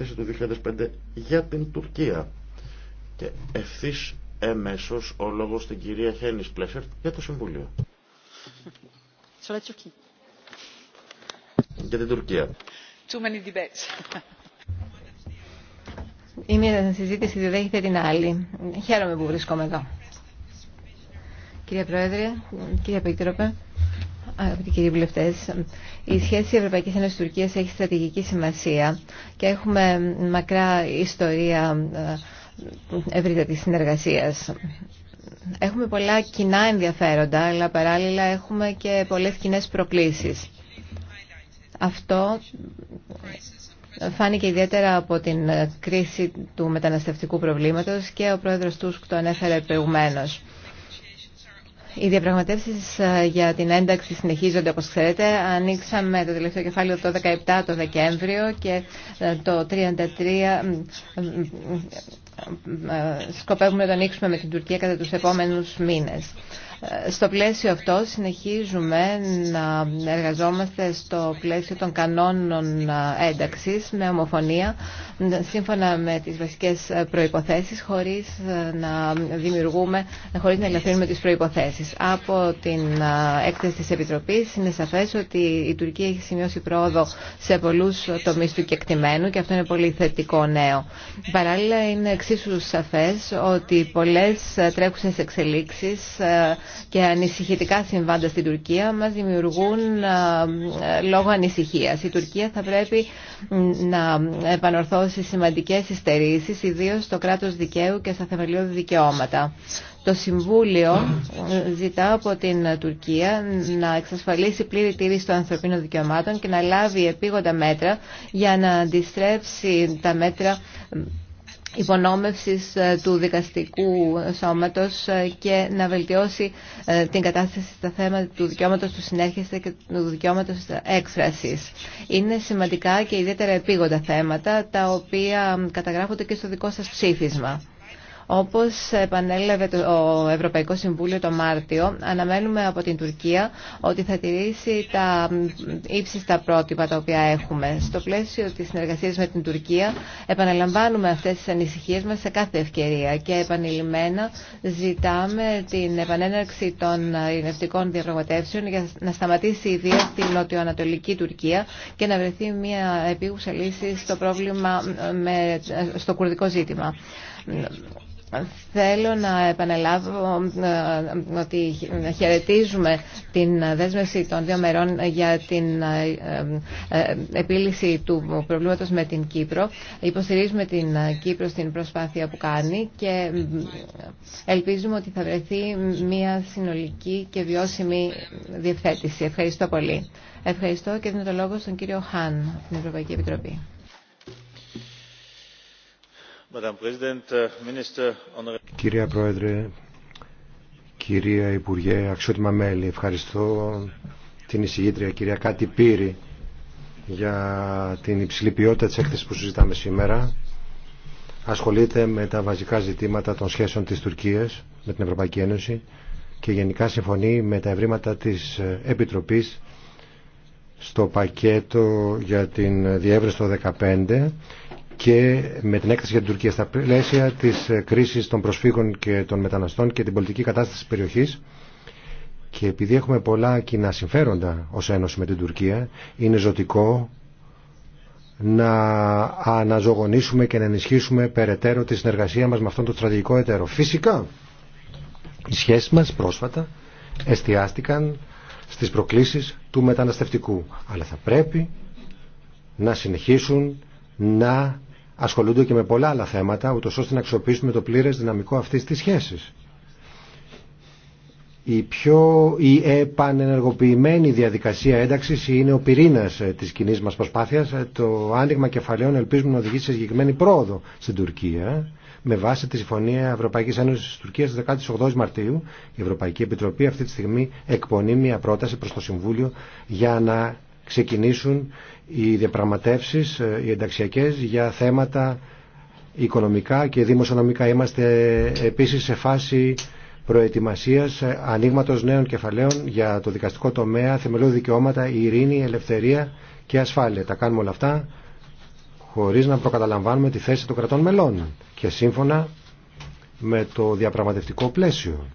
έκθεση του 2005 για την Τουρκία. Και ευθύ εμέσω ο λόγο στην κυρία Χένι Πλέσσερ για το Συμβούλιο. Για την Τουρκία. Too many debates. Η μία συζήτηση διδέχεται την άλλη. Χαίρομαι που βρίσκομαι εδώ. Κυρία Πρόεδρε, κυρία Επίτροπε, Αγαπητοί κύριοι βουλευτέ, η σχέση Ευρωπαϊκή Ένωση Τουρκία έχει στρατηγική σημασία και έχουμε μακρά ιστορία ε, ευρύτατη συνεργασία. Έχουμε πολλά κοινά ενδιαφέροντα, αλλά παράλληλα έχουμε και πολλές κοινέ προκλήσεις. Αυτό φάνηκε ιδιαίτερα από την κρίση του μεταναστευτικού προβλήματος και ο πρόεδρος Τούσκ το ανέφερε προηγουμένως. Οι διαπραγματεύσει ε, για την ένταξη συνεχίζονται, όπω ξέρετε. Ανοίξαμε το τελευταίο κεφάλαιο το 17 το Δεκέμβριο και ε, το 33 ε, σκοπεύουμε να το ανοίξουμε με την Τουρκία κατά τους επόμενους μήνες. Στο πλαίσιο αυτό συνεχίζουμε να εργαζόμαστε στο πλαίσιο των κανόνων ένταξης με ομοφωνία σύμφωνα με τις βασικές προϋποθέσεις χωρίς να δημιουργούμε, χωρίς να ελαφρύνουμε τις προϋποθέσεις. Από την έκθεση της Επιτροπής είναι σαφές ότι η Τουρκία έχει σημειώσει πρόοδο σε πολλούς τομείς του κεκτημένου και αυτό είναι πολύ θετικό νέο. Παράλληλα είναι εξίσου σαφές ότι πολλές τρέχουσες εξελίξεις και ανησυχητικά συμβάντα στην Τουρκία μας δημιουργούν ε, λόγω ανησυχίας. Η Τουρκία θα πρέπει να επανορθώσει σημαντικές υστερήσεις, ιδίως στο κράτος δικαίου και στα θεμελιώδη δικαιώματα. Το Συμβούλιο ζητά από την Τουρκία να εξασφαλίσει πλήρη τήρηση των ανθρωπίνων δικαιωμάτων και να λάβει επίγοντα μέτρα για να αντιστρέψει τα μέτρα υπονόμευσης ε, του δικαστικού σώματος ε, και να βελτιώσει ε, την κατάσταση στα θέματα του δικαιώματος του συνέρχεστε και του δικαιώματος έκφρασης. Είναι σημαντικά και ιδιαίτερα επίγοντα θέματα τα οποία καταγράφονται και στο δικό σας ψήφισμα. Όπως επανέλαβε το Ευρωπαϊκό Συμβούλιο το Μάρτιο, αναμένουμε από την Τουρκία ότι θα τηρήσει τα ύψιστα πρότυπα τα οποία έχουμε. Στο πλαίσιο της συνεργασίας με την Τουρκία επαναλαμβάνουμε αυτές τις ανησυχίες μας σε κάθε ευκαιρία και επανειλημμένα ζητάμε την επανέναρξη των ειρηνευτικών διαπραγματεύσεων για να σταματήσει η βία στη νοτιοανατολική Τουρκία και να βρεθεί μια επίγουσα λύση στο πρόβλημα με, στο κουρδικό ζήτημα. Θέλω να επαναλάβω ε, ε, ότι χαιρετίζουμε την δέσμευση των δύο μερών για την ε, επίλυση του προβλήματος με την Κύπρο. Υποστηρίζουμε την Κύπρο στην προσπάθεια που κάνει και ελπίζουμε ότι θα βρεθεί μια συνολική και βιώσιμη διευθέτηση. Ευχαριστώ πολύ. Ευχαριστώ και δίνω το λόγο στον κύριο Χάν από την Ευρωπαϊκή Επιτροπή. Κυρία Πρόεδρε, κυρία Υπουργέ, αξιότιμα μέλη, ευχαριστώ την εισηγήτρια κυρία Κάτι Πύρη για την υψηλή ποιότητα της έκθεσης που συζητάμε σήμερα. Ασχολείται με τα βασικά ζητήματα των σχέσεων της Τουρκίας με την Ευρωπαϊκή Ένωση και γενικά συμφωνεί με τα ευρήματα της Επιτροπής στο πακέτο για την διεύρυνση το και με την έκθεση για την Τουρκία στα πλαίσια της ε, κρίσης των προσφύγων και των μεταναστών και την πολιτική κατάσταση της περιοχής και επειδή έχουμε πολλά κοινά συμφέροντα ως Ένωση με την Τουρκία είναι ζωτικό να αναζωογονήσουμε και να ενισχύσουμε περαιτέρω τη συνεργασία μας με αυτόν τον στρατηγικό εταίρο. Φυσικά, οι σχέσεις μας πρόσφατα εστιάστηκαν στις προκλήσεις του μεταναστευτικού αλλά θα πρέπει να συνεχίσουν να ασχολούνται και με πολλά άλλα θέματα, ούτως ώστε να αξιοποιήσουμε το πλήρες δυναμικό αυτής της σχέσης. Η πιο η επανενεργοποιημένη διαδικασία ένταξης είναι ο πυρήνας ε, της κοινή μας προσπάθειας. Ε, το άνοιγμα κεφαλαίων ελπίζουμε να οδηγήσει σε συγκεκριμένη πρόοδο στην Τουρκία. Με βάση τη Συμφωνία Ευρωπαϊκή Ένωση Τουρκία τη 18 Μαρτίου, η Ευρωπαϊκή Επιτροπή αυτή τη στιγμή εκπονεί μια πρόταση προ το Συμβούλιο για να ξεκινήσουν οι διαπραγματεύσεις, ε, οι ενταξιακές για θέματα οικονομικά και δημοσιονομικά. Είμαστε επίσης σε φάση προετοιμασίας ε, ανοίγματο νέων κεφαλαίων για το δικαστικό τομέα, θεμελιώδη δικαιώματα, ειρήνη, ελευθερία και ασφάλεια. Τα κάνουμε όλα αυτά χωρίς να προκαταλαμβάνουμε τη θέση των κρατών μελών και σύμφωνα με το διαπραγματευτικό πλαίσιο.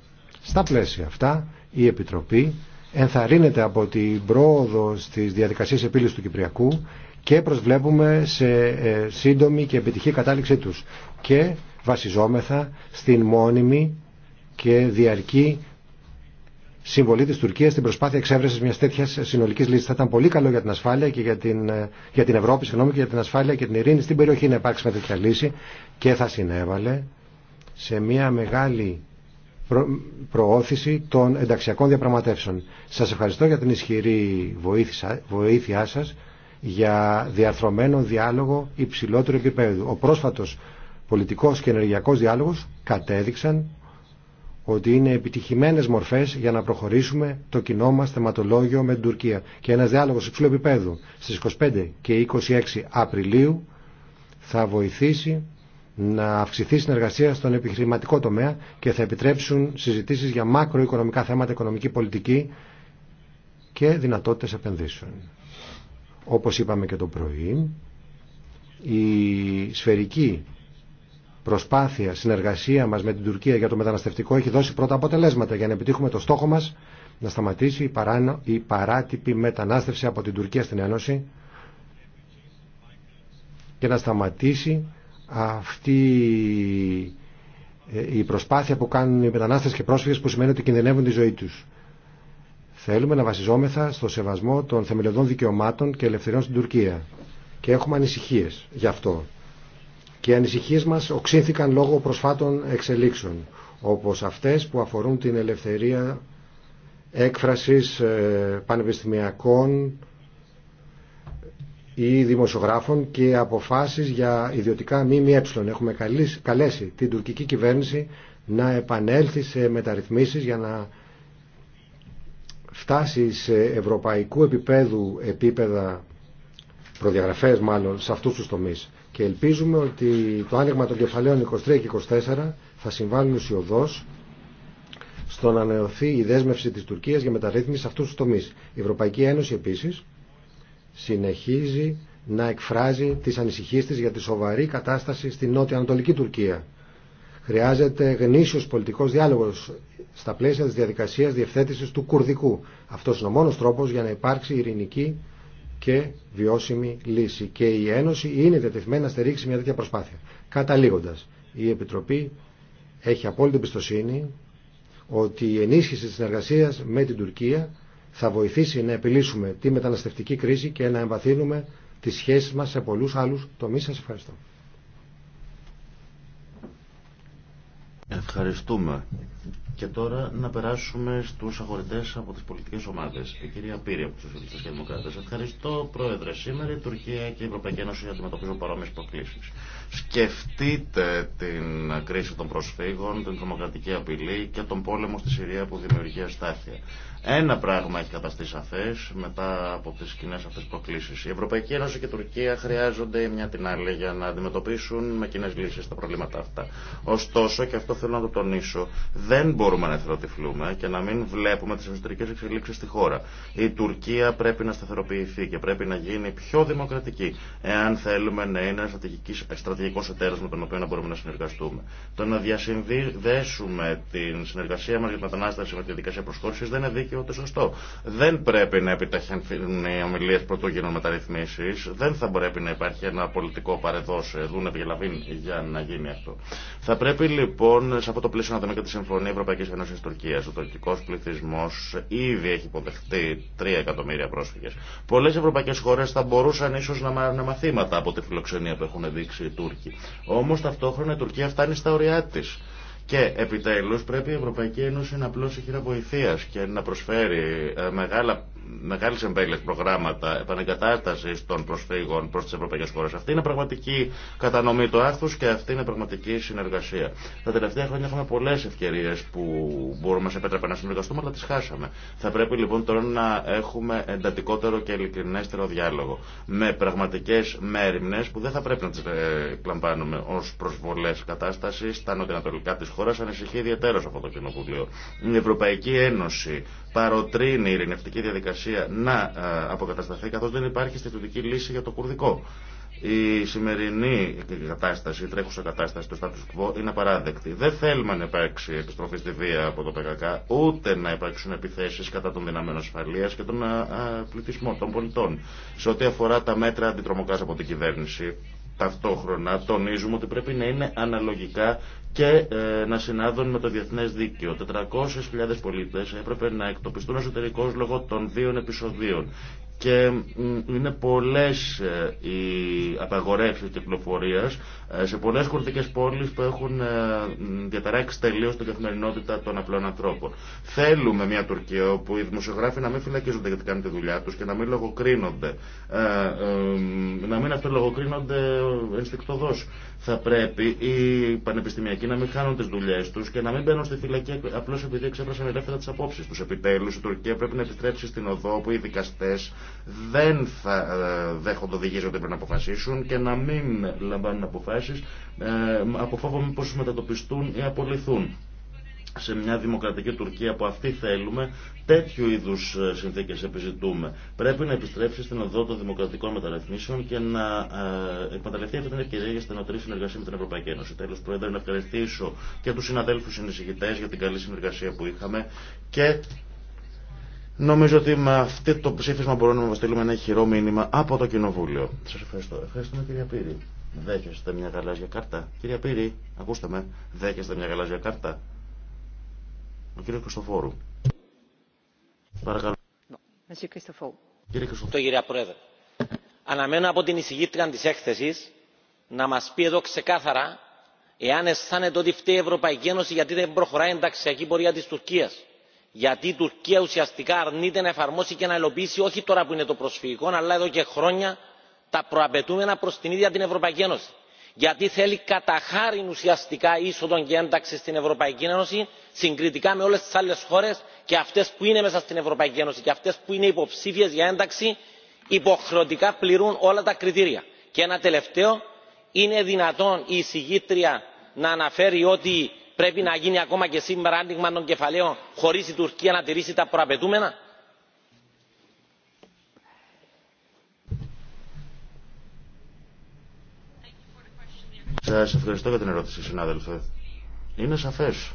Στα πλαίσια αυτά η Επιτροπή ενθαρρύνεται από την πρόοδο στις διαδικασίες επίλυσης του Κυπριακού και προσβλέπουμε σε ε, σύντομη και επιτυχή κατάληξή τους και βασιζόμεθα στην μόνιμη και διαρκή συμβολή της Τουρκίας στην προσπάθεια εξέβρεσης μιας τέτοιας συνολικής λύσης. Θα ήταν πολύ καλό για την ασφάλεια και για την, ε, για την Ευρώπη, συγγνώμη, και για την ασφάλεια και την ειρήνη στην περιοχή να υπάρξει μια τέτοια λύση και θα συνέβαλε σε μια μεγάλη προώθηση των ενταξιακών διαπραγματεύσεων. Σας ευχαριστώ για την ισχυρή βοήθειά σας για διαρθρωμένο διάλογο υψηλότερου επίπεδου. Ο πρόσφατος πολιτικός και ενεργειακός διάλογος κατέδειξαν ότι είναι επιτυχημένες μορφές για να προχωρήσουμε το κοινό μας θεματολόγιο με την Τουρκία. Και ένας διάλογος υψηλού επίπεδου στις 25 και 26 Απριλίου θα βοηθήσει να αυξηθεί η συνεργασία στον επιχειρηματικό τομέα και θα επιτρέψουν συζητήσεις για μακροοικονομικά θέματα, οικονομική πολιτική και δυνατότητες επενδύσεων. Όπως είπαμε και το πρωί, η σφαιρική προσπάθεια, συνεργασία μας με την Τουρκία για το μεταναστευτικό έχει δώσει πρώτα αποτελέσματα για να επιτύχουμε το στόχο μας να σταματήσει η, η παράτυπη μετανάστευση από την Τουρκία στην Ένωση και να σταματήσει αυτή ε, η προσπάθεια που κάνουν οι μετανάστες και πρόσφυγες που σημαίνει ότι κινδυνεύουν τη ζωή τους. Θέλουμε να βασιζόμεθα στο σεβασμό των θεμελιωδών δικαιωμάτων και ελευθεριών στην Τουρκία. Και έχουμε ανησυχίες γι' αυτό. Και οι ανησυχίες μας οξύνθηκαν λόγω προσφάτων εξελίξεων, όπως αυτές που αφορούν την ελευθερία έκφρασης ε, πανεπιστημιακών ή δημοσιογράφων και αποφάσεις για ιδιωτικά ΜΜΕ. Έχουμε καλέσει την τουρκική κυβέρνηση να επανέλθει σε μεταρρυθμίσεις για να φτάσει σε ευρωπαϊκού επίπεδου επίπεδα προδιαγραφές μάλλον σε αυτούς τους τομείς. Και ελπίζουμε ότι το άνοιγμα των κεφαλαίων 23 και 24 θα συμβάλλουν ουσιοδός στο να ανανεωθεί η δέσμευση της Τουρκίας για μεταρρύθμιση σε αυτούς τους τομείς. Η Ευρωπαϊκή Ένωση επίσης συνεχίζει να εκφράζει τις ανησυχίες της για τη σοβαρή κατάσταση στην νότια ανατολική Τουρκία. Χρειάζεται γνήσιος πολιτικός διάλογος στα πλαίσια της διαδικασίας διευθέτησης του Κουρδικού. Αυτός είναι ο μόνος τρόπος για να υπάρξει ειρηνική και βιώσιμη λύση. Και η Ένωση είναι διατεθειμένη να στηρίξει μια τέτοια προσπάθεια. Καταλήγοντας, η Επιτροπή έχει απόλυτη εμπιστοσύνη ότι η ενίσχυση της συνεργασίας με την Τουρκία θα βοηθήσει να επιλύσουμε τη μεταναστευτική κρίση και να εμβαθύνουμε τις σχέσεις μας σε πολλούς άλλους τομείς. Σας ευχαριστώ. Ευχαριστούμε. Και τώρα να περάσουμε στου αγορητέ από τι πολιτικέ ομάδε. Η κυρία Πύρη από του Σοσιαλιστέ και Δημοκράτε. Ευχαριστώ, Πρόεδρε. Σήμερα η Τουρκία και η Ευρωπαϊκή Ένωση αντιμετωπίζουν παρόμοιε προκλήσει. Σκεφτείτε την κρίση των προσφύγων, την τρομοκρατική απειλή και τον πόλεμο στη Συρία που δημιουργεί αστάθεια. Ένα πράγμα έχει καταστεί σαφέ μετά από τι κοινέ αυτέ προκλήσει. Η Ευρωπαϊκή Ένωση και η Τουρκία χρειάζονται μια την άλλη για να αντιμετωπίσουν με κοινέ λύσει τα προβλήματα αυτά. Ωστόσο, και αυτό θέλω να το τονίσω, δεν μπορούμε να εθελοτυφλούμε και να μην βλέπουμε τι εσωτερικέ εξελίξει στη χώρα. Η Τουρκία πρέπει να σταθεροποιηθεί και πρέπει να γίνει πιο δημοκρατική, εάν θέλουμε να είναι ένα στρατηγικό εταίρο με τον οποίο να μπορούμε να συνεργαστούμε. Το να διασυνδέσουμε την συνεργασία μα για την μετανάστευση με τη διαδικασία προσχώρηση δεν είναι δίκαιο ούτε σωστό. Δεν πρέπει να επιταχυνθούν οι ομιλίε πρωτού γίνουν μεταρρυθμίσει. δεν θα πρέπει να υπάρχει ένα πολιτικό παρεδό δούνε για να γίνει αυτό. Θα πρέπει λοιπόν σε αυτό το πλαίσιο να δούμε και τη Συμφωνία Ευρωπαϊκή Ευρωπαϊκής Ένωσης Τουρκίας. Ο τουρκικός πληθυσμός ήδη έχει υποδεχτεί 3 εκατομμύρια πρόσφυγες. Πολλές ευρωπαϊκές χώρες θα μπορούσαν ίσως να μάθουν μαθήματα από τη φιλοξενία που έχουν δείξει οι Τούρκοι. Όμως ταυτόχρονα η Τουρκία φτάνει στα ωριά της. Και επιτέλους πρέπει η Ευρωπαϊκή Ένωση να πλώσει χείρα και να προσφέρει ε, μεγάλα μεγάλη εμβέλεια προγράμματα επανεγκατάσταση των προσφύγων προ τι ευρωπαϊκέ χώρες. Αυτή είναι πραγματική κατανομή του άρθρου και αυτή είναι πραγματική συνεργασία. Τα τελευταία χρόνια έχουμε πολλέ ευκαιρίε που μπορούμε να σε επέτρεπε να συνεργαστούμε, αλλά τι χάσαμε. Θα πρέπει λοιπόν τώρα να έχουμε εντατικότερο και ειλικρινέστερο διάλογο με πραγματικέ μέρημνε που δεν θα πρέπει να τι ε, λαμβάνουμε ως προσβολέ κατάσταση στα νοτιοανατολικά τη χώρα Ανησυχεί ιδιαίτερω αυτό το Κοινοβούλιο. Η Ευρωπαϊκή Ένωση παροτρύνει η ειρηνευτική διαδικασία να ε, αποκατασταθεί καθώς δεν υπάρχει στρατιωτική λύση για το κουρδικό. Η σημερινή κατάσταση, η τρέχουσα κατάσταση του status quo είναι απαράδεκτη. Δεν θέλουμε να υπάρξει επιστροφή στη βία από το ΠΚΚ, ούτε να υπάρξουν επιθέσει κατά των δυναμένων ασφαλεία και των ε, ε, πληθυσμών, των πολιτών. Σε ό,τι αφορά τα μέτρα αντιτρομοκά από την κυβέρνηση, ταυτόχρονα τονίζουμε ότι πρέπει να είναι αναλογικά και ε, να συνάδουν με το διεθνέ δίκαιο. 400.000 πολίτε έπρεπε να εκτοπιστούν εσωτερικώ λόγω των δύο επεισοδίων και είναι πολλές ε, οι απαγορεύσεις κυκλοφορίας ε, σε πολλές χορτικές πόλεις που έχουν ε, διαταράξει τελείως την καθημερινότητα των απλών ανθρώπων. Θέλουμε μια Τουρκία όπου οι δημοσιογράφοι να μην φυλακίζονται γιατί κάνουν τη δουλειά τους και να μην λογοκρίνονται, να μην αυτολογοκρίνονται ενστικτοδός. Θα πρέπει οι πανεπιστημιακοί να μην χάνουν τις δουλειές τους και να μην μπαίνουν στη φυλακή απλώς επειδή εξέφρασαν ελεύθερα τις απόψεις τους. Επιτέλους η Τουρκία πρέπει να επιστρέψει στην οδό που οι δικαστές δεν θα ε, δέχονται οδηγίε ότι πρέπει να αποφασίσουν και να μην λαμβάνουν αποφάσει ε, από φόβο μήπω μετατοπιστούν ή απολυθούν σε μια δημοκρατική Τουρκία που αυτή θέλουμε, τέτοιου είδου ε, συνθήκε επιζητούμε. Πρέπει να επιστρέψει στην οδό των δημοκρατικών μεταρρυθμίσεων και να εκμεταλλευτεί αυτή την ευκαιρία για στενοτρή συνεργασία με την Ευρωπαϊκή Ένωση. Τέλο, Πρόεδρε, να ευχαριστήσω και του συναδέλφου συνεισηγητέ για την καλή συνεργασία που είχαμε και Νομίζω ότι με αυτό το ψήφισμα μπορούμε να στείλουμε ένα χειρό μήνυμα από το Κοινοβούλιο. Σα ευχαριστώ. Ευχαριστούμε κυρία Πύρη. Δέχεστε μια γαλάζια κάρτα. Κυρία Πύρη, ακούστε με. Δέχεστε μια γαλάζια κάρτα. Ο κύριο Κριστοφόρου. Παρακαλώ. Κύριε Κριστοφόρου. Κύριε Πρόεδρε. Αναμένω από την εισηγήτρια τη έκθεση να μα πει εδώ ξεκάθαρα εάν αισθάνεται ότι φταίει η Ευρωπαϊκή Ένωση γιατί δεν προχωράει η ενταξιακή πορεία τη Τουρκία γιατί η τουρκία ουσιαστικά αρνείται να εφαρμόσει και να υλοποιήσει όχι τώρα που είναι το προσφυγικό αλλά εδώ και χρόνια τα προαπαιτούμενα προ την ίδια την Ευρωπαϊκή Ένωση. Γιατί θέλει κατά χάριν ουσιαστικά είσοδο και ένταξη στην Ευρωπαϊκή Ένωση συγκριτικά με όλε τι άλλε χώρε και αυτέ που είναι μέσα στην Ευρωπαϊκή Ένωση και αυτέ που είναι υποψήφιε για ένταξη υποχρεωτικά πληρούν όλα τα κριτήρια. Και ένα τελευταίο, είναι δυνατόν η εισηγήτρια να αναφέρει ότι πρέπει να γίνει ακόμα και σήμερα άνοιγμα των κεφαλαίων χωρί η τουρκία να τηρήσει τα προαπαιτούμενα. Σα ευχαριστώ για την ερώτηση συνάδελφε. Είναι σαφές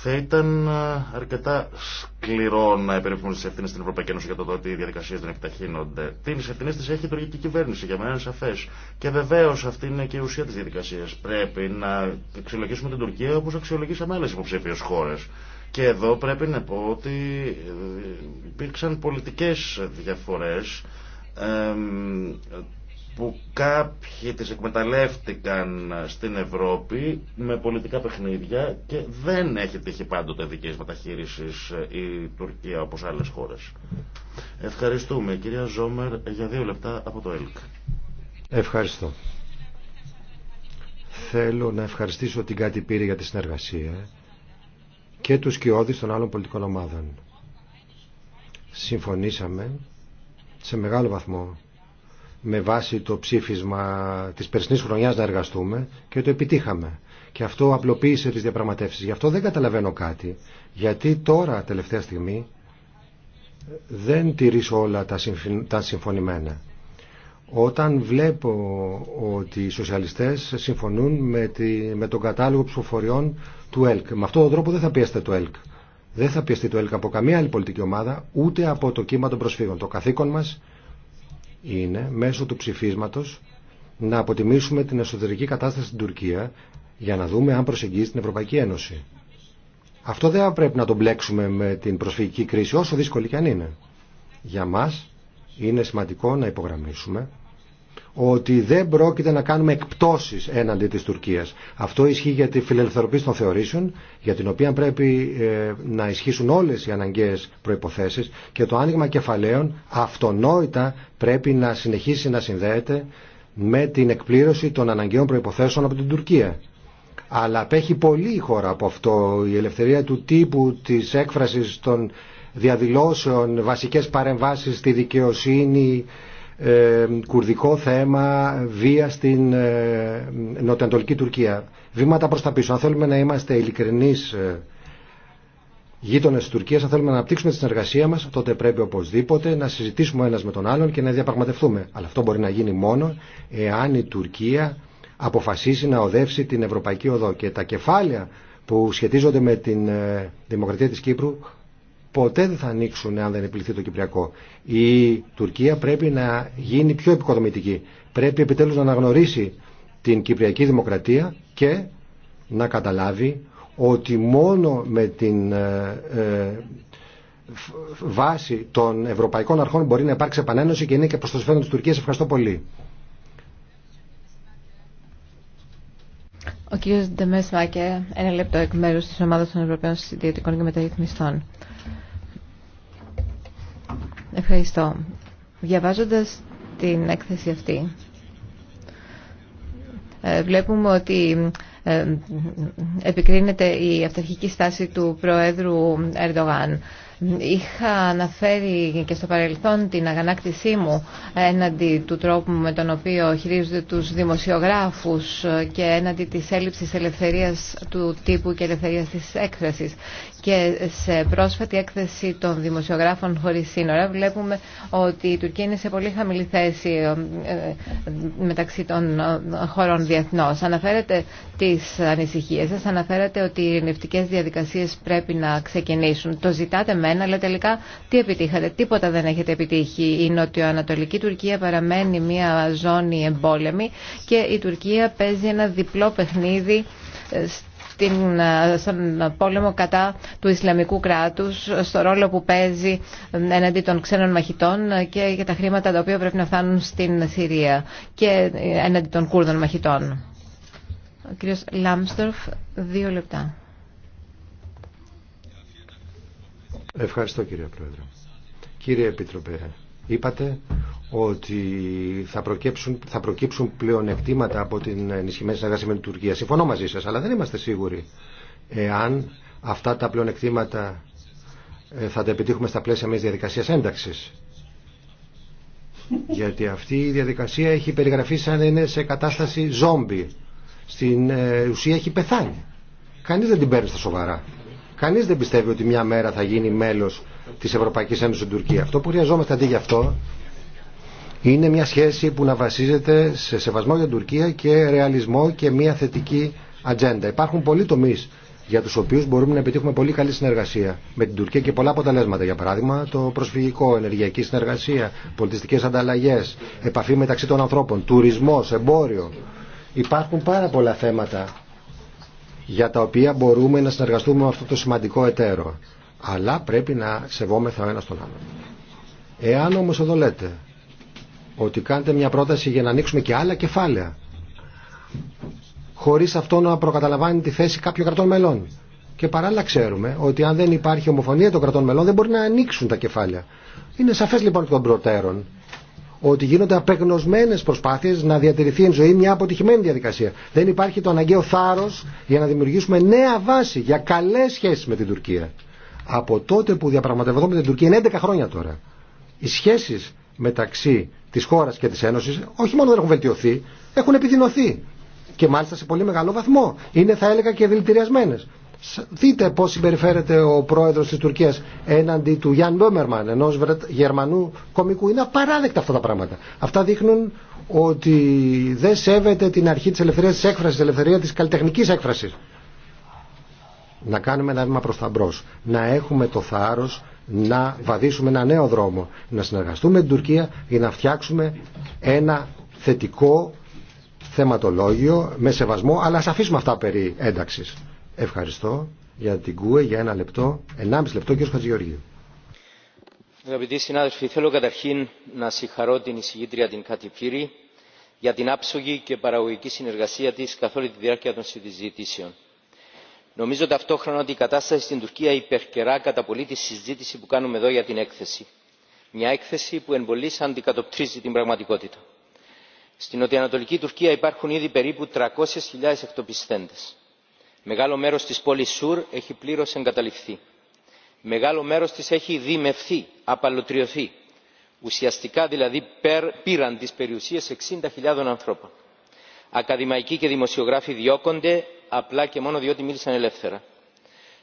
Θα ήταν ε, αρκετά σκληρό να επερευνούν τι ευθύνε στην Ευρωπαϊκή Ένωση για το ότι οι διαδικασίε δεν επιταχύνονται. Τι ευθύνε τι έχει η τουρκική κυβέρνηση, για μένα είναι σαφέ. Και βεβαίω αυτή είναι και η ουσία τη διαδικασία. Πρέπει να αξιολογήσουμε την Τουρκία όπω αξιολογήσαμε άλλε υποψήφιε χώρε. Και εδώ πρέπει να πω ότι ε, υπήρξαν πολιτικέ διαφορέ ε, που κάποιοι τις εκμεταλλεύτηκαν στην Ευρώπη με πολιτικά παιχνίδια και δεν έχει τύχει πάντοτε δικές μεταχείρισης ε, η Τουρκία όπως άλλες χώρες. Ευχαριστούμε κυρία Ζόμερ για δύο λεπτά από το ΕΛΚ. Ευχαριστώ. Θέλω να ευχαριστήσω την Κάτι Πύρη για τη συνεργασία και τους κοιόδης των άλλων πολιτικών ομάδων. Συμφωνήσαμε σε μεγάλο βαθμό με βάση το ψήφισμα της περσινής χρονιάς να εργαστούμε και το επιτύχαμε. Και αυτό απλοποίησε τις διαπραγματεύσεις. Γι' αυτό δεν καταλαβαίνω κάτι. Γιατί τώρα, τελευταία στιγμή, δεν τηρήσω όλα τα συμφωνημένα. Όταν βλέπω ότι οι σοσιαλιστές συμφωνούν με, τη, με τον κατάλογο ψηφοφοριών του ΕΛΚ. Με αυτόν τον τρόπο δεν θα πιέστε το ΕΛΚ. Δεν θα πιεστεί το ΕΛΚ από καμία άλλη πολιτική ομάδα, ούτε από το κύμα των προσφύγων. Το καθήκον μας είναι μέσω του ψηφίσματος να αποτιμήσουμε την εσωτερική κατάσταση στην Τουρκία για να δούμε αν προσεγγίζει την Ευρωπαϊκή Ένωση. Αυτό δεν πρέπει να το μπλέξουμε με την προσφυγική κρίση όσο δύσκολη και αν είναι. Για μας είναι σημαντικό να υπογραμμίσουμε ότι δεν πρόκειται να κάνουμε εκπτώσεις έναντι της Τουρκίας. Αυτό ισχύει για τη φιλελευθερωπή των θεωρήσεων, για την οποία πρέπει ε, να ισχύσουν όλες οι αναγκαίες προϋποθέσεις και το άνοιγμα κεφαλαίων αυτονόητα πρέπει να συνεχίσει να συνδέεται με την εκπλήρωση των αναγκαίων προϋποθέσεων από την Τουρκία. Αλλά απέχει πολύ η χώρα από αυτό. Η ελευθερία του τύπου, της έκφρασης των διαδηλώσεων, βασικές παρεμβάσεις στη δικαιοσύνη, ε, κουρδικό θέμα, βία στην ε, νοτιοανατολική Τουρκία. Βήματα προς τα πίσω. Αν θέλουμε να είμαστε ειλικρινείς ε, γείτονες της Τουρκίας, αν θέλουμε να αναπτύξουμε τη συνεργασία μας, τότε πρέπει οπωσδήποτε να συζητήσουμε ένας με τον άλλον και να διαπραγματευτούμε. Αλλά αυτό μπορεί να γίνει μόνο εάν η Τουρκία αποφασίσει να οδεύσει την Ευρωπαϊκή Οδό. Και τα κεφάλαια που σχετίζονται με την Δημοκρατία της Κύπρου ποτέ δεν θα ανοίξουν αν δεν επιληθεί το Κυπριακό. Η Τουρκία πρέπει να γίνει πιο επικοδομητική. Πρέπει επιτέλους να αναγνωρίσει την Κυπριακή Δημοκρατία και να καταλάβει ότι μόνο με την ε, ε, βάση των ευρωπαϊκών αρχών μπορεί να υπάρξει επανένωση και είναι και προς το συμφέρον της Τουρκίας. Ευχαριστώ πολύ. Ο κύριος εκ μέρους της Ομάδας των Ευρωπαίων και Ευχαριστώ. Διαβάζοντας την έκθεση αυτή, ε, βλέπουμε ότι ε, επικρίνεται η αυταρχική στάση του Προέδρου Ερντογάν. Είχα αναφέρει και στο παρελθόν την αγανάκτησή μου έναντι του τρόπου με τον οποίο χειρίζονται τους δημοσιογράφους και έναντι της έλλειψης ελευθερίας του τύπου και ελευθερίας της έκφρασης. Και σε πρόσφατη έκθεση των δημοσιογράφων χωρίς σύνορα βλέπουμε ότι η Τουρκία είναι σε πολύ χαμηλή θέση ε, ε, μεταξύ των ε, χωρών διεθνώς. Αναφέρετε τις ανησυχίες σας, αναφέρετε ότι οι ειρηνευτικές διαδικασίες πρέπει να ξεκινήσουν. Το ζητάτε μένα, αλλά τελικά τι επιτύχατε, τίποτα δεν έχετε επιτύχει. Η νοτιοανατολική Τουρκία παραμένει μια ζώνη εμπόλεμη και η Τουρκία παίζει ένα διπλό παιχνίδι στην, στον πόλεμο κατά του Ισλαμικού κράτους, στο ρόλο που παίζει ε, εναντί των ξένων μαχητών και για τα χρήματα τα οποία πρέπει να φτάνουν στην Συρία και ε, εναντί των Κούρδων μαχητών. Ο κύριος Λάμστορφ, δύο λεπτά. Ευχαριστώ κύριε Πρόεδρε. Κύριε Επιτροπέ, Είπατε ότι θα, προκύψουν, θα προκύψουν πλεονεκτήματα από την ενισχυμένη συνεργασία με την Τουρκία. Συμφωνώ μαζί σας, αλλά δεν είμαστε σίγουροι εάν αυτά τα πλεονεκτήματα ε, θα τα επιτύχουμε στα πλαίσια μιας διαδικασίας ένταξης. Γιατί αυτή η διαδικασία έχει περιγραφεί σαν να είναι σε κατάσταση ζόμπι. Στην ε, ουσία έχει πεθάνει. Κανείς δεν την παίρνει στα σοβαρά. Κανείς δεν πιστεύει ότι μια μέρα θα γίνει μέλος της Ευρωπαϊκής Ένωσης στην Τουρκία. Αυτό που χρειαζόμαστε αντί για αυτό είναι μια σχέση που να βασίζεται σε σεβασμό για την Τουρκία και ρεαλισμό και μια θετική ατζέντα. Υπάρχουν πολλοί τομεί για του οποίου μπορούμε να επιτύχουμε πολύ καλή συνεργασία με την Τουρκία και πολλά αποτελέσματα. Για παράδειγμα, το προσφυγικό, ενεργειακή συνεργασία, πολιτιστικέ ανταλλαγέ, επαφή μεταξύ των ανθρώπων, τουρισμό, εμπόριο. Υπάρχουν πάρα πολλά θέματα για τα οποία μπορούμε να συνεργαστούμε με αυτό το σημαντικό εταίρο. Αλλά πρέπει να σεβόμεθα ο ένας τον άλλον. Εάν όμως εδώ λέτε ότι κάνετε μια πρόταση για να ανοίξουμε και άλλα κεφάλαια χωρίς αυτό να προκαταλαμβάνει τη θέση κάποιων κρατών μελών. Και παράλληλα ξέρουμε ότι αν δεν υπάρχει ομοφωνία των κρατών μελών δεν μπορεί να ανοίξουν τα κεφάλαια. Είναι σαφές λοιπόν των προτέρων ότι γίνονται απεγνωσμένε προσπάθειε να διατηρηθεί εν ζωή μια αποτυχημένη διαδικασία. Δεν υπάρχει το αναγκαίο θάρρο για να δημιουργήσουμε νέα βάση για καλέ σχέσει με την Τουρκία. Από τότε που διαπραγματευόμαστε την Τουρκία, είναι 11 χρόνια τώρα. Οι σχέσει μεταξύ τη χώρα και τη Ένωση όχι μόνο δεν έχουν βελτιωθεί, έχουν επιδεινωθεί. Και μάλιστα σε πολύ μεγάλο βαθμό. Είναι, θα έλεγα, και δηλητηριασμένε. Δείτε πώς συμπεριφέρεται ο πρόεδρος της Τουρκίας έναντι του Γιάνν Ντόμερμαν ενός Γερμανού κομικού. Είναι απαράδεκτα αυτά τα πράγματα. Αυτά δείχνουν ότι δεν σέβεται την αρχή της ελευθερίας της έκφρασης, της ελευθερία της καλλιτεχνικής έκφρασης. Να κάνουμε ένα βήμα προς τα μπρος. Να έχουμε το θάρρος να βαδίσουμε ένα νέο δρόμο. Να συνεργαστούμε με την Τουρκία για να φτιάξουμε ένα θετικό θεματολόγιο με σεβασμό, αλλά ας αφήσουμε αυτά περί ένταξη. Ευχαριστώ για την ΚΟΕ για ένα λεπτό, ενάμιση λεπτό κύριο Χατζηγεωργίου. Αγαπητοί συνάδελφοι, θέλω καταρχήν να συγχαρώ την εισηγήτρια την Κατυπήρη για την άψογη και παραγωγική συνεργασία της καθ' όλη τη διάρκεια των συζητήσεων. Νομίζω ταυτόχρονα ότι η κατάσταση στην Τουρκία υπερκερά κατά πολύ τη συζήτηση που κάνουμε εδώ για την έκθεση. Μια έκθεση που εν πολλής αντικατοπτρίζει την πραγματικότητα. Στην νοτιοανατολική Τουρκία υπάρχουν ήδη περίπου 300.000 εκτοπιστέντες μεγάλο μέρος της πόλης σουρ έχει πλήρως εγκαταληφθεί. μεγάλο μέρος της έχει δημευθεί απαλωτριωθεί. ουσιαστικά δηλαδή πήραν τις περιουσίες 60.000 ανθρώπων. ακαδημαϊκοί και δημοσιογράφοι διώκονται απλά και μόνο διότι μίλησαν ελεύθερα.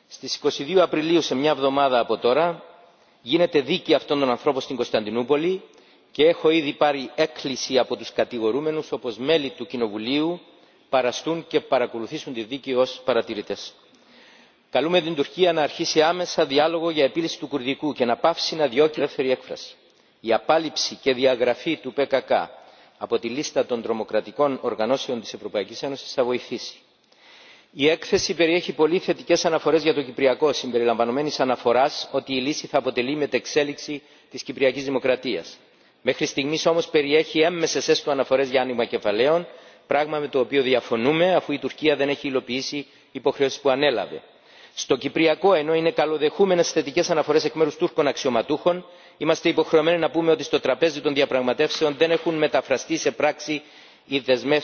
στις 22 απριλίου σε μια εβδομάδα από τώρα γίνεται δίκη αυτών των ανθρώπων στην κωνσταντινούπολη και έχω ήδη πάρει έκκληση από τους κατηγορούμενους όπως μέλη του κοινοβουλίου παραστούν και παρακολουθήσουν τη δίκη ως παρατηρητές. Καλούμε την Τουρκία να αρχίσει άμεσα διάλογο για επίλυση του Κουρδικού και να πάυσει να διώκει ελεύθερη έκφραση. Η απάλληψη και διαγραφή του ΠΚΚ από τη λίστα των τρομοκρατικών οργανώσεων της Ευρωπαϊκής Ένωσης θα βοηθήσει. Η έκθεση περιέχει πολύ θετικέ αναφορέ για το Κυπριακό, συμπεριλαμβανομένη αναφορά ότι η λύση θα αποτελεί μετεξέλιξη τη Κυπριακή Δημοκρατία. Μέχρι στιγμή όμω περιέχει έμμεσε έστω αναφορέ για άνοιγμα κεφαλαίων πράγμα με το οποίο διαφωνούμε αφού η τουρκία δεν έχει υλοποιήσει υποχρεώσει που ανέλαβε. στο κυπριακό ενώ είναι καλοδεχούμενε θετικέ αναφορέ εκ μέρου τούρκων αξιωματούχων είμαστε υποχρεωμένοι να πούμε ότι στο τραπέζι των διαπραγματεύσεων δεν έχουν μεταφραστεί σε πράξη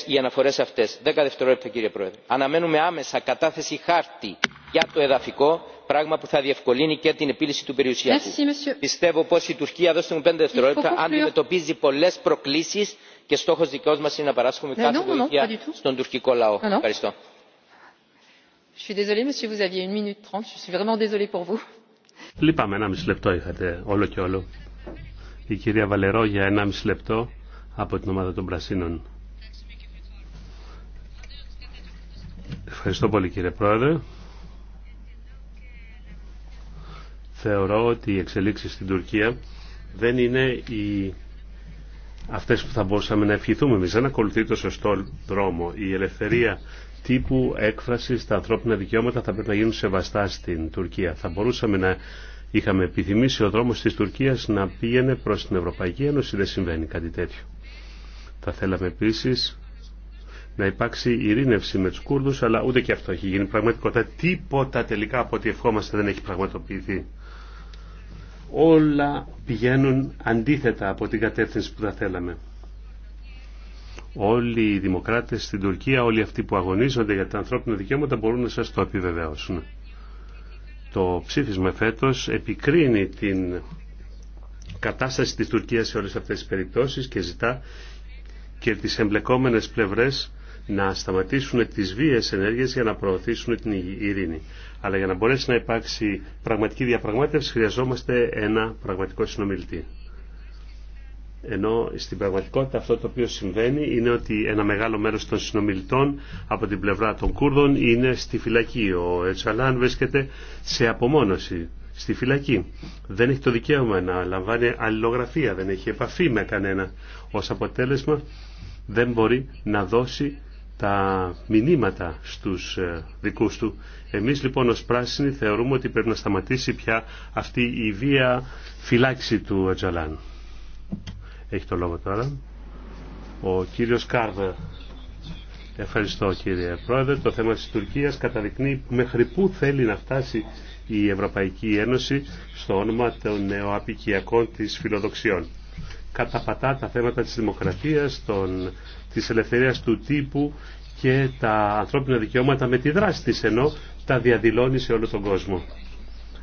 οι αναφορέ αυτέ. δέκα δευτερόλεπτα κύριε πρόεδρε. αναμένουμε άμεσα κατάθεση χάρτη για το εδαφικό πράγμα που θα διευκολύνει και την επίλυση του περιουσιακού. Πιστεύω πως η Τουρκία, δώστε μου πέντε δευτερόλεπτα, αντιμετωπίζει πολλές προκλήσεις και στόχος δικός μας είναι να παράσχουμε κάθε βοήθεια στον τουρκικό λαό. Ευχαριστώ. Λυπάμαι, ένα μισή λεπτό είχατε όλο και όλο. Η κυρία Βαλερό για ένα μισή λεπτό από την ομάδα των Πρασίνων. Ευχαριστώ πολύ κύριε Πρόεδρε. θεωρώ ότι οι εξελίξεις στην Τουρκία δεν είναι οι... αυτές που θα μπορούσαμε να ευχηθούμε εμείς. Δεν ακολουθεί το σωστό δρόμο. Η ελευθερία τύπου έκφραση στα ανθρώπινα δικαιώματα θα πρέπει να γίνουν σεβαστά στην Τουρκία. Θα μπορούσαμε να είχαμε επιθυμήσει ο δρόμος της Τουρκίας να πήγαινε προς την Ευρωπαϊκή Ένωση. Δεν συμβαίνει κάτι τέτοιο. Θα θέλαμε επίσης να υπάρξει ειρήνευση με τους Κούρδους, αλλά ούτε και αυτό έχει γίνει πραγματικότητα. Τίποτα τελικά από ό,τι ευχόμαστε δεν έχει πραγματοποιηθεί όλα πηγαίνουν αντίθετα από την κατεύθυνση που θα θέλαμε. Όλοι οι δημοκράτες στην Τουρκία, όλοι αυτοί που αγωνίζονται για τα ανθρώπινα δικαιώματα μπορούν να σας το επιβεβαιώσουν. Το ψήφισμα φέτος επικρίνει την κατάσταση της Τουρκίας σε όλες αυτές τις περιπτώσεις και ζητά και τις εμπλεκόμενες πλευρές να σταματήσουν τις βίες ενέργειες για να προωθήσουν την ειρήνη. Αλλά για να μπορέσει να υπάρξει πραγματική διαπραγμάτευση χρειαζόμαστε ένα πραγματικό συνομιλητή. Ενώ στην πραγματικότητα αυτό το οποίο συμβαίνει είναι ότι ένα μεγάλο μέρος των συνομιλητών από την πλευρά των Κούρδων είναι στη φυλακή. Ο Ετσαλάν βρίσκεται σε απομόνωση στη φυλακή. Δεν έχει το δικαίωμα να λαμβάνει αλληλογραφία, δεν έχει επαφή με κανένα. Ως αποτέλεσμα δεν μπορεί να δώσει τα μηνύματα στους ε, δικούς του. Εμείς λοιπόν ως πράσινοι θεωρούμε ότι πρέπει να σταματήσει πια αυτή η βία φυλάξη του Ατζαλάν. Έχει το λόγο τώρα. Ο κύριος Κάρδα. Ευχαριστώ κύριε Πρόεδρε. Το θέμα της Τουρκίας καταδεικνύει μέχρι πού θέλει να φτάσει η Ευρωπαϊκή Ένωση στο όνομα των νεοαπικιακών της φιλοδοξιών. Καταπατά τα θέματα της δημοκρατίας, των της ελευθερίας του τύπου και τα ανθρώπινα δικαιώματα με τη δράση της ενώ τα διαδηλώνει σε όλο τον κόσμο.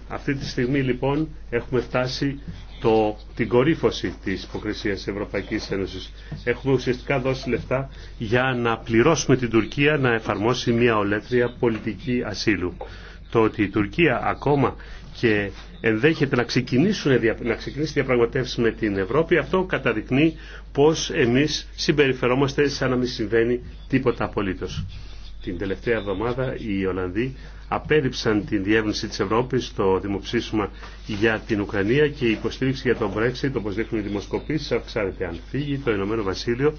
Αυτή τη στιγμή λοιπόν έχουμε φτάσει το, την κορύφωση της υποκρισίας της Ευρωπαϊκής Ένωσης. Έχουμε ουσιαστικά δώσει λεφτά για να πληρώσουμε την Τουρκία να εφαρμόσει μια ολέτρια πολιτική ασύλου. Το ότι η Τουρκία ακόμα και ενδέχεται να, ξεκινήσουν, να ξεκινήσει διαπραγματεύσει με την Ευρώπη, αυτό καταδεικνύει πως εμείς συμπεριφερόμαστε σαν να μην συμβαίνει τίποτα απολύτως. Την τελευταία εβδομάδα οι Ολλανδοί απέριψαν την διεύρυνση της Ευρώπης στο δημοψήφισμα για την Ουκρανία και η υποστήριξη για τον Brexit, όπως δείχνουν οι δημοσκοπήσεις, αυξάνεται. Αν φύγει το Ηνωμένο Βασίλειο,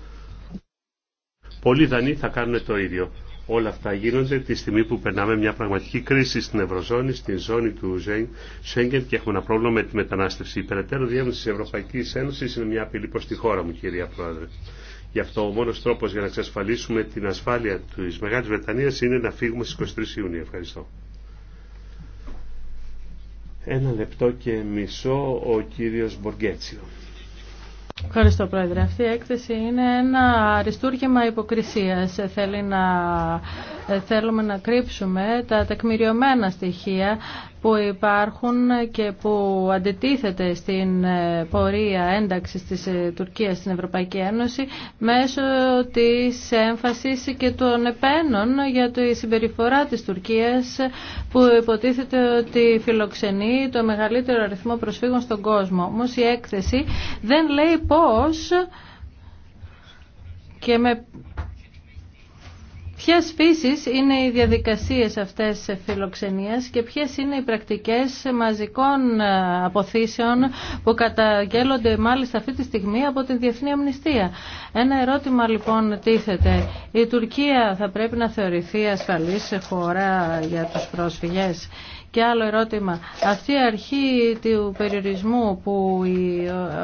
πολλοί Δανείοι θα κάνουν το ίδιο. Όλα αυτά γίνονται τη στιγμή που περνάμε μια πραγματική κρίση στην Ευρωζώνη, στην ζώνη του Σέγγεν και έχουμε ένα πρόβλημα με τη μετανάστευση. Η περαιτέρω διεύνηση τη Ευρωπαϊκή Ένωση είναι μια απειλή προ τη χώρα μου, κυρία Πρόεδρε. Γι' αυτό ο μόνο τρόπο για να εξασφαλίσουμε την ασφάλεια τη Μεγάλη Βρετανία είναι να φύγουμε στι 23 Ιουνίου. Ευχαριστώ. Ένα λεπτό και μισό ο κύριος Μποργέτσιο. Ευχαριστώ Πρόεδρε. Αυτή η έκθεση είναι ένα αριστούργημα υποκρισίας. Θέλει να θέλουμε να κρύψουμε τα τεκμηριωμένα στοιχεία που υπάρχουν και που αντιτίθεται στην ε, πορεία ένταξης της ε, Τουρκίας στην Ευρωπαϊκή Ένωση μέσω της έμφασης και των επένων για τη συμπεριφορά της Τουρκίας που υποτίθεται ότι φιλοξενεί το μεγαλύτερο αριθμό προσφύγων στον κόσμο. Όμω η έκθεση δεν λέει πώς Ποιες φύσεις είναι οι διαδικασίες αυτές φιλοξενίας και ποιες είναι οι πρακτικές μαζικών ε, αποθήσεων που καταγγέλλονται μάλιστα αυτή τη στιγμή από την Διεθνή Αμνηστία. Ένα ερώτημα λοιπόν τίθεται. Η Τουρκία θα πρέπει να θεωρηθεί ασφαλής χώρα για τους πρόσφυγες. Και άλλο ερώτημα. Αυτή η αρχή του περιορισμού που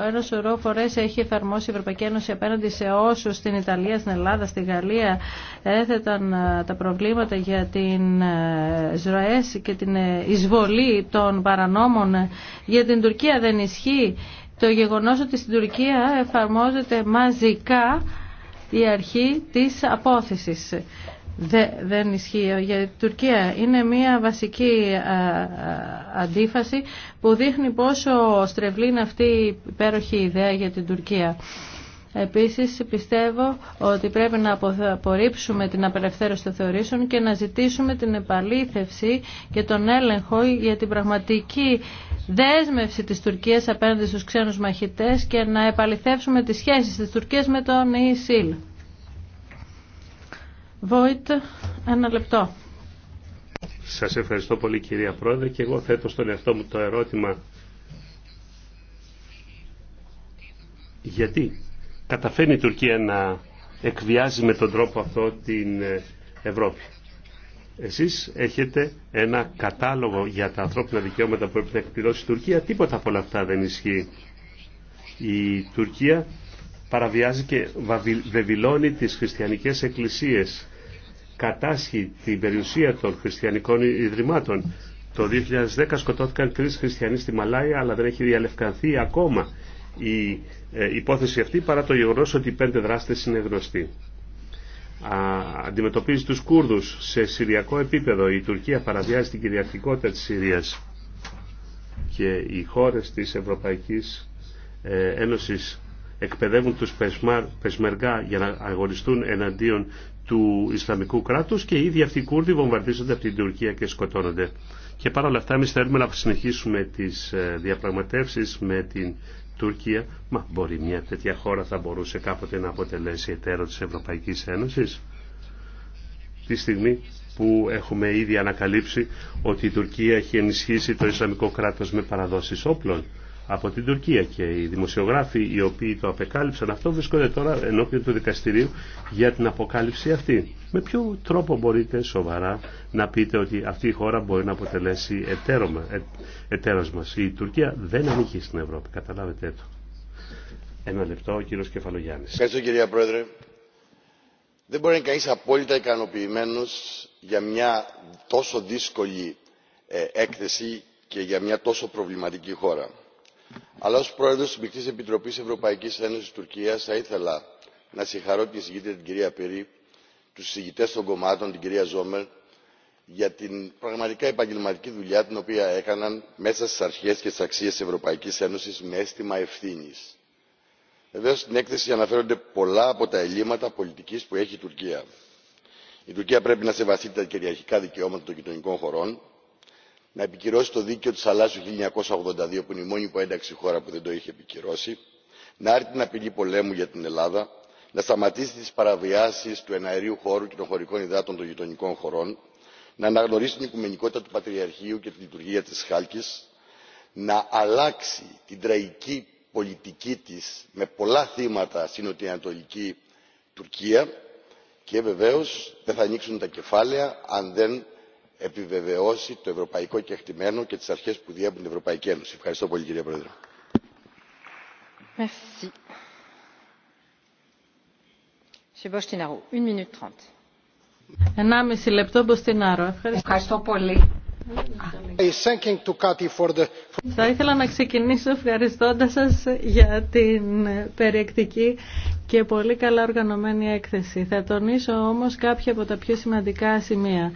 ένα σωρό φορέ έχει εφαρμόσει η Ευρωπαϊκή Ένωση απέναντι σε όσου στην Ιταλία, στην Ελλάδα, στη Γαλλία έθεταν ε, τα προβλήματα για την ζωέ ε, και την ε, εισβολή των παρανόμων για την Τουρκία δεν ισχύει. Το γεγονός ότι στην Τουρκία εφαρμόζεται μαζικά η αρχή της απόθεσης δεν ισχύει για την Τουρκία. Είναι μια βασική αντίφαση που δείχνει πόσο στρεβλή είναι αυτή η υπέροχη ιδέα για την Τουρκία. Επίσης πιστεύω ότι πρέπει να απορρίψουμε την απελευθέρωση των θεωρήσεων και να ζητήσουμε την επαλήθευση και τον έλεγχο για την πραγματική δέσμευση της Τουρκίας απέναντι στους ξένους μαχητές και να επαληθεύσουμε τις σχέσεις της Τουρκίας με τον ΙΣΥΛ. Βόιτ, ένα λεπτό. Σας ευχαριστώ πολύ κυρία Πρόεδρε και εγώ θέτω στον εαυτό μου το ερώτημα γιατί καταφέρνει η Τουρκία να εκβιάζει με τον τρόπο αυτό την ε, Ευρώπη. Εσείς έχετε ένα κατάλογο για τα ανθρώπινα δικαιώματα που έπρεπε να εκπληρώσει η Τουρκία. Τίποτα από όλα αυτά δεν ισχύει. Η Τουρκία παραβιάζει και βεβηλώνει τις χριστιανικές εκκλησίες κατάσχει την περιουσία των χριστιανικών ιδρυμάτων. Το 2010 σκοτώθηκαν τρει χριστιανοί στη Μαλάια, αλλά δεν έχει διαλευκανθεί ακόμα η ε, υπόθεση αυτή παρά το γεγονό ότι οι πέντε δράστες είναι γνωστοί. αντιμετωπίζει τους Κούρδους σε συριακό επίπεδο. Η Τουρκία παραβιάζει την κυριαρχικότητα της Συρίας και οι χώρες της Ευρωπαϊκής ε, Ένωσης εκπαιδεύουν τους πεσμεργά για να αγωνιστούν εναντίον του Ισλαμικού κράτους και ήδη αυτοί οι Κούρδοι βομβαρδίζονται από την Τουρκία και σκοτώνονται. Και παρόλα αυτά εμεί θέλουμε να συνεχίσουμε τις ε, διαπραγματεύσεις με την Τουρκία. Μα μπορεί μια τέτοια χώρα θα μπορούσε κάποτε να αποτελέσει εταίρο της Ευρωπαϊκής Ένωσης. Τη στιγμή που έχουμε ήδη ανακαλύψει ότι η Τουρκία έχει ενισχύσει το Ισλαμικό κράτος με παραδόσεις όπλων από την Τουρκία και οι δημοσιογράφοι οι οποίοι το απεκάλυψαν αυτό βρίσκονται τώρα ενώπιον του δικαστηρίου για την αποκάλυψη αυτή. Με ποιο τρόπο μπορείτε σοβαρά να πείτε ότι αυτή η χώρα μπορεί να αποτελέσει εταίρωμα, ε, εταίρος μας. Η Τουρκία δεν ανήκει στην Ευρώπη, καταλάβετε το. Ένα λεπτό, ο κύριος Κεφαλογιάννης. Ευχαριστώ κυρία Πρόεδρε. Δεν μπορεί να είναι κανείς απόλυτα ικανοποιημένο για μια τόσο δύσκολη ε, έκθεση και για μια τόσο προβληματική χώρα αλλά ως πρόεδρος της Μικρής επιτροπής ευρωπαϊκής ένωσης τουρκίας θα ήθελα να συγχαρώ την εισηγήτρια την κυρία πύρη τους εισηγητές των κομμάτων την κυρία ζόμερ για την πραγματικά επαγγελματική δουλειά την οποία έκαναν μέσα στις αρχές και στις αξίες της Ευρωπαϊκής Ένωσης με αίσθημα ευθύνη. Βεβαίω στην έκθεση αναφέρονται πολλά από τα ελλείμματα πολιτικής που έχει η Τουρκία. Η Τουρκία πρέπει να σεβαστεί τα κυριαρχικά δικαιώματα των γειτονικών χωρών να επικυρώσει το δίκαιο της του 1982 που είναι η μόνη που ένταξη χώρα που δεν το είχε επικυρώσει, να άρει την απειλή πολέμου για την Ελλάδα, να σταματήσει τις παραβιάσεις του εναερίου χώρου και των χωρικών υδάτων των γειτονικών χωρών, να αναγνωρίσει την οικουμενικότητα του Πατριαρχείου και τη λειτουργία της Χάλκης, να αλλάξει την τραγική πολιτική της με πολλά θύματα στην νοτιοανατολική Τουρκία και βεβαίως δεν θα ανοίξουν τα κεφάλαια αν δεν επιβεβαιώσει το ευρωπαϊκό κεκτημένο και τις αρχές που διέπουν την Ευρωπαϊκή Ένωση. Ευχαριστώ πολύ κύριε Πρόεδρε. Merci. λεπτό πολύ. Θα ήθελα να ξεκινήσω ευχαριστώντας σας για την περιεκτική και πολύ καλά οργανωμένη έκθεση. Θα τονίσω όμως κάποια από τα πιο σημαντικά σημεία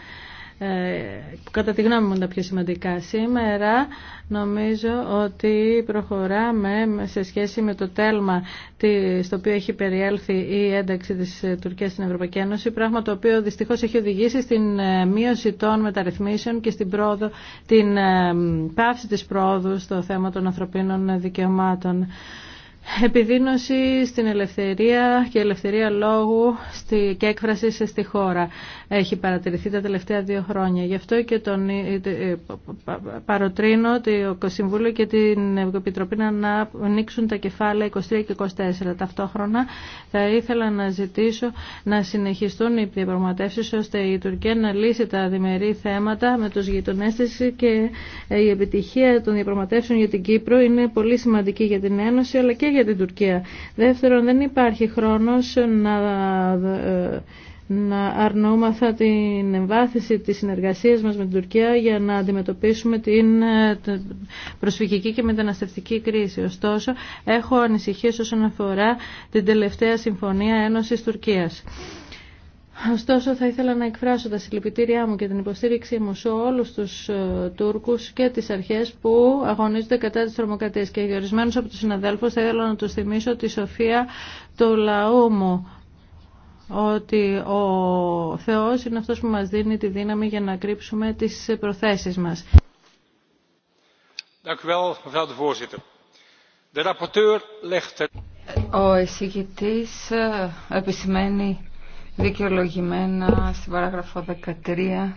που ε, κατά τη γνώμη μου είναι τα πιο σημαντικά. Σήμερα νομίζω ότι προχωράμε σε σχέση με το τέλμα στο οποίο έχει περιέλθει η ένταξη της Τουρκίας στην Ευρωπαϊκή Ένωση, πράγμα το οποίο δυστυχώς έχει οδηγήσει στην ε, μείωση των μεταρρυθμίσεων και στην πρόοδο, την ε, πάυση της πρόοδου στο θέμα των ανθρωπίνων δικαιωμάτων επιδείνωση στην ελευθερία και ελευθερία λόγου και έκφραση στη χώρα έχει παρατηρηθεί τα τελευταία δύο χρόνια. Γι' αυτό και τον, ε, ε, παροτρύνω το Συμβούλιο και την Επιτροπή να ανοίξουν τα κεφάλαια 23 και 24. Ταυτόχρονα θα ήθελα να ζητήσω να συνεχιστούν οι διαπραγματεύσει ώστε η Τουρκία να λύσει τα διμερεί θέματα με τους γειτονές της και η επιτυχία των διαπραγματεύσεων για την Κύπρο είναι πολύ σημαντική για την Ένωση αλλά και για Δεύτερον, δεν υπάρχει χρόνος να να αρνούμαθα την εμβάθυνση της συνεργασίας μας με την Τουρκία για να αντιμετωπίσουμε την προσφυγική και μεταναστευτική κρίση. Ωστόσο, έχω ανησυχίες όσον αφορά την τελευταία συμφωνία Ένωσης Τουρκίας. Ωστόσο θα ήθελα να εκφράσω τα συλληπιτήριά μου και την υποστήριξή μου σε όλους τους ε, Τούρκους και τις αρχές που αγωνίζονται κατά της τρομοκρατίας και ορισμένους από τους συναδέλφους θα ήθελα να τους θυμίσω τη σοφία του λαού μου ότι ο Θεός είναι αυτός που μας δίνει τη δύναμη για να κρύψουμε τις προθέσεις μας. Ο εισηγητής ε, επισημαίνει δικαιολογημένα στην παράγραφο 13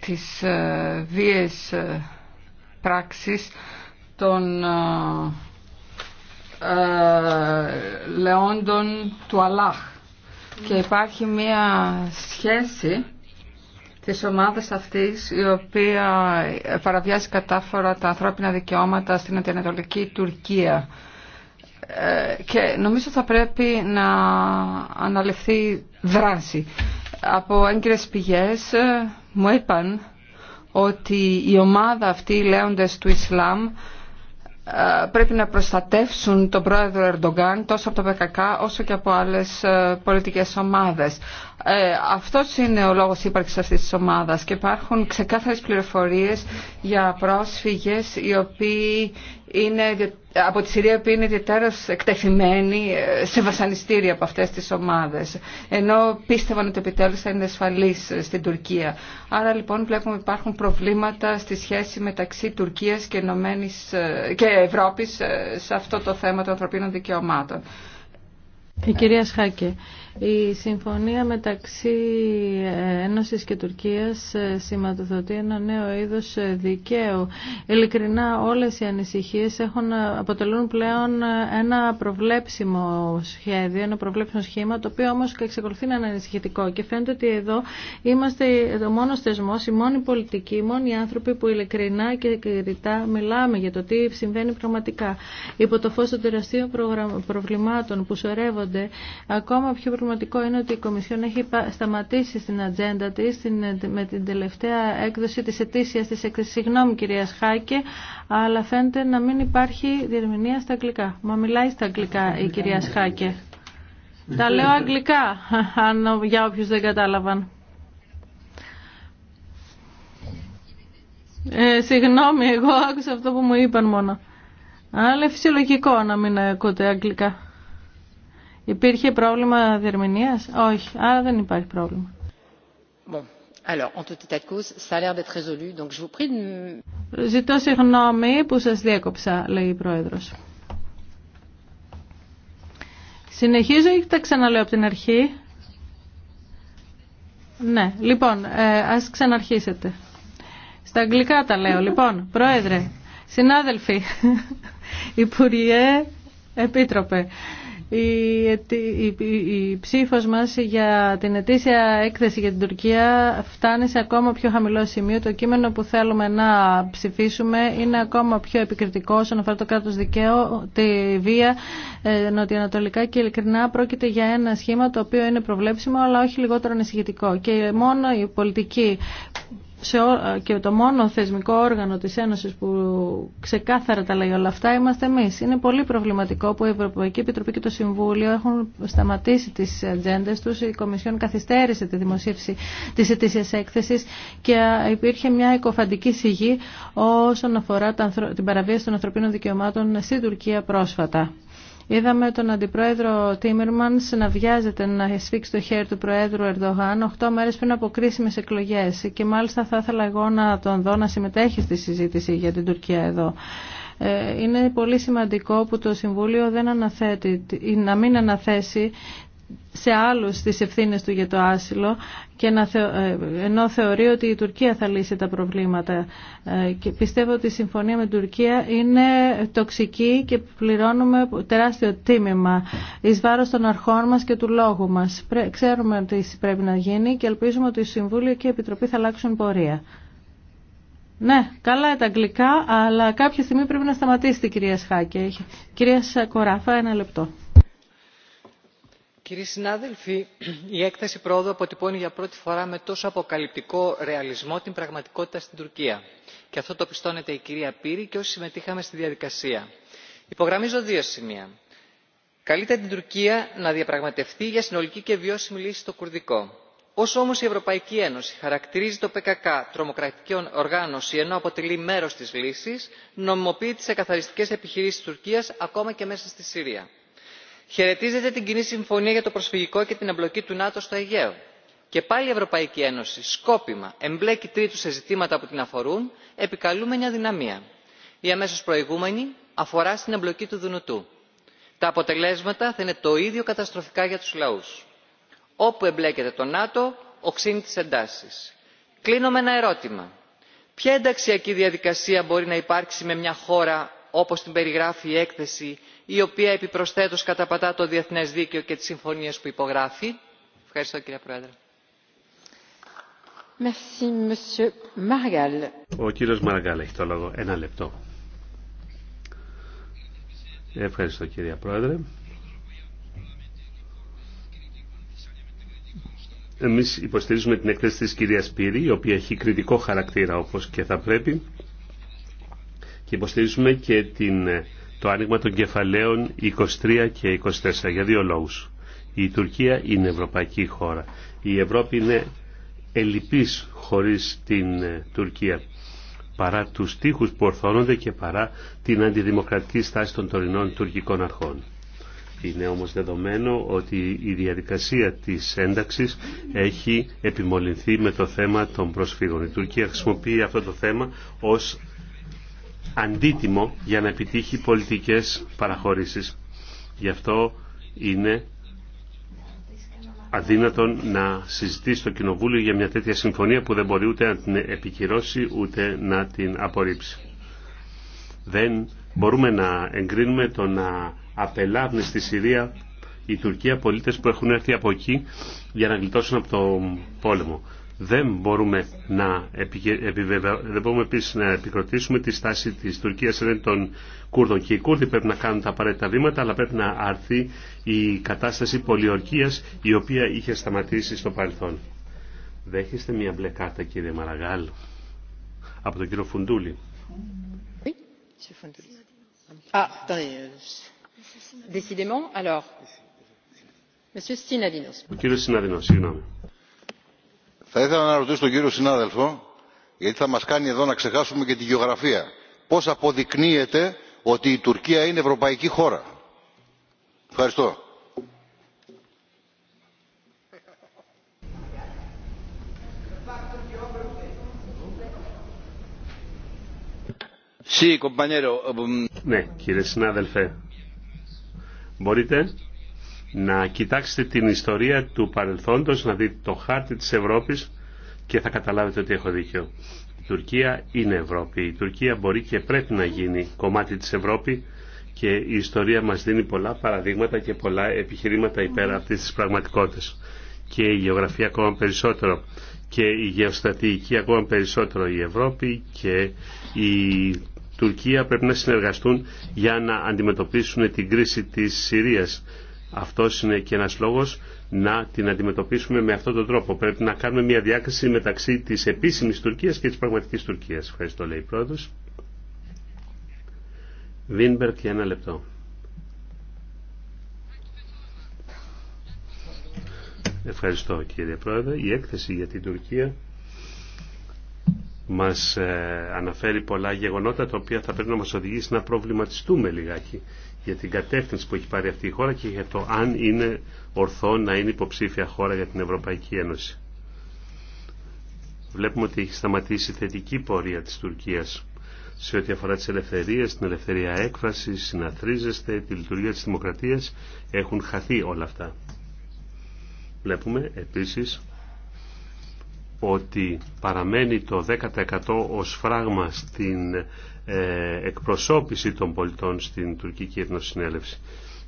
της ε, βίες ε, πράξης των ε, λεόντων του Αλάχ και υπάρχει μία σχέση της ομάδας αυτής η οποία παραβιάζει κατάφορα τα ανθρώπινα δικαιώματα στην Ανατολική Τουρκία. Ε, και νομίζω θα πρέπει να αναλυθεί δράση. Από έγκυρες πηγές ε, μου είπαν ότι η ομάδα αυτή, οι λέοντες του Ισλάμ, ε, πρέπει να προστατεύσουν τον πρόεδρο Ερντογκάν τόσο από το ΠΚΚ όσο και από άλλες πολιτικές ομάδες. Ε, αυτός είναι ο λόγος ύπαρξης αυτής της ομάδας και υπάρχουν ξεκάθαρες πληροφορίες για πρόσφυγες οι οποίοι είναι, από τη Συρία που είναι ιδιαίτερως εκτεθειμένοι ε, σε βασανιστήρια από αυτές τις ομάδες ενώ πίστευαν ότι επιτέλους θα είναι ασφαλείς ε, στην Τουρκία. Άρα λοιπόν βλέπουμε ότι υπάρχουν προβλήματα στη σχέση μεταξύ Τουρκίας και, Ενωμένης, ε, και Ευρώπης σε αυτό το θέμα των ανθρωπίνων δικαιωμάτων. Η κυρία Σχάκη, η συμφωνία μεταξύ ε, Ένωσης και Τουρκίας ε, σηματοδοτεί ένα νέο είδος ε, δικαίου. Ειλικρινά όλες οι ανησυχίες αποτελούν πλέον ένα προβλέψιμο σχέδιο, ένα προβλέψιμο σχήμα, το οποίο όμως εξακολουθεί να είναι ανησυχητικό. Και φαίνεται ότι εδώ είμαστε ο μόνος θεσμός, η μόνη πολιτική, οι μόνοι άνθρωποι που ειλικρινά και κριτά μιλάμε για το τι συμβαίνει πραγματικά. Υπό το φως των τεραστίων προβλημάτων που σωρεύονται, ακόμα πιο προβληματικό είναι ότι η Κομισιόν έχει σταματήσει στην ατζέντα της με την τελευταία έκδοση της ετήσιας της έκθεση. Συγγνώμη κυρία Σχάκε, αλλά φαίνεται να μην υπάρχει διερμηνία στα αγγλικά. Μα μιλάει στα αγγλικά η κυρία Σχάκε. Τα λέω αγγλικά, αν για όποιους δεν κατάλαβαν. Ε, συγγνώμη, εγώ άκουσα αυτό που μου είπαν μόνο. Αλλά φυσιολογικό να μην ακούτε αγγλικά. Υπήρχε πρόβλημα διερμηνίας? Όχι, άρα δεν υπάρχει πρόβλημα. Ζητώ συγγνώμη που σας διέκοψα, λέει η Πρόεδρος. Συνεχίζω ή τα ξαναλέω από την αρχή. Ναι, λοιπόν, ε, ας ξαναρχίσετε. Στα αγγλικά τα λέω. Λοιπόν, Πρόεδρε, συνάδελφοι, Υπουργέ, Επίτροπε η ψήφος μας για την ετήσια έκθεση για την Τουρκία φτάνει σε ακόμα πιο χαμηλό σημείο. Το κείμενο που θέλουμε να ψηφίσουμε είναι ακόμα πιο επικριτικό όσον αφορά το κράτος δικαίου, τη βία ε, νοτιοανατολικά και ειλικρινά πρόκειται για ένα σχήμα το οποίο είναι προβλέψιμο αλλά όχι λιγότερο ανησυχητικό. Και μόνο η πολιτική σε, και το μόνο θεσμικό όργανο της Ένωσης που ξεκάθαρα τα λέει όλα αυτά είμαστε εμείς. Είναι πολύ προβληματικό που η Ευρωπαϊκή Επιτροπή και το Συμβούλιο έχουν σταματήσει τις ατζέντε τους. Η Κομισιόν καθυστέρησε τη δημοσίευση της ετήσιας έκθεσης και υπήρχε μια οικοφαντική σιγή όσον αφορά την παραβίαση των ανθρωπίνων δικαιωμάτων στην Τουρκία πρόσφατα. Είδαμε τον Αντιπρόεδρο Τίμερμαν να βιάζεται να σφίξει το χέρι του Προέδρου Ερντογάν 8 μέρε πριν από κρίσιμε εκλογέ. Και μάλιστα θα ήθελα εγώ να τον δω να συμμετέχει στη συζήτηση για την Τουρκία εδώ. Ε, είναι πολύ σημαντικό που το Συμβούλιο δεν αναθέτει, να μην αναθέσει σε άλλους τις ευθύνες του για το άσυλο και να ε, ενώ θεωρεί ότι η Τουρκία θα λύσει τα προβλήματα ε, και πιστεύω ότι η συμφωνία με την Τουρκία είναι τοξική και πληρώνουμε τεράστιο τίμημα εις βάρος των αρχών μας και του λόγου μας. Ξέρουμε ότι πρέπει να γίνει και ελπίζουμε ότι η Συμβούλιο και η Επιτροπή θα αλλάξουν πορεία. Ναι, καλά τα αγγλικά, αλλά κάποια στιγμή πρέπει να σταματήσει η κυρία Σχάκη. Κυρία Σακοράφα, ένα λεπτό κύριοι συνάδελφοι η έκθεση προόδου αποτυπώνει για πρώτη φορά με τόσο αποκαλυπτικό ρεαλισμό την πραγματικότητα στην τουρκία και αυτό το πιστώνεται η κυρία πύρη και όσοι συμμετείχαμε στη διαδικασία. υπογραμμίζω δύο σημεία καλείται την τουρκία να διαπραγματευτεί για συνολική και βιώσιμη λύση στο κουρδικό. όσο όμως η ευρωπαϊκή ένωση χαρακτηρίζει το πκκ τρομοκρατική οργάνωση ενώ αποτελεί μέρος τη λύση, νομιμοποιεί τι εκαθαριστικές επιχειρήσεις της τουρκίας ακόμα και μέσα στη συρία χαιρετίζετε την κοινή συμφωνία για το προσφυγικό και την εμπλοκή του νατο στο αιγαίο και πάλι η ευρωπαϊκή ένωση σκόπιμα εμπλέκει τρίτους σε ζητήματα που την αφορούν επικαλούμενη αδυναμία. η αμέσως προηγούμενη αφορά στην εμπλοκή του δουνουτού. τα αποτελέσματα θα είναι το ίδιο καταστροφικά για τους λαούς. όπου εμπλέκεται το νατο οξύνει τις εντάσεις. κλείνω με ένα ερώτημα. ποια ενταξιακή διαδικασία μπορεί να υπάρξει με μια χώρα όπως την περιγράφει η έκθεση η οποία επιπροσθέτως καταπατά το διεθνές δίκαιο και τις συμφωνίες που υπογράφει. Ευχαριστώ κύριε Πρόεδρε. Ο κύριος Μαραγκάλ έχει το λόγο. Ένα λεπτό. Ευχαριστώ κύριε Πρόεδρε. Εμείς υποστηρίζουμε την εκθέση τη κυρία Πύρη, η οποία έχει κριτικό χαρακτήρα όπως και θα πρέπει και υποστηρίζουμε και την ε, το άνοιγμα των κεφαλαίων 23 και 24 για δύο λόγους. Η Τουρκία είναι ευρωπαϊκή χώρα. Η Ευρώπη είναι ελλειπής χωρίς την ε, Τουρκία παρά τους τείχους που ορθώνονται και παρά την αντιδημοκρατική στάση των τωρινών τουρκικών αρχών. Είναι όμως δεδομένο ότι η διαδικασία της ένταξης έχει επιμολυνθεί με το θέμα των προσφύγων. Η Τουρκία χρησιμοποιεί αυτό το θέμα ως αντίτιμο για να επιτύχει πολιτικές παραχωρήσεις. Γι' αυτό είναι αδύνατον να συζητήσει το Κοινοβούλιο για μια τέτοια συμφωνία που δεν μπορεί ούτε να την επικυρώσει ούτε να την απορρίψει. Δεν μπορούμε να εγκρίνουμε το να απελάβουν στη Συρία η Τουρκία πολίτες που έχουν έρθει από εκεί για να γλιτώσουν από τον πόλεμο. Δεν μπορούμε να, δεν μπορούμε επίσης να επικροτήσουμε τη στάση της Τουρκίας εν των Κούρδων. Και οι Κούρδοι πρέπει να κάνουν τα απαραίτητα βήματα, αλλά πρέπει να αρθεί η κατάσταση πολιορκίας η οποία είχε σταματήσει στο παρελθόν. Δέχεστε μια μπλε κάρτα κύριε Μαραγάλ από τον κύριο Φουντούλη. Ο κύριος Συναδινός, συγγνώμη θα ήθελα να ρωτήσω τον κύριο συνάδελφο γιατί θα μας κάνει εδώ να ξεχάσουμε και τη γεωγραφία πώς αποδεικνύεται ότι η τουρκία είναι ευρωπαϊκή χώρα. ευχαριστώ. Ναι, κύριε συνάδελφε, μπορείτε να κοιτάξετε την ιστορία του παρελθόντος, να δείτε το χάρτη της Ευρώπης και θα καταλάβετε ότι έχω δίκιο. Η Τουρκία είναι Ευρώπη. Η Τουρκία μπορεί και πρέπει να γίνει κομμάτι της Ευρώπη και η ιστορία μας δίνει πολλά παραδείγματα και πολλά επιχειρήματα υπέρ αυτής της πραγματικότητας. Και η γεωγραφία ακόμα περισσότερο και η γεωστατική ακόμα περισσότερο η Ευρώπη και η Τουρκία πρέπει να συνεργαστούν για να αντιμετωπίσουν την κρίση της Συρίας αυτό είναι και ένας λόγος να την αντιμετωπίσουμε με αυτόν τον τρόπο. Πρέπει να κάνουμε μια διάκριση μεταξύ της επίσημης Τουρκίας και της πραγματικής Τουρκίας. Ευχαριστώ λέει η πρόεδρος. Βίνμπερκ για ένα λεπτό. Ευχαριστώ κύριε Πρόεδρε. Η έκθεση για την Τουρκία μας ε, αναφέρει πολλά γεγονότα τα οποία θα πρέπει να μας οδηγήσει να προβληματιστούμε λιγάκι για την κατεύθυνση που έχει πάρει αυτή η χώρα και για το αν είναι ορθό να είναι υποψήφια χώρα για την Ευρωπαϊκή Ένωση. Βλέπουμε ότι έχει σταματήσει η θετική πορεία της Τουρκίας σε ό,τι αφορά τις ελευθερίες, την ελευθερία έκφρασης, συναθρίζεστε, τη λειτουργία της δημοκρατίας, έχουν χαθεί όλα αυτά. Βλέπουμε επίσης ότι παραμένει το 10% ως φράγμα στην ε, εκπροσώπηση των πολιτών στην τουρκική εθνοσυνέλευση.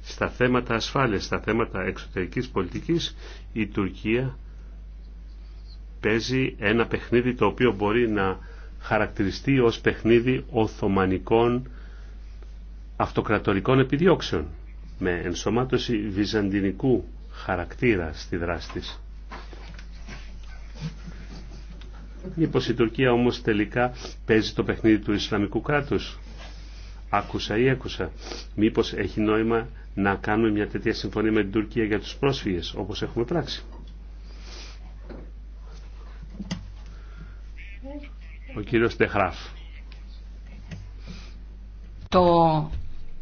Στα θέματα ασφάλειας, στα θέματα εξωτερικής πολιτικής, η Τουρκία παίζει ένα παιχνίδι το οποίο μπορεί να χαρακτηριστεί ως παιχνίδι οθωμανικών αυτοκρατορικών επιδιώξεων με ενσωμάτωση βυζαντινικού χαρακτήρα στη δράση της. Μήπως η Τουρκία όμως τελικά παίζει το παιχνίδι του Ισλαμικού κράτους. Άκουσα ή έκουσα. Μήπως έχει νόημα να κάνουμε μια τέτοια συμφωνία με την Τουρκία για τους πρόσφυγες, όπως έχουμε πράξει. Ο κύριος Τεχράφ. Το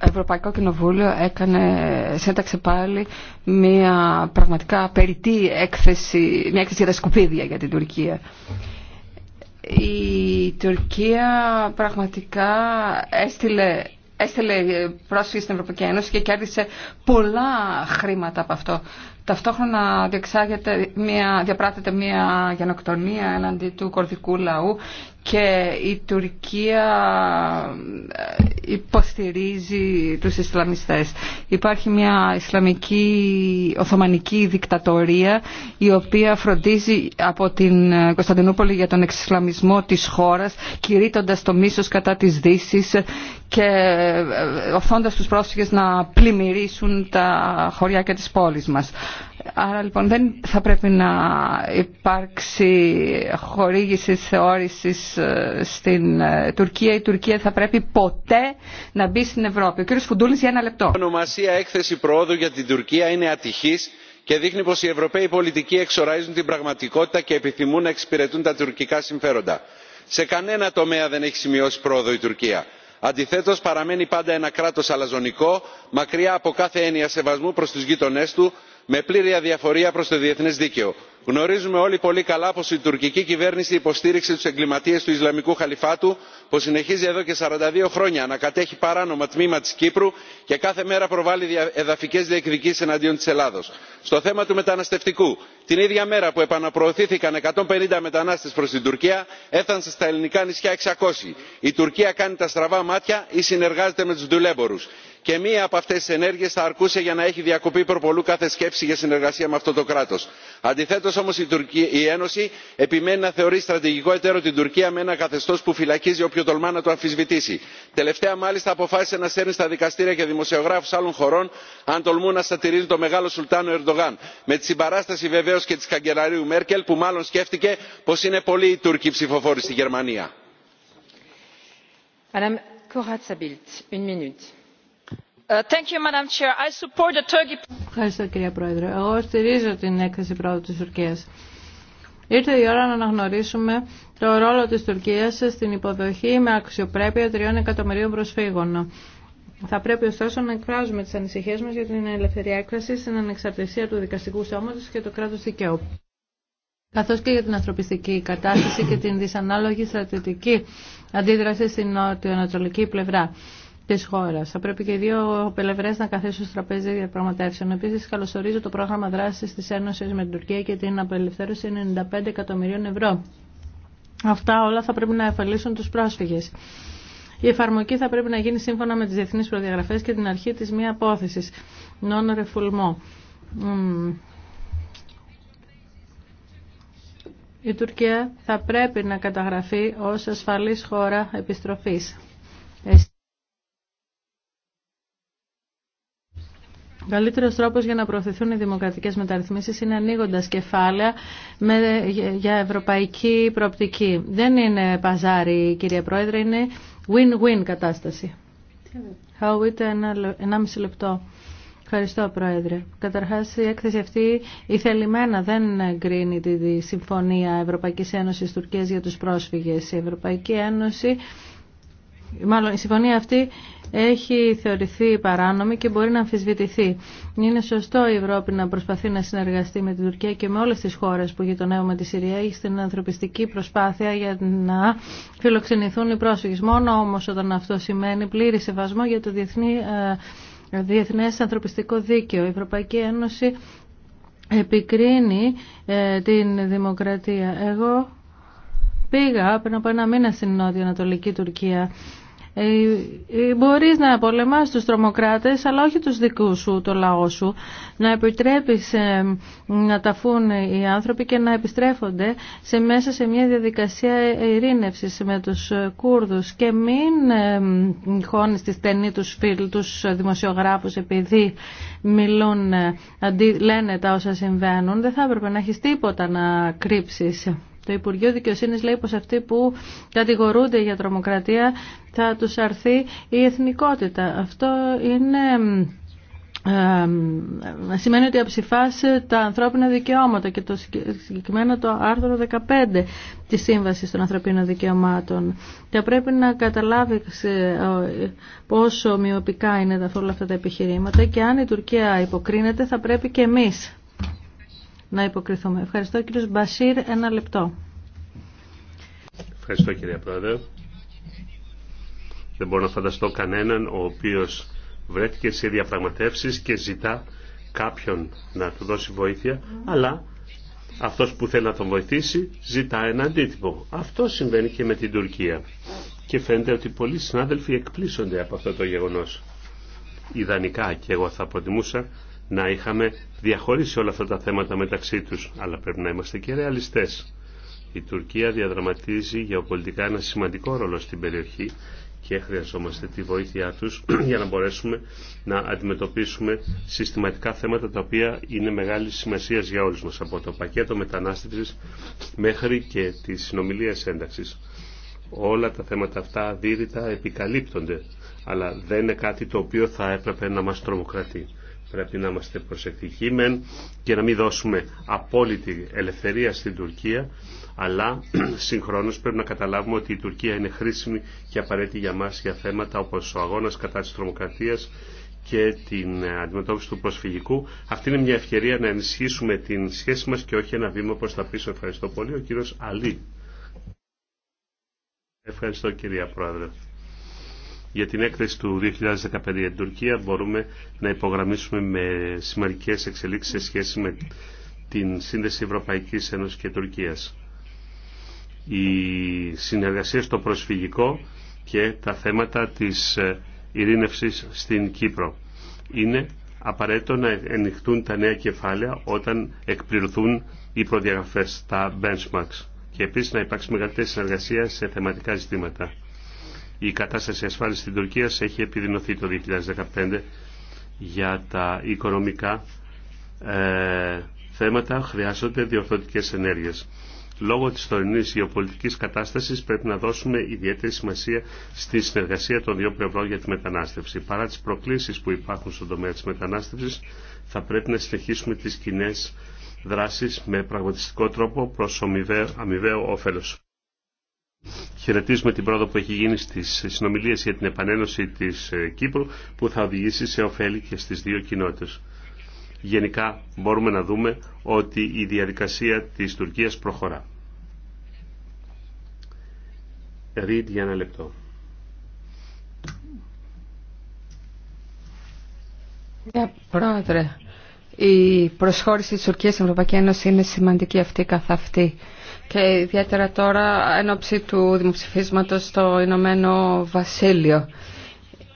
Ευρωπαϊκό Κοινοβούλιο έκανε, σένταξε πάλι μια πραγματικά περιττή έκθεση, μια έκθεση για τα σκουπίδια για την Τουρκία η Τουρκία πραγματικά έστειλε έστειλε πρόσφυγες στην Ευρωπαϊκή Ένωση και κέρδισε πολλά χρήματα από αυτό ταυτόχρονα διεξάγεται μια, μια γενοκτονία έναντι του κορδικού λαού και η Τουρκία ε, υποστηρίζει τους Ισλαμιστές. Υπάρχει μια Ισλαμική Οθωμανική δικτατορία η οποία φροντίζει από την Κωνσταντινούπολη για τον εξισλαμισμό της χώρας κηρύττοντας το μίσος κατά της Δύσης και ε, ε, οθώντας τους πρόσφυγες να πλημμυρίσουν τα χωριά και τις πόλεις μας. Άρα λοιπόν δεν θα πρέπει να υπάρξει χορήγηση θεώρηση ε, στην ε, Τουρκία. Η Τουρκία θα πρέπει ποτέ να μπει στην Ευρώπη. Ο κύριος Φουντούλη για ένα λεπτό. Η ονομασία έκθεση προόδου για την Τουρκία είναι ατυχή και δείχνει πω οι Ευρωπαίοι πολιτικοί εξοραίζουν την πραγματικότητα και επιθυμούν να εξυπηρετούν τα τουρκικά συμφέροντα. Σε κανένα τομέα δεν έχει σημειώσει πρόοδο η Τουρκία. Αντιθέτως παραμένει πάντα ένα κράτος αλαζονικό, μακριά από κάθε έννοια σεβασμού προς τους γείτονές του, με πλήρη αδιαφορία προς το διεθνές δίκαιο. γνωρίζουμε όλοι πολύ καλά πως η τουρκική κυβέρνηση υποστήριξε τους εγκληματίες του ισλαμικού χαλιφάτου που συνεχίζει εδώ και 42 χρόνια να κατέχει παράνομα τμήμα της κύπρου και κάθε μέρα προβάλλει εδαφικές διεκδικήσεις εναντίον της ελλάδος. στο θέμα του μεταναστευτικού την ίδια μέρα που επαναπροωθήθηκαν 150 μετανάστες προς την τουρκία έφτασαν στα ελληνικά νησιά 600. η τουρκία κάνει τα στραβά μάτια ή συνεργάζεται με τους δουλέμπορους και μία από αυτέ τι ενέργειε θα αρκούσε για να έχει διακοπεί προπολού κάθε σκέψη για συνεργασία με αυτό το κράτο. Αντιθέτω όμω η ένωση επιμένει να θεωρεί στρατηγικό εταίρο την τουρκία με ένα καθεστώ που φυλακίζει όποιο τολμά να το αμφισβητήσει. τελευταία μάλιστα αποφάσισε να σέρνει στα δικαστήρια και δημοσιογράφου άλλων χωρών αν τολμούν να σατυρίζουν τον μεγάλο σουλτάνο ερντογάν με τη συμπαράσταση βεβαίω και τη καγκελαρίου μέρκελ που μάλλον σκέφτηκε πω είναι πολλοί οι τούρκοι ψηφοφόροι στη γερμανία. Uh, Ευχαριστώ κυρία Πρόεδρε. Εγώ στηρίζω την έκθεση πρόοδου της Τουρκίας. Ήρθε η ώρα να αναγνωρίσουμε το ρόλο της Τουρκίας στην υποδοχή με αξιοπρέπεια τριών εκατομμυρίων προσφύγων. Θα πρέπει ωστόσο να εκφράζουμε τις ανησυχίες μας για την ελευθερία έκφραση στην ανεξαρτησία του δικαστικού σώματος και του κράτους δικαίου καθώς και για την ανθρωπιστική κατάσταση και την δυσανάλογη στρατητική αντίδραση στην ανατολική πλευρά τη χώρα. Θα πρέπει και οι δύο πλευρέ να καθίσουν στο τραπέζι διαπραγματεύσεων. Επίση, καλωσορίζω το πρόγραμμα δράση τη Ένωση με την Τουρκία και την απελευθέρωση 95 εκατομμυρίων ευρώ. Αυτά όλα θα πρέπει να εφαλίσουν του πρόσφυγε. Η εφαρμογή θα πρέπει να γίνει σύμφωνα με τι διεθνεί προδιαγραφέ και την αρχή τη μία απόθεση. Non refoulement. Η Τουρκία θα πρέπει να καταγραφεί ως ασφαλής χώρα επιστροφής. καλύτερο τρόπο για να προωθηθούν οι δημοκρατικέ μεταρρυθμίσει είναι ανοίγοντα κεφάλαια με, για ευρωπαϊκή προοπτική. Δεν είναι παζάρι, κυρία Πρόεδρε, είναι win-win κατάσταση. Χαουίτε, ένα, ένα μισή λεπτό. Ευχαριστώ, Πρόεδρε. Καταρχά, η έκθεση αυτή ηθελημένα δεν κρίνει τη Συμφωνία Ευρωπαϊκή Ένωση Τουρκία για του πρόσφυγε. Η Ευρωπαϊκή Ένωση, μάλλον η συμφωνία αυτή έχει θεωρηθεί παράνομη και μπορεί να αμφισβητηθεί. Είναι σωστό η Ευρώπη να προσπαθεί να συνεργαστεί με την Τουρκία και με όλες τις χώρες που γειτονεύουμε τη Συρία στην ανθρωπιστική προσπάθεια για να φιλοξενηθούν οι πρόσφυγες. Μόνο όμως όταν αυτό σημαίνει πλήρη σεβασμό για το διεθνή, ε, διεθνές ανθρωπιστικό δίκαιο. Η Ευρωπαϊκή Ένωση επικρίνει ε, την δημοκρατία. Εγώ πήγα πριν από ένα μήνα στην Νότια Ανατολική Τουρκία ε, ε, μπορείς να πολεμάς τους τρομοκράτες αλλά όχι τους δικούς σου, το λαό σου να επιτρέπεις ε, να ταφούν οι άνθρωποι και να επιστρέφονται σε μέσα σε μια διαδικασία ειρήνευσης με τους Κούρδους και μην ε, χώνεις τη στενή τους φίλους, τους δημοσιογράφους επειδή μιλούν, λένε τα όσα συμβαίνουν δεν θα έπρεπε να έχεις τίποτα να κρύψεις το Υπουργείο Δικαιοσύνη λέει πω αυτοί που κατηγορούνται για τρομοκρατία θα του αρθεί η εθνικότητα. Αυτό είναι. σημαίνει ότι αψηφάς τα ανθρώπινα δικαιώματα και το συγκεκριμένο το άρθρο 15 της Σύμβασης των Ανθρωπίνων Δικαιωμάτων και πρέπει να καταλάβεις ε, πόσο μειοπικά είναι όλα αυτά τα επιχειρήματα και αν η Τουρκία υποκρίνεται θα πρέπει και εμείς να υποκριθούμε. Ευχαριστώ κύριος Μπασίρ, ένα λεπτό. Ευχαριστώ κύριε Πρόεδρε. Δεν μπορώ να φανταστώ κανέναν ο οποίος βρέθηκε σε διαπραγματεύσεις και ζητά κάποιον να του δώσει βοήθεια, αλλά αυτός που θέλει να τον βοηθήσει ζητά ένα αντίτυπο. Αυτό συμβαίνει και με την Τουρκία. Και φαίνεται ότι πολλοί συνάδελφοι εκπλήσονται από αυτό το γεγονός. Ιδανικά και εγώ θα προτιμούσα να είχαμε διαχωρίσει όλα αυτά τα θέματα μεταξύ τους, αλλά πρέπει να είμαστε και ρεαλιστές. Η Τουρκία διαδραματίζει γεωπολιτικά ένα σημαντικό ρόλο στην περιοχή και χρειαζόμαστε τη βοήθειά τους για να μπορέσουμε να αντιμετωπίσουμε συστηματικά θέματα τα οποία είναι μεγάλη σημασία για όλους μας από το πακέτο μετανάστευσης μέχρι και τη συνομιλία ένταξης. Όλα τα θέματα αυτά δίρυτα επικαλύπτονται αλλά δεν είναι κάτι το οποίο θα έπρεπε να μας τρομοκρατεί. Πρέπει να είμαστε προσεκτικοί μεν και να μην δώσουμε απόλυτη ελευθερία στην Τουρκία, αλλά συγχρόνως πρέπει να καταλάβουμε ότι η Τουρκία είναι χρήσιμη και απαραίτητη για μας για θέματα όπως ο αγώνας κατά της τρομοκρατίας και την αντιμετώπιση του προσφυγικού. Αυτή είναι μια ευκαιρία να ενισχύσουμε την σχέση μας και όχι ένα βήμα προς τα πίσω. Ευχαριστώ πολύ. Ο κύριος Αλή. Ευχαριστώ κυρία Πρόεδρε για την έκθεση του 2015 για την Τουρκία μπορούμε να υπογραμμίσουμε με σημαντικές εξελίξεις σε σχέση με την σύνδεση Ευρωπαϊκής Ένωσης και Τουρκίας. Η συνεργασία στο προσφυγικό και τα θέματα της ε, ειρήνευσης στην Κύπρο. Είναι απαραίτητο να ενοιχτούν τα νέα κεφάλαια όταν εκπληρωθούν οι προδιαγραφές, τα benchmarks και επίσης να υπάρξει μεγαλύτερη συνεργασία σε θεματικά ζητήματα η κατάσταση ασφάλισης στην Τουρκία έχει επιδεινωθεί το 2015 για τα οικονομικά ε, θέματα χρειάζονται διορθωτικές ενέργειες. Λόγω της τωρινής γεωπολιτικής κατάστασης πρέπει να δώσουμε ιδιαίτερη σημασία στη συνεργασία των δύο πλευρών για τη μετανάστευση. Παρά τις προκλήσεις που υπάρχουν στον τομέα της μετανάστευσης, θα πρέπει να συνεχίσουμε τις κοινέ δράσεις με πραγματιστικό τρόπο προς αμοιβαίο, αμοιβαίο όφελος. Χαιρετίζουμε την πρόοδο που έχει γίνει στις συνομιλίε για την επανένωση της ε, Κύπρου που θα οδηγήσει σε ωφέλη και στις δύο κοινότητες. Γενικά μπορούμε να δούμε ότι η διαδικασία της Τουρκίας προχωρά. Ρίτ για ένα λεπτό. Ε, πρόεδρε, η προσχώρηση της Τουρκίας στην Ευρωπαϊκή Ένωση είναι σημαντική αυτή καθ' αυτή και ιδιαίτερα τώρα εν ώψη του δημοψηφίσματος στο Ηνωμένο Βασίλειο.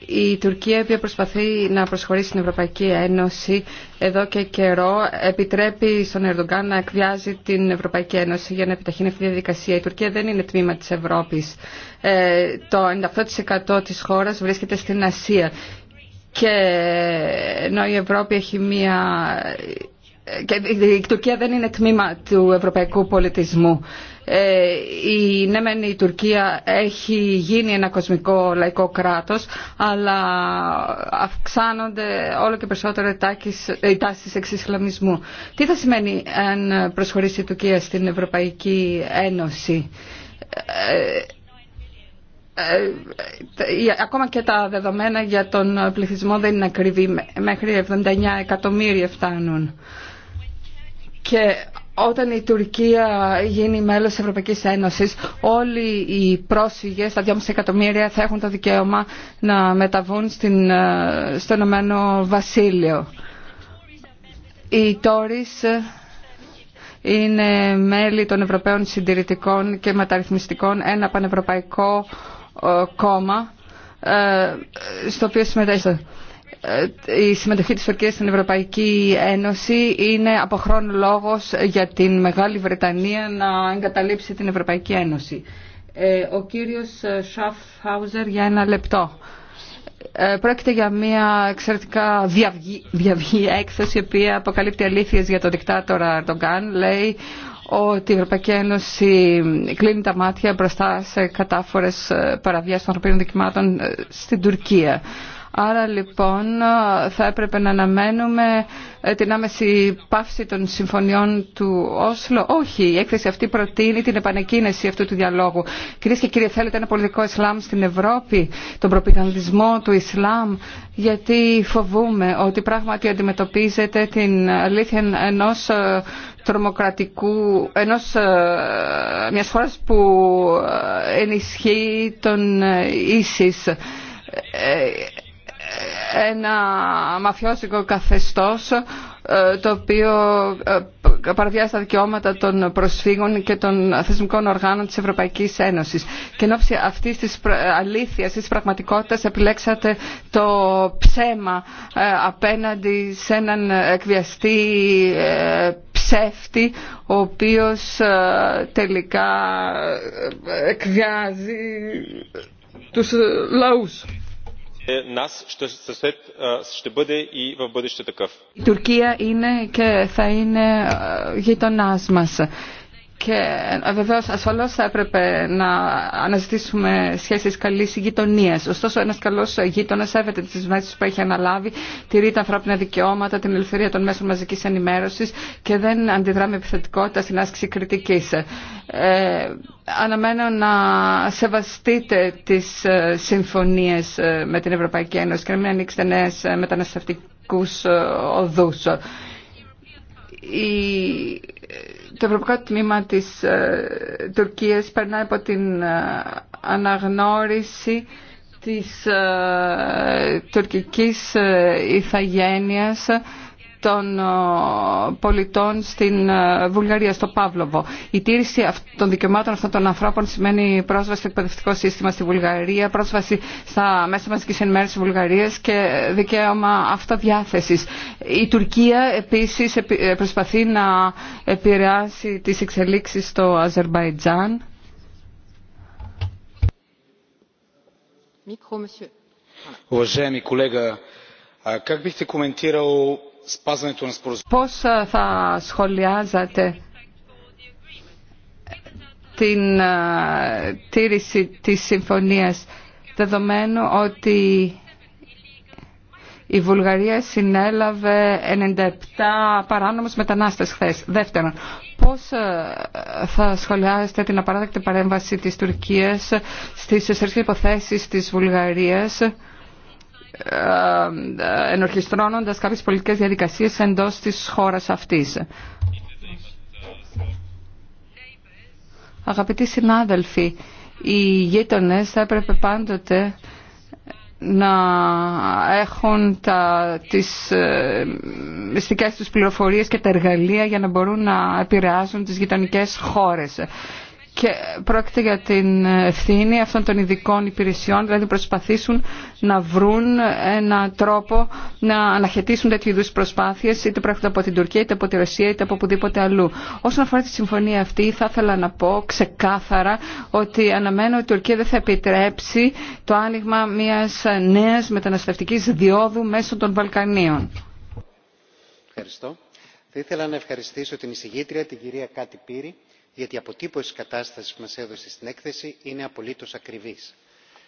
Η Τουρκία, η οποία προσπαθεί να προσχωρήσει στην Ευρωπαϊκή Ένωση εδώ και καιρό, επιτρέπει στον Ερντογκάν να εκβιάζει την Ευρωπαϊκή Ένωση για να επιταχύνει αυτή τη διαδικασία. Η Τουρκία δεν είναι τμήμα της Ευρώπης. Ε, το 98% της χώρας βρίσκεται στην Ασία. Και ενώ η Ευρώπη έχει μία η Τουρκία δεν είναι τμήμα του ευρωπαϊκού πολιτισμού. Ε, η ναι μεν η Τουρκία έχει γίνει ένα κοσμικό λαϊκό κράτος αλλά αυξάνονται όλο και περισσότερο οι τάσεις εξισλαμισμού. Τι θα σημαίνει αν προσχωρήσει η Τουρκία στην Ευρωπαϊκή Ένωση. Ε, ε, ακόμα και τα δεδομένα για τον πληθυσμό δεν είναι ακριβή. Μέχρι 79 εκατομμύρια φτάνουν και όταν η Τουρκία γίνει μέλος της Ευρωπαϊκής Ένωσης όλοι οι πρόσφυγες, τα 2,5 εκατομμύρια θα έχουν το δικαίωμα να μεταβούν στην, ε, στο Ηνωμένο Βασίλειο. Οι Τόρις είναι μέλη των Ευρωπαίων Συντηρητικών και Μεταρρυθμιστικών, ένα πανευρωπαϊκό ε, κόμμα ε, στο οποίο συμμετέχει. Ε, η συμμετοχή της Τουρκίας στην Ευρωπαϊκή Ένωση είναι από χρόνο λόγος για την Μεγάλη Βρετανία να εγκαταλείψει την Ευρωπαϊκή Ένωση. Ε, ο κύριος Σαφχάουζερ για ένα λεπτό. Ε, πρόκειται για μια εξαιρετικά διαυγή, έκθεση η οποία αποκαλύπτει αλήθειες για τον δικτάτορα Αρντογκάν. Λέει ότι η Ευρωπαϊκή Ένωση κλείνει τα μάτια μπροστά σε κατάφορες παραβιάσεις των ανθρωπίνων δικαιωμάτων στην Τουρκία. Άρα λοιπόν θα έπρεπε να αναμένουμε ε, την άμεση πάυση των συμφωνιών του Όσλο. Όχι, η έκθεση αυτή προτείνει την επανεκκίνηση αυτού του διαλόγου. Κυρίε και κύριοι, θέλετε ένα πολιτικό Ισλάμ στην Ευρώπη, τον προπικανδισμό του Ισλάμ, γιατί φοβούμε ότι πράγματι αντιμετωπίζεται την αλήθεια ενό ε, τρομοκρατικού, ενός, ε, μιας χώρας που ενισχύει τον ίσις ένα μαφιώσικο καθεστώς ε, το οποίο ε, παραβιάζει τα δικαιώματα των προσφύγων και των θεσμικών οργάνων της Ευρωπαϊκής Ένωσης. Και ενώ ώψη αυτής της αλήθειας, της πραγματικότητας επιλέξατε το ψέμα ε, απέναντι σε έναν εκβιαστή ψεύτη ο οποίος τελικά εκβιάζει τους λαούς. Ε, ε, Η Τουρκία είναι και θα είναι ε, γειτονάς μας και ε, βεβαίω ασφαλώ θα έπρεπε να αναζητήσουμε σχέσει καλή γειτονία. Ωστόσο, ένα καλό γείτονα σέβεται τι μέσει που έχει αναλάβει, τηρεί τα ανθρώπινα δικαιώματα, την ελευθερία των μέσων μαζική ενημέρωση και δεν αντιδρά με επιθετικότητα στην άσκηση κριτική. Ε, αναμένω να σεβαστείτε τι ε, συμφωνίε ε, με την Ευρωπαϊκή Ένωση και να μην ανοίξετε νέε μεταναστευτικού οδού. Η το ευρωπαϊκό τμήμα της ε, Τουρκίας περνάει από την ε, αναγνώριση της ε, τουρκικής ηθαγένειας των ε, πολιτών στην ε, Βουλγαρία, στο Παύλοβο. Η τήρηση των δικαιωμάτων αυτών των ανθρώπων σημαίνει πρόσβαση στο εκπαιδευτικό σύστημα στη Βουλγαρία, πρόσβαση στα μέσα μαζική ενημέρωση τη Βουλγαρία και δικαίωμα αυτοδιάθεση. Η Τουρκία επίση ε, προσπαθεί να επηρεάσει τι εξελίξει στο Αζερβαϊτζάν. как Πώς ε, θα σχολιάζατε την ε, τήρηση της συμφωνίας δεδομένου ότι η Βουλγαρία συνέλαβε 97 παράνομους μετανάστες χθες. Δεύτερον, πώς ε, θα σχολιάζετε την απαράδεκτη παρέμβαση της Τουρκίας στις εσωτερικές υποθέσεις της Βουλγαρίας ε, ενορχιστρώνοντας κάποιες πολιτικές διαδικασίες εντός της χώρας αυτής. Αγαπητοί συνάδελφοι, οι γείτονες θα έπρεπε πάντοτε να έχουν τα, τις ε, μυστικές τους πληροφορίες και τα εργαλεία για να μπορούν να επηρεάζουν τις γειτονικές χώρες και πρόκειται για την ευθύνη αυτών των ειδικών υπηρεσιών, δηλαδή προσπαθήσουν να βρουν έναν τρόπο να αναχαιτήσουν τέτοιου είδου προσπάθειε, είτε πρόκειται από την Τουρκία, είτε από τη Ρωσία, είτε από οπουδήποτε αλλού. Όσον αφορά τη συμφωνία αυτή, θα ήθελα να πω ξεκάθαρα ότι αναμένω ότι η Τουρκία δεν θα επιτρέψει το άνοιγμα μια νέα μεταναστευτική διόδου μέσω των Βαλκανίων. Ευχαριστώ. Θα ήθελα να ευχαριστήσω την εισηγήτρια, την κυρία Κάτι Πύρη γιατί η αποτύπωση της κατάστασης που μας έδωσε στην έκθεση είναι απολύτως ακριβής.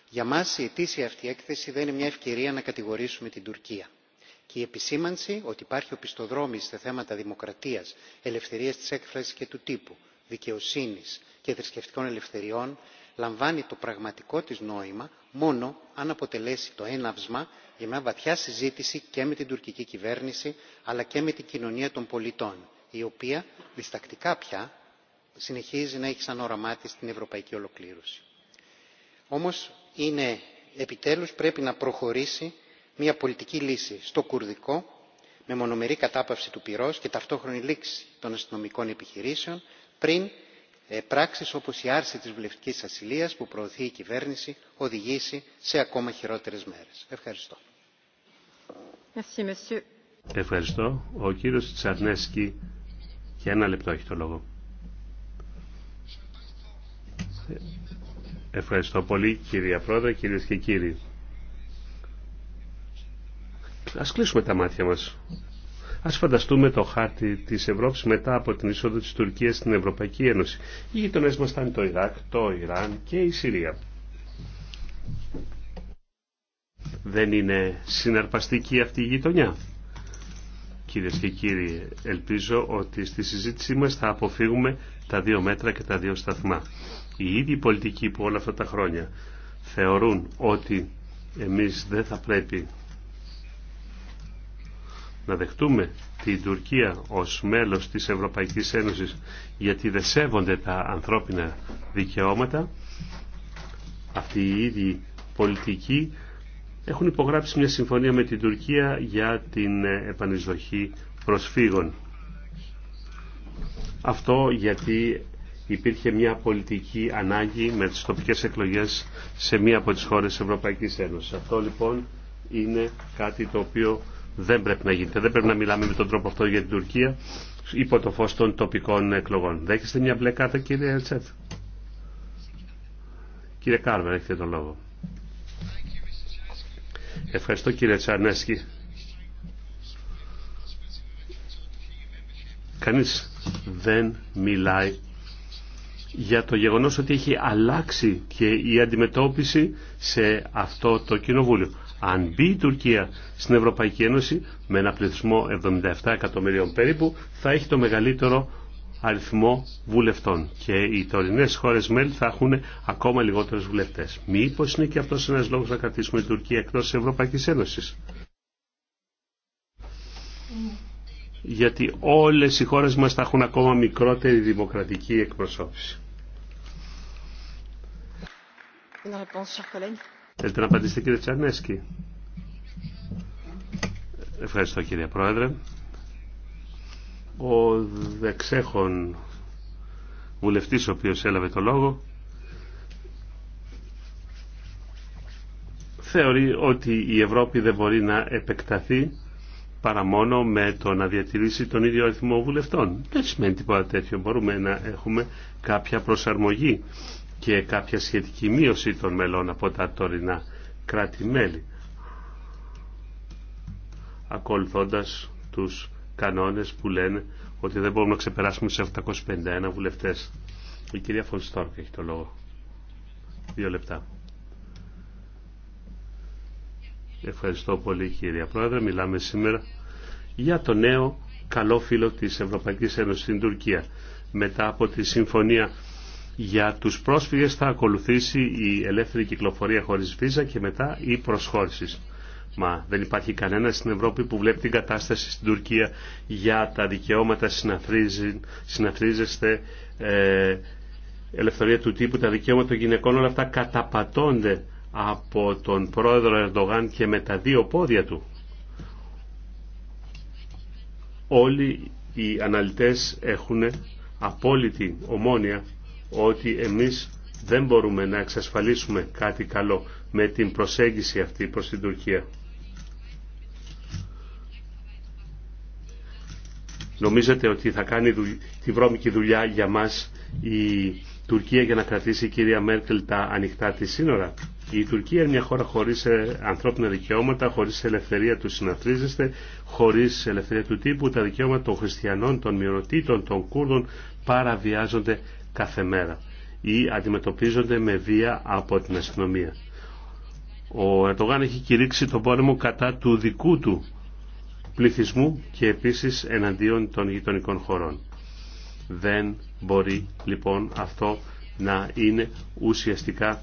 Για μα η ετήσια αυτή έκθεση δεν είναι μια ευκαιρία να κατηγορήσουμε την Τουρκία. Και η επισήμανση ότι υπάρχει οπισθοδρόμηση σε θέματα δημοκρατίας, ελευθερίας της έκφρασης και του τύπου, δικαιοσύνης και θρησκευτικών ελευθεριών λαμβάνει το πραγματικό της νόημα μόνο αν αποτελέσει το έναυσμα για μια βαθιά συζήτηση και με την τουρκική κυβέρνηση αλλά και με την κοινωνία των πολιτών η οποία διστακτικά πια συνεχίζει να έχει σαν όραμά της την ευρωπαϊκή ολοκλήρωση. Όμως είναι, επιτέλους πρέπει να προχωρήσει μια πολιτική λύση στο κουρδικό με μονομερή κατάπαυση του πυρός και ταυτόχρονη λήξη των αστυνομικών επιχειρήσεων πριν ε, πράξεις όπως η άρση της βουλευτική ασυλίας που προωθεί η κυβέρνηση οδηγήσει σε ακόμα χειρότερες μέρες. Ευχαριστώ. Merci, Ευχαριστώ. Ο κύριος Τσαρνέσκι για ένα λεπτό έχει το λόγο. Ευχαριστώ πολύ κυρία Πρόεδρε, κυρίες και κύριοι. Ας κλείσουμε τα μάτια μας. Ας φανταστούμε το χάρτη της Ευρώπης μετά από την είσοδο της Τουρκίας στην Ευρωπαϊκή Ένωση. Οι γειτονές μας ήταν το Ιράκ, το Ιράν και η Συρία. Δεν είναι συναρπαστική αυτή η γειτονιά. Κυρίε και κύριοι, ελπίζω ότι στη συζήτησή μας θα αποφύγουμε τα δύο μέτρα και τα δύο σταθμά οι ίδιοι πολιτικοί που όλα αυτά τα χρόνια θεωρούν ότι εμείς δεν θα πρέπει να δεχτούμε την Τουρκία ως μέλος της Ευρωπαϊκής Ένωσης γιατί δεν σέβονται τα ανθρώπινα δικαιώματα αυτοί οι ίδιοι πολιτικοί έχουν υπογράψει μια συμφωνία με την Τουρκία για την επανεισδοχή προσφύγων. Αυτό γιατί υπήρχε μια πολιτική ανάγκη με τις τοπικές εκλογές σε μία από τις χώρες της Ευρωπαϊκής Ένωσης. Αυτό λοιπόν είναι κάτι το οποίο δεν πρέπει να γίνεται. Δεν πρέπει να μιλάμε με τον τρόπο αυτό για την Τουρκία υπό το φως των τοπικών εκλογών. Δέχεστε μια μπλε κάρτα κύριε Ελτσέτ. Κύριε Κάρβερ έχετε τον λόγο. Ευχαριστώ κύριε Τσανέσκι. Κανείς δεν μιλάει για το γεγονός ότι έχει αλλάξει και η αντιμετώπιση σε αυτό το κοινοβούλιο. Αν μπει η Τουρκία στην Ευρωπαϊκή Ένωση με ένα πληθυσμό 77 εκατομμυρίων περίπου θα έχει το μεγαλύτερο αριθμό βουλευτών και οι τωρινέ χώρε μέλη θα έχουν ακόμα λιγότερου βουλευτέ. Μήπω είναι και αυτό ένα λόγο να κρατήσουμε την Τουρκία εκτό τη Ευρωπαϊκή Ένωση. Γιατί όλες οι χώρες μας θα έχουν ακόμα μικρότερη δημοκρατική εκπροσώπηση. Θέλετε να απαντήσετε κύριε Τσαρνέσκι. Ευχαριστώ κύριε Πρόεδρε. Ο δεξέχων βουλευτής ο οποίος έλαβε το λόγο θεωρεί ότι η Ευρώπη δεν μπορεί να επεκταθεί παρά μόνο με το να διατηρήσει τον ίδιο αριθμό βουλευτών. Δεν σημαίνει τίποτα τέτοιο. Μπορούμε να έχουμε κάποια προσαρμογή και κάποια σχετική μείωση των μελών από τα τωρινά κράτη-μέλη ακολουθώντας τους κανόνες που λένε ότι δεν μπορούμε να ξεπεράσουμε σε 751 βουλευτές. Η κυρία Φωνστόρκ έχει το λόγο. Δύο λεπτά. Ευχαριστώ πολύ κυρία Πρόεδρε. Μιλάμε σήμερα για το νέο καλό φίλο της Ευρωπαϊκής Ένωσης στην Τουρκία. Μετά από τη συμφωνία για τους πρόσφυγες θα ακολουθήσει η ελεύθερη κυκλοφορία χωρίς βίζα και μετά η προσχώρηση. Μα δεν υπάρχει κανένα στην Ευρώπη που βλέπει την κατάσταση στην Τουρκία για τα δικαιώματα συναθρίζεστε, ε, ελευθερία του τύπου, τα δικαιώματα των γυναικών, όλα αυτά καταπατώνται από τον πρόεδρο Ερντογάν και με τα δύο πόδια του. Όλοι οι αναλυτές έχουν απόλυτη ομόνια ότι εμείς δεν μπορούμε να εξασφαλίσουμε κάτι καλό με την προσέγγιση αυτή προς την Τουρκία. Νομίζετε ότι θα κάνει τη βρώμικη δουλειά για μας η Τουρκία για να κρατήσει η κυρία Μέρκελ τα ανοιχτά τη σύνορα. Η Τουρκία είναι μια χώρα χωρίς ε, ανθρώπινα δικαιώματα, χωρίς ελευθερία του συναθρίζεστε, χωρίς ελευθερία του τύπου. Τα δικαιώματα των χριστιανών, των μειονοτήτων, των Κούρδων παραβιάζονται κάθε μέρα ή αντιμετωπίζονται με βία από την αστυνομία. Ο Ερντογάν έχει κηρύξει τον πόλεμο κατά του δικού του πληθυσμού και επίσης εναντίον των γειτονικών χωρών. Δεν μπορεί λοιπόν αυτό να είναι ουσιαστικά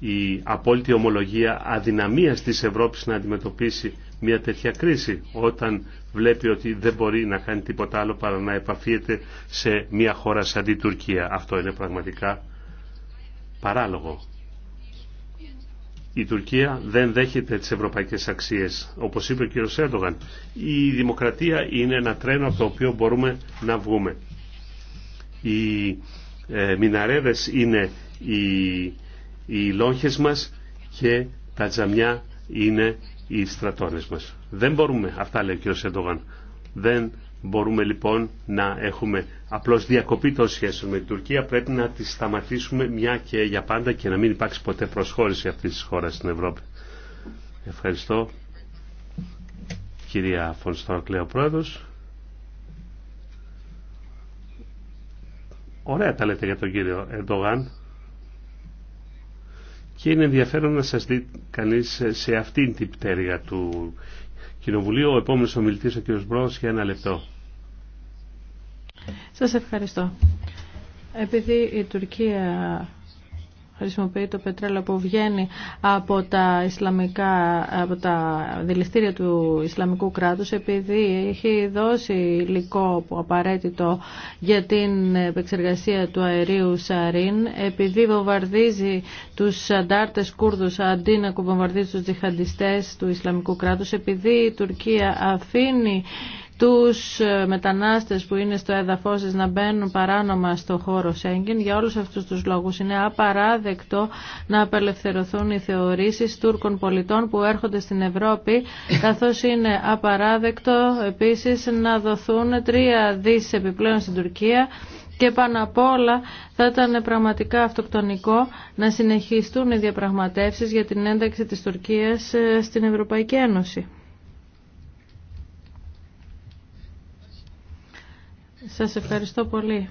η απόλυτη ομολογία αδυναμίας της Ευρώπης να αντιμετωπίσει μια τέτοια κρίση όταν βλέπει ότι δεν μπορεί να κάνει τίποτα άλλο παρά να επαφίεται σε μια χώρα σαν την Τουρκία. Αυτό είναι πραγματικά παράλογο. Η Τουρκία δεν δέχεται τις ευρωπαϊκές αξίες. Όπως είπε ο κ. Σέντογαν, η δημοκρατία είναι ένα τρένο από το οποίο μπορούμε να βγούμε. Οι ε, μιναρέδες είναι οι, οι λόγχες μας και τα τζαμιά είναι οι στρατώνες μας. Δεν μπορούμε, αυτά λέει ο κ. Σεντογάν, δεν μπορούμε λοιπόν να έχουμε απλώς διακοπή των σχέσεων με την Τουρκία. Πρέπει να τη σταματήσουμε μια και για πάντα και να μην υπάρξει ποτέ προσχώρηση αυτής της χώρας στην Ευρώπη. Ευχαριστώ. Κυρία Φωνστόκλε, Πρόεδρος. Ωραία τα λέτε για τον κύριο Ερντογάν και είναι ενδιαφέρον να σας δει κανείς σε αυτήν την πτέρυγα του Κοινοβουλίου. Ο επόμενος ομιλητής ο κ. Μπρός για ένα λεπτό. Σας ευχαριστώ. Επειδή η Τουρκία χρησιμοποιεί το πετρέλαιο που βγαίνει από τα, ισλαμικά, από τα δηληστήρια του Ισλαμικού κράτους επειδή έχει δώσει υλικό που απαραίτητο για την επεξεργασία του αερίου Σαρίν επειδή βομβαρδίζει τους αντάρτες Κούρδους αντί να βομβαρδίζει τους τζιχαντιστές του Ισλαμικού κράτους επειδή η Τουρκία αφήνει τους ε, μετανάστες που είναι στο έδαφος να μπαίνουν παράνομα στο χώρο Σέγγιν. Για όλους αυτούς τους λόγους είναι απαράδεκτο να απελευθερωθούν οι θεωρήσεις Τούρκων πολιτών που έρχονται στην Ευρώπη, καθώς είναι απαράδεκτο επίσης να δοθούν τρία δις επιπλέον στην Τουρκία και πάνω απ' όλα θα ήταν πραγματικά αυτοκτονικό να συνεχιστούν οι διαπραγματεύσεις για την ένταξη της Τουρκίας ε, στην Ευρωπαϊκή Ένωση. Σας ευχαριστώ πολύ.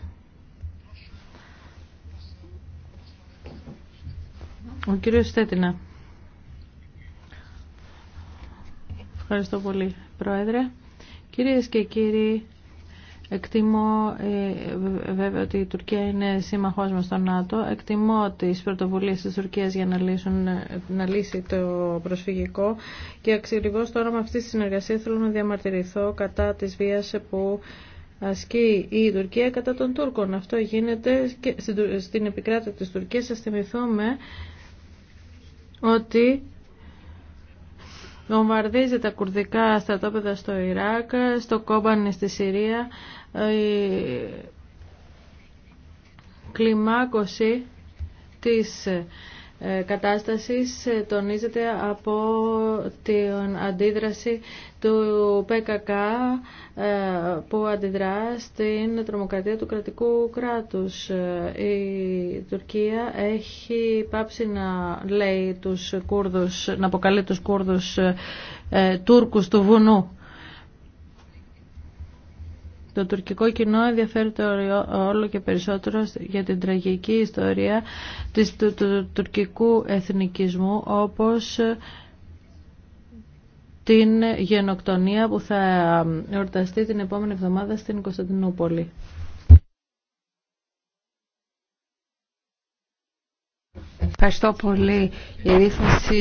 Ο κύριος Στέτινα. Ευχαριστώ πολύ, Πρόεδρε. Κυρίες και κύριοι, Εκτιμώ ε, βέβαια ότι η Τουρκία είναι σύμμαχός μας στο ΝΑΤΟ. Εκτιμώ τις πρωτοβουλίες της Τουρκίας για να, λύσουν, ε, να λύσει το προσφυγικό και ακριβώ τώρα με αυτή τη συνεργασία θέλω να διαμαρτυρηθώ κατά της βίας που ασκεί η Τουρκία κατά των Τούρκων. Αυτό γίνεται και στην επικράτεια της Τουρκίας. Σας θυμηθούμε ότι βομβαρδίζει τα κουρδικά στρατόπεδα στο Ιράκ, στο Κόμπανι στη Συρία, η κλιμάκωση της ε, κατάστασης ε, τονίζεται από την αντίδραση του ΠΚΚ ε, που αντιδρά στην τρομοκρατία του κρατικού κράτους. Η Τουρκία έχει πάψει να λέει τους Κούρδους, να αποκαλεί τους Κούρδους Τούρκους του βουνού. Το τουρκικό κοινό ενδιαφέρεται όλο και περισσότερο για την τραγική ιστορία του, τουρκικού εθνικισμού όπως ε, την γενοκτονία που θα ε, εορταστεί την επόμενη εβδομάδα στην Κωνσταντινούπολη. Ευχαριστώ πολύ. Η ρύθμιση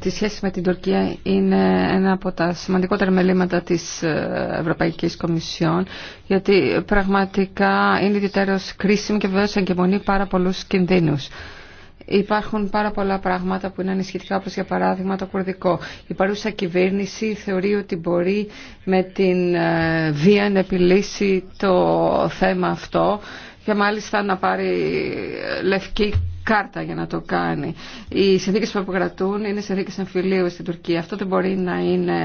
τη σχέση με την Τουρκία είναι ένα από τα σημαντικότερα μελήματα τη ε, Ευρωπαϊκή Κομισιόν, γιατί πραγματικά είναι ιδιαίτερω κρίσιμη και βεβαίω εγκαιμονεί πάρα πολλού κινδύνου. Υπάρχουν πάρα πολλά πράγματα που είναι ανησυχητικά, όπως για παράδειγμα το κουρδικό. Η παρούσα κυβέρνηση θεωρεί ότι μπορεί με την ε, βία να επιλύσει το θέμα αυτό και μάλιστα να πάρει ε, λευκή κάρτα για να το κάνει. Οι συνθήκε που αποκρατούν είναι συνθήκε εμφυλίου στην Τουρκία. Αυτό δεν μπορεί να είναι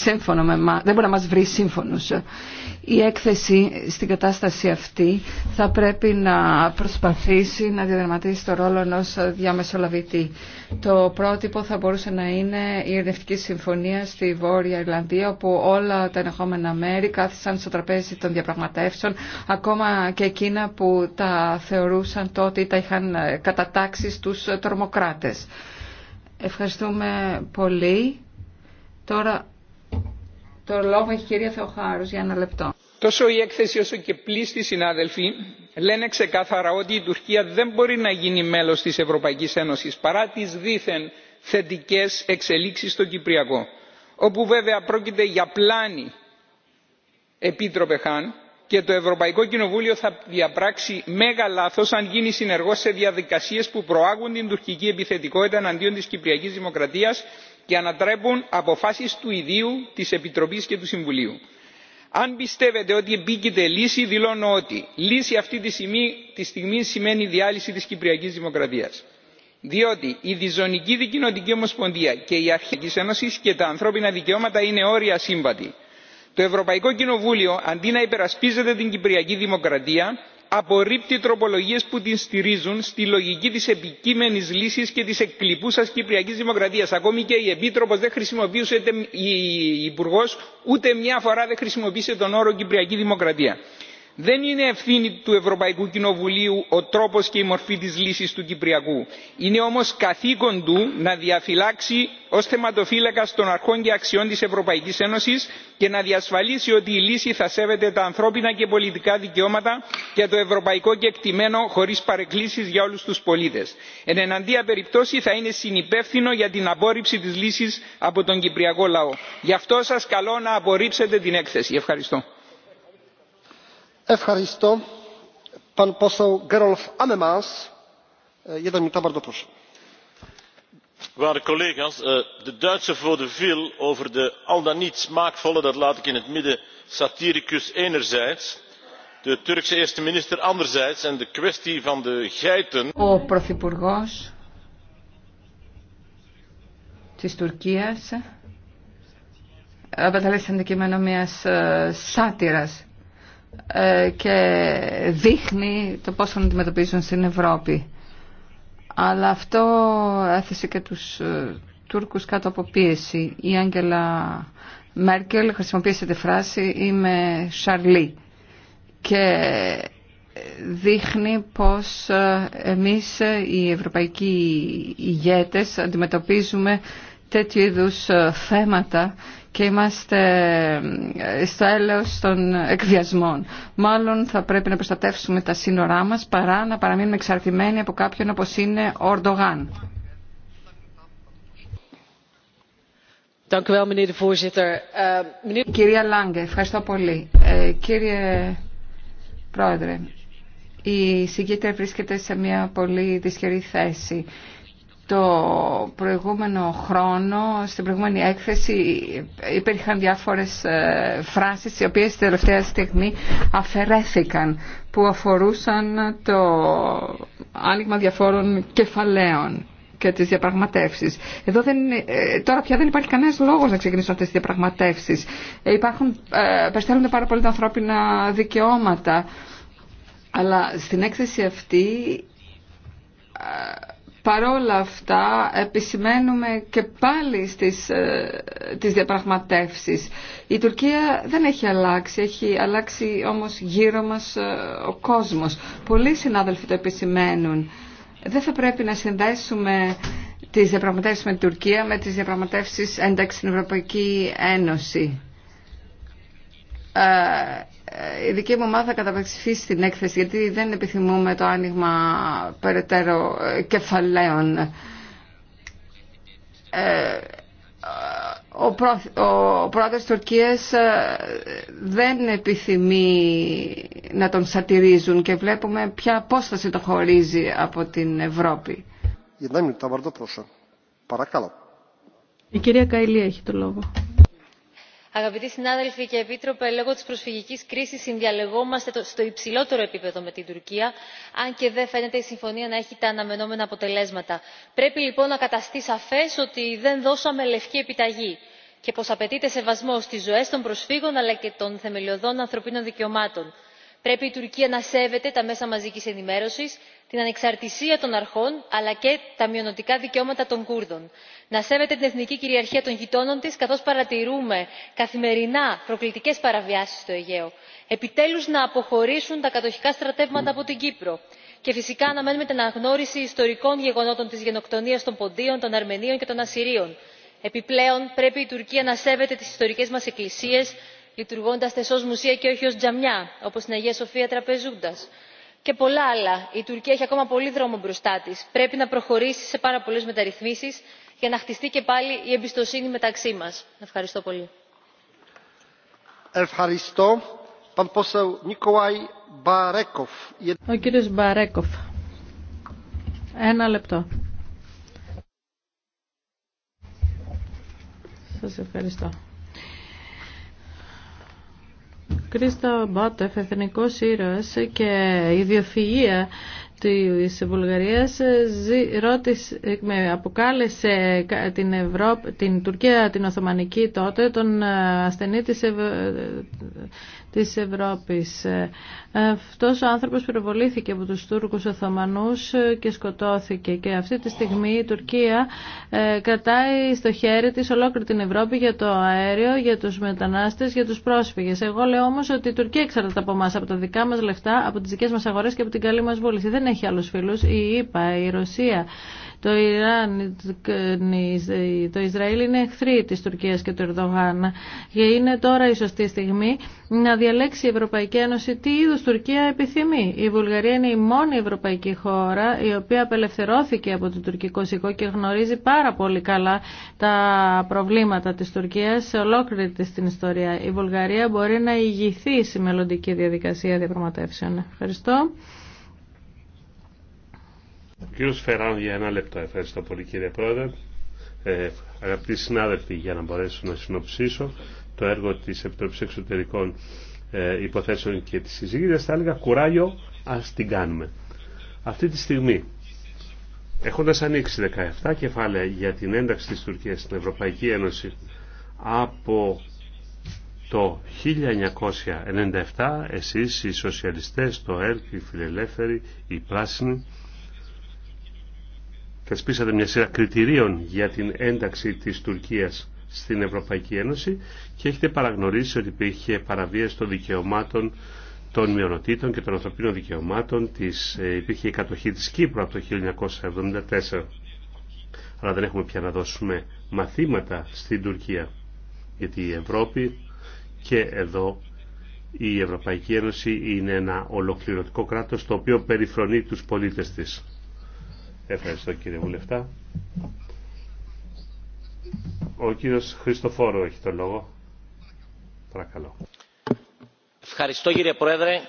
σύμφωνο με εμά, δεν μπορεί να μα βρει σύμφωνο. Η έκθεση στην κατάσταση αυτή θα πρέπει να προσπαθήσει να διαδραματίσει το ρόλο ενός διαμεσολαβητή. Το πρότυπο θα μπορούσε να είναι η ειρηνευτική Συμφωνία στη Βόρεια Ιρλανδία, όπου όλα τα ενεχόμενα μέρη κάθισαν στο τραπέζι των διαπραγματεύσεων, ακόμα και εκείνα που τα θεωρούσαν τότε ή τα είχαν κατατάξει στους τρομοκράτες. Ευχαριστούμε πολύ. Τώρα το λόγο έχει η κυρία Θεοχάρους για ένα λεπτό τόσο η έκθεση όσο και πλήστοι συνάδελφοι λένε ξεκάθαρα ότι η τουρκία δεν μπορεί να γίνει μέλος της ευρωπαϊκής ένωσης παρά τις δήθεν θετικές εξελίξεις στο κυπριακό όπου βέβαια πρόκειται για πλάνη επίτροπε χαν και το ευρωπαϊκό κοινοβούλιο θα διαπράξει μέγα λάθος αν γίνει συνεργός σε διαδικασίες που προάγουν την τουρκική επιθετικότητα εναντίον της κυπριακής δημοκρατίας και ανατρέπουν αποφάσεις του ιδίου της επιτροπής και του συμβουλίου αν πιστεύετε ότι επίκειται λύση δηλώνω ότι λύση αυτή τη στιγμή, τη στιγμή σημαίνει διάλυση της κυπριακής δημοκρατίας διότι η διζωνική δικοινοτική ομοσπονδία και η αρχή της και τα ανθρώπινα δικαιώματα είναι όρια σύμβατη. το ευρωπαϊκό κοινοβούλιο αντί να υπερασπίζεται την κυπριακή δημοκρατία απορρίπτει τροπολογίες που την στηρίζουν στη λογική της επικείμενης λύσης και της εκλειπούσας κυπριακής δημοκρατίας. Ακόμη και η Επίτροπος δεν χρησιμοποιούσε, η Υπουργός ούτε μια φορά δεν χρησιμοποίησε τον όρο Κυπριακή Δημοκρατία δεν είναι ευθύνη του ευρωπαϊκού κοινοβουλίου ο τρόπος και η μορφή της λύσης του κυπριακού είναι όμως καθήκον του να διαφυλάξει ως θεματοφύλακας των αρχών και αξιών της ευρωπαϊκής ένωσης και να διασφαλίσει ότι η λύση θα σέβεται τα ανθρώπινα και πολιτικά δικαιώματα και το ευρωπαϊκό κεκτημένο χωρίς παρεκκλήσεις για όλους τους πολίτες. εν εναντία περιπτώσει θα είναι συνυπεύθυνο για την απόρριψη της λύσης από τον κυπριακό λαό. γι' αυτό σας καλώ να απορρίψετε την έκθεση. ευχαριστώ ευχαριστώ. collega's de duitse vaudeville over de al dan niet smaakvolle dat laat ik in het midden satiricus enerzijds de turkse eerste minister anderzijds en de kwestie van de geiten. Ε, και δείχνει το πώς αντιμετωπίζουν στην Ευρώπη. Αλλά αυτό έθεσε και τους ε, Τούρκους κάτω από πίεση. Η Άγγελα Μέρκελ χρησιμοποίησε τη φράση «Είμαι Σαρλί» και δείχνει πως ε, εμείς οι ευρωπαϊκοί ηγέτες αντιμετωπίζουμε τέτοιου είδους ε, θέματα και είμαστε ε, στο έλεος των εκβιασμών. Μάλλον θα πρέπει να προστατεύσουμε τα σύνορά μας παρά να παραμείνουμε εξαρτημένοι από κάποιον όπως είναι ο Ορντογάν. Eh, Κυρία Λάγκε, ευχαριστώ πολύ. Ε, κύριε Πρόεδρε, η συγκίτρια βρίσκεται σε μια πολύ δυσχερή θέση το προηγούμενο χρόνο, στην προηγούμενη έκθεση υπήρχαν διάφορες ε, φράσεις οι οποίες στη τελευταία στιγμή αφαιρέθηκαν που αφορούσαν το άνοιγμα διαφόρων κεφαλαίων και τις διαπραγματεύσεις. Εδώ δεν, ε, τώρα πια δεν υπάρχει κανένας λόγος να ξεκινήσουν αυτές τις διαπραγματεύσεις. Ε, υπάρχουν, περιστέλλονται πάρα πολύ τα ανθρώπινα δικαιώματα. Αλλά στην έκθεση αυτή Παρόλα αυτά επισημαίνουμε και πάλι στις ε, τις διαπραγματεύσεις. Η Τουρκία δεν έχει αλλάξει, έχει αλλάξει όμως γύρω μας ε, ο κόσμος. Πολλοί συνάδελφοι το επισημαίνουν. Δεν θα πρέπει να συνδέσουμε τις διαπραγματεύσεις με την Τουρκία με τις διαπραγματεύσεις ένταξη στην Ευρωπαϊκή Ένωση. Ε, ε, η δική μου ομάδα θα στην την έκθεση γιατί δεν επιθυμούμε το άνοιγμα περαιτέρω ε, κεφαλαίων. Ε, ο, προ, ο πρόεδρος Τουρκίας δεν επιθυμεί να τον σατυρίζουν και βλέπουμε ποια απόσταση το χωρίζει από την Ευρώπη. Η κυρία Καηλία έχει το λόγο αγαπητοί συνάδελφοι και επίτροπε λόγω της προσφυγικής κρίσης συνδιαλεγόμαστε στο υψηλότερο επίπεδο με την τουρκία αν και δεν φαίνεται η συμφωνία να έχει τα αναμενόμενα αποτελέσματα. πρέπει λοιπόν να καταστεί σαφές ότι δεν δώσαμε λευκή επιταγή και πως απαιτείται σεβασμός στις ζωές των προσφύγων αλλά και των θεμελιωδών ανθρωπίνων δικαιωμάτων πρέπει η τουρκία να σέβεται τα μέσα μαζικής ενημέρωσης την ανεξαρτησία των αρχών αλλά και τα μειωνοτικά δικαιώματα των κούρδων να σέβεται την εθνική κυριαρχία των γειτόνων της καθώς παρατηρούμε καθημερινά προκλητικές παραβιάσεις στο αιγαίο επιτέλους να αποχωρήσουν τα κατοχικά στρατεύματα από την κύπρο και φυσικά αναμένουμε την αναγνώριση ιστορικών γεγονότων της γενοκτονίας των ποντίων των αρμενίων και των ασσυρίων. επιπλέον πρέπει η τουρκία να σέβεται τις ιστορικές μας εκκλησίες Λειτουργώντα τεσός μουσεία και όχι ως τζαμιά όπως στην Αγία Σοφία Τραπεζούντας και πολλά άλλα. Η Τουρκία έχει ακόμα πολύ δρόμο μπροστά τη. Πρέπει να προχωρήσει σε πάρα πολλέ μεταρρυθμίσει για να χτιστεί και πάλι η εμπιστοσύνη μεταξύ μα. Ευχαριστώ πολύ. Ευχαριστώ. Ο Ένα λεπτό. Σας ευχαριστώ. Κρίστα Μπάτεφ, Εθνικό Ήρωας και ιδιοφυΐα της Βουλγαρίας ε, ρώτησε, ε, με αποκάλεσε την, Ευρώπη, την Τουρκία την Οθωμανική τότε τον ε, ασθενή της, Ευ... της Ευρώπης. Αυτός ο άνθρωπος πυροβολήθηκε από τους Τούρκους Οθωμανούς και σκοτώθηκε και αυτή τη στιγμή η Τουρκία κρατάει στο χέρι της ολόκληρη την Ευρώπη για το αέριο, για τους μετανάστες, για τους πρόσφυγες. Εγώ λέω όμως ότι η Τουρκία εξαρτάται από εμά, από τα δικά μας λεφτά, από τις δικές μας αγορές και από την καλή μας βούληση. Δεν έχει άλλους φίλους, η ΙΠΑ, η Ρωσία, το Ιράν, το Ισραήλ είναι εχθροί της Τουρκίας και του Ερδογάν και είναι τώρα η σωστή στιγμή να διαλέξει η Ευρωπαϊκή Ένωση τι είδους Τουρκία επιθυμεί. Η Βουλγαρία είναι η μόνη ευρωπαϊκή χώρα η οποία απελευθερώθηκε από το τουρκικό σηκώ και γνωρίζει πάρα πολύ καλά τα προβλήματα της Τουρκίας σε ολόκληρη της την ιστορία. Η Βουλγαρία μπορεί να ηγηθεί στη μελλοντική διαδικασία διαπραγματεύσεων. Ευχαριστώ. Ο κύριος Φεράν για ένα λεπτό. Ευχαριστώ πολύ κύριε Πρόεδρε. Ε, αγαπητοί συνάδελφοι, για να μπορέσω να συνοψίσω το έργο της Επιτροπής Εξωτερικών ε, Υποθέσεων και της συζήτηση, θα έλεγα κουράγιο, α την κάνουμε. Αυτή τη στιγμή, έχοντα ανοίξει 17 κεφάλαια για την ένταξη της Τουρκίας στην Ευρωπαϊκή Ένωση από το 1997, εσείς οι σοσιαλιστές, το ΕΛΚ, οι φιλελεύθεροι, οι πράσινοι, θεσπίσατε μια σειρά κριτηρίων για την ένταξη της Τουρκίας στην Ευρωπαϊκή Ένωση και έχετε παραγνωρίσει ότι υπήρχε παραβίαση των δικαιωμάτων των μειονοτήτων και των ανθρωπίνων δικαιωμάτων της, ε, υπήρχε η κατοχή της Κύπρου από το 1974 αλλά δεν έχουμε πια να δώσουμε μαθήματα στην Τουρκία γιατί η Ευρώπη και εδώ η Ευρωπαϊκή Ένωση είναι ένα ολοκληρωτικό κράτος το οποίο περιφρονεί τους πολίτες της Ευχαριστώ κύριε Βουλευτά. Ο κύριος Χριστοφόρο, έχει το λόγο. Παρακαλώ. Ευχαριστώ κύριε Πρόεδρε.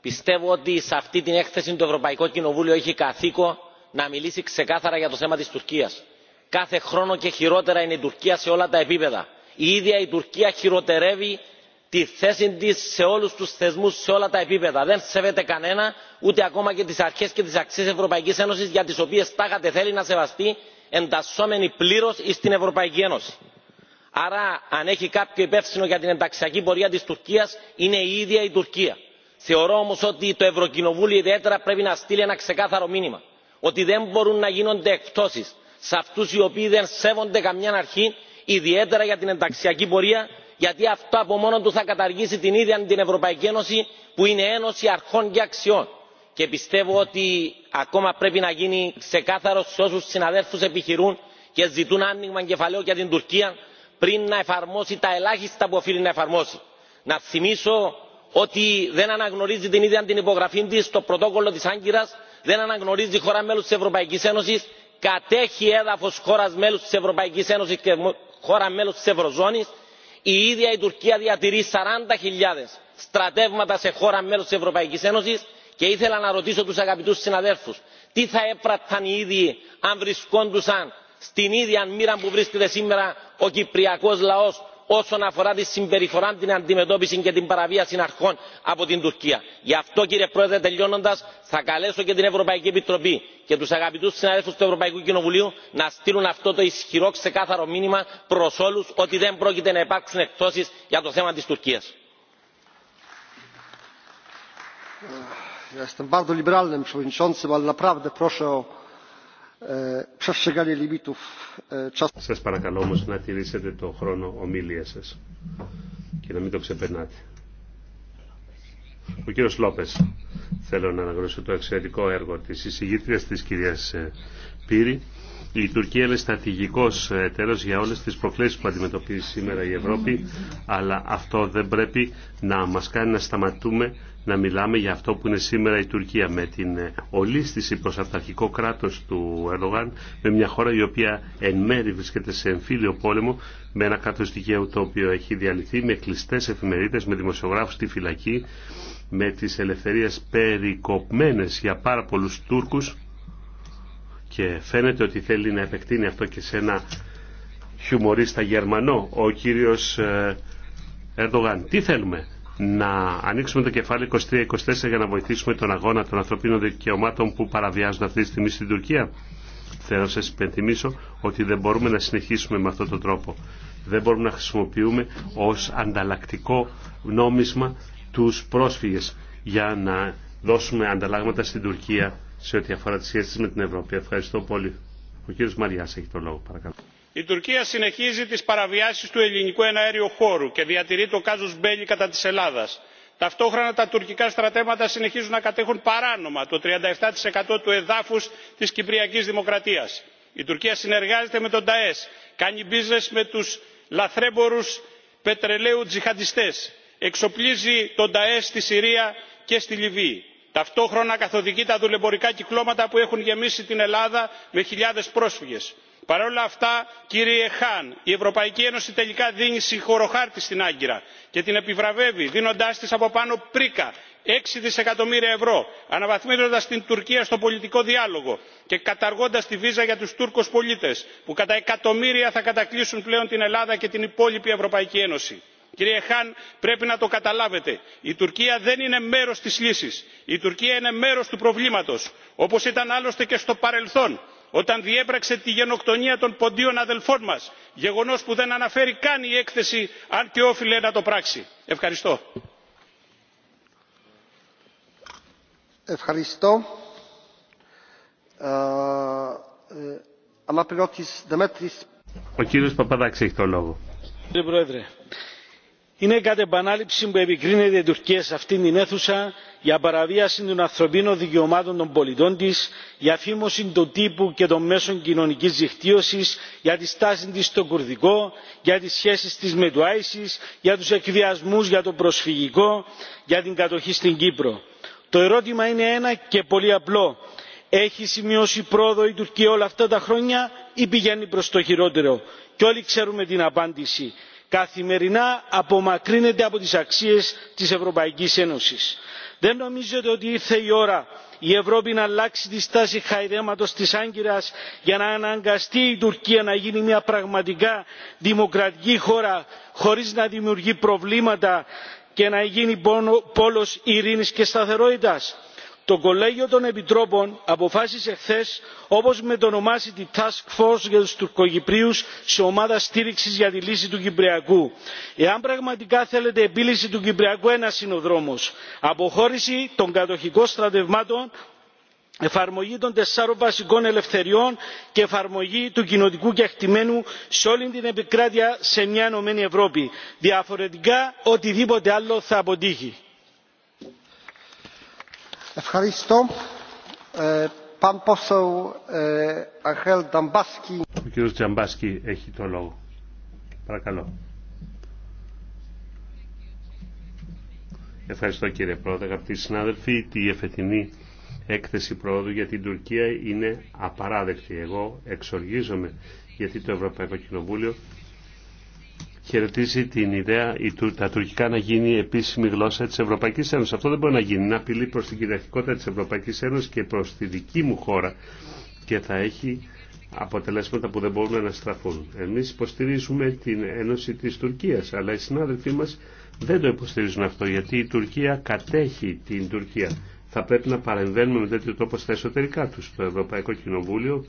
Πιστεύω ότι σε αυτή την έκθεση το Ευρωπαϊκό Κοινοβούλιο έχει καθήκο να μιλήσει ξεκάθαρα για το θέμα της Τουρκίας. Κάθε χρόνο και χειρότερα είναι η Τουρκία σε όλα τα επίπεδα. Η ίδια η Τουρκία χειροτερεύει τη θέση τη σε όλου του θεσμού, σε όλα τα επίπεδα. Δεν σέβεται κανένα, ούτε ακόμα και τι αρχέ και τι αξίε Ευρωπαϊκή Ένωση, για τι οποίε τάχατε θέλει να σεβαστεί εντασσόμενη πλήρω στην Ευρωπαϊκή Ένωση. Άρα, αν έχει κάποιο υπεύθυνο για την ενταξιακή πορεία τη Τουρκία, είναι η ίδια η Τουρκία. Θεωρώ όμω ότι το Ευρωκοινοβούλιο ιδιαίτερα πρέπει να στείλει ένα ξεκάθαρο μήνυμα. Ότι δεν μπορούν να γίνονται εκπτώσει σε αυτού οι οποίοι δεν σέβονται καμιά αρχή, ιδιαίτερα για την ενταξιακή πορεία γιατί αυτό από μόνο του θα καταργήσει την ίδια την ευρωπαϊκή ένωση που είναι ένωση αρχών και αξιών και πιστεύω ότι ακόμα πρέπει να γίνει ξεκάθαρο σε όσους συναδέλφους επιχειρούν και ζητούν άνοιγμα κεφαλαίου για την τουρκία πριν να εφαρμόσει τα ελάχιστα που οφείλει να εφαρμόσει. να θυμίσω ότι δεν αναγνωρίζει την ίδια την υπογραφή τη στο πρωτόκολλο τη Άγκυρα, δεν αναγνωρίζει χώρα μέλου τη Ευρωπαϊκή Ένωση κατέχει έδαφο χώρα μέλου τη Ευρωπαϊκή Ένωση και χώρα μέλου τη Ευρωζώνη, η ίδια η τουρκία διατηρεί 40.000 στρατεύματα σε χώρα μέλος τη ευρωπαϊκής ένωσης και ήθελα να ρωτήσω τους αγαπητούς συναδέλφους τι θα έπραξαν οι ίδιοι αν βρισκόντουσαν στην ίδια μοίρα που βρίσκεται σήμερα ο κυπριακό λαός όσον αφορά τη συμπεριφορά την αντιμετώπιση και την παραβίαση αρχών από την τουρκία. γι' αυτό κύριε πρόεδρε τελειώνοντας θα καλέσω και την ευρωπαϊκή επιτροπή και τους αγαπητούς συναδέλφους του ευρωπαϊκού κοινοβουλίου να στείλουν αυτό το ισχυρό ξεκάθαρο μήνυμα προς όλους ότι δεν πρόκειται να υπάρξουν εκπτώσεις για το θέμα της τουρκίας. Ε, ε, σας παρακαλώ όμως να τηρήσετε το χρόνο ομίλια σας και να μην το ξεπερνάτε. Ο κύριος Λόπες, θέλω να αναγνωρίσω το εξαιρετικό έργο της εισηγήτριας της κυρίας ε, Πύρη. Η Τουρκία είναι στρατηγικό εταίρο για όλε τι προκλήσει που αντιμετωπίζει σήμερα η Ευρώπη, αλλά αυτό δεν πρέπει να μα κάνει να σταματούμε να μιλάμε για αυτό που είναι σήμερα η Τουρκία με την ε, ολίσθηση προς αυταρχικό κράτος του Ερδογάν με μια χώρα η οποία εν μέρη βρίσκεται σε εμφύλιο πόλεμο με ένα κράτος δικαίου το οποίο έχει διαλυθεί με κλειστές εφημερίδες, με δημοσιογράφους στη φυλακή με τις ελευθερίες περικοπμένες για πάρα πολλούς Τούρκους και φαίνεται ότι θέλει να επεκτείνει αυτό και σε ένα χιουμορίστα γερμανό ο κύριος ε, Ερντογάν. Τι θέλουμε, να ανοίξουμε το κεφάλι 23-24 για να βοηθήσουμε τον αγώνα των ανθρωπίνων δικαιωμάτων που παραβιάζονται αυτή τη στιγμή στην Τουρκία. Θέλω να σα υπενθυμίσω ότι δεν μπορούμε να συνεχίσουμε με αυτόν τον τρόπο. Δεν μπορούμε να χρησιμοποιούμε ως ανταλλακτικό νόμισμα τους πρόσφυγες για να δώσουμε ανταλλάγματα στην Τουρκία σε ό,τι αφορά τι σχέσει με την Ευρώπη. Ευχαριστώ πολύ. Ο κύριος Μαριάς έχει το λόγο, παρακαλώ η τουρκία συνεχίζει τις παραβιάσεις του ελληνικού εναέριου χώρου και διατηρεί το κάζους μπέλι κατά της ελλάδας. ταυτόχρονα τα τουρκικά στρατεύματα συνεχίζουν να κατέχουν παράνομα το 37% του εδάφους της κυπριακής δημοκρατίας. η τουρκία συνεργάζεται με τον νταές κάνει business με τους λαθρέμπορους πετρελαίου τζιχαντιστές εξοπλίζει τον νταές στη συρία και στη λιβύη. ταυτόχρονα καθοδηγεί τα δουλεμπορικά κυκλώματα που έχουν γεμίσει την ελλάδα με χιλιάδες πρόσφυγες παρ' όλα αυτά κύριε Χάν, η ευρωπαϊκή ένωση τελικά δίνει συγχωροχάρτη στην άγκυρα και την επιβραβεύει δίνοντάς της από πάνω πρίκα έξι δισεκατομμύρια ευρώ αναβαθμίζοντας την τουρκία στο πολιτικό διάλογο και καταργώντας τη βίζα για τους τούρκους πολίτες που κατά εκατομμύρια θα κατακλείσουν πλέον την ελλάδα και την υπόλοιπη ευρωπαϊκή ένωση. Κύριε Χάν, πρέπει να το καταλάβετε. Η Τουρκία δεν είναι μέρος της λύσης. Η Τουρκία είναι μέρος του προβλήματος, όπως ήταν άλλωστε και στο παρελθόν όταν διέπραξε τη γενοκτονία των ποντίων αδελφών μας γεγονός που δεν αναφέρει καν η έκθεση αν και όφιλε να το πράξει. ευχαριστώ. ευχαριστώ. Ε, ε, Ο κύριος Παπαδάκης έχει λόγο είναι κατ' επανάληψη που επικρίνεται η τουρκία σε αυτήν την αίθουσα για παραβίαση των ανθρωπίνων δικαιωμάτων των πολιτών τη για φήμωση του τύπου και των μέσων κοινωνική δικτύωση για τη στάση τη στο κουρδικό για τι σχέσει τη με το Άισι, για του εκβιασμού για το προσφυγικό για την κατοχή στην κύπρο. το ερώτημα είναι ένα και πολύ απλό έχει σημειώσει πρόοδο η τουρκία όλα αυτά τα χρόνια ή πηγαίνει προ το χειρότερο; και όλοι ξέρουμε την απάντηση καθημερινά απομακρύνεται από τις αξίες της ευρωπαϊκής ένωσης. δεν νομίζετε ότι ήρθε η ώρα η ευρώπη να αλλάξει τη στάση χαϊδέματος της άγκυρας για να αναγκαστεί η τουρκία να γίνει μια πραγματικά δημοκρατική χώρα χωρίς να δημιουργεί προβλήματα και να γίνει πόλος ειρήνης και σταθερότητας; το κολέγιο των επιτρόπων αποφάσισε χθε όπως μετονομάσει τη task force για τους τουρκοκυπρίους σε ομάδα στήριξης για τη λύση του κυπριακού. εάν πραγματικά θέλετε επίλυση του κυπριακού ένας είναι ο δρόμος αποχώρηση των κατοχικών στρατευμάτων εφαρμογή των τεσσάρων βασικών ελευθεριών και εφαρμογή του κοινοτικού κεκτημένου σε όλη την επικράτεια σε μια ενωμένη ευρώπη. διαφορετικά οτιδήποτε άλλο θα αποτύχει. Ευχαριστώ. Ε, ε, Ο κύριος Τζαμπάσκι έχει το λόγο. Παρακαλώ. Ευχαριστώ κύριε Πρόεδρε, αγαπητοί συνάδελφοι. Τη εφετινή έκθεση πρόοδου για την Τουρκία είναι απαράδεκτη. Εγώ εξοργίζομαι γιατί το Ευρωπαϊκό Κοινοβούλιο χαιρετίζει την ιδέα η, τα τουρκικά να γίνει επίσημη γλώσσα της Ευρωπαϊκής Ένωσης. Αυτό δεν μπορεί να γίνει. Είναι απειλή προς την κυριαρχικότητα της Ευρωπαϊκής Ένωσης και προς τη δική μου χώρα και θα έχει αποτελέσματα που δεν μπορούν να στραφούν. Εμείς υποστηρίζουμε την Ένωση της Τουρκίας, αλλά οι συνάδελφοί μας δεν το υποστηρίζουν αυτό, γιατί η Τουρκία κατέχει την Τουρκία. Θα πρέπει να παρεμβαίνουμε με τέτοιο τρόπο στα εσωτερικά τους. Το Ευρωπαϊκό Κοινοβούλιο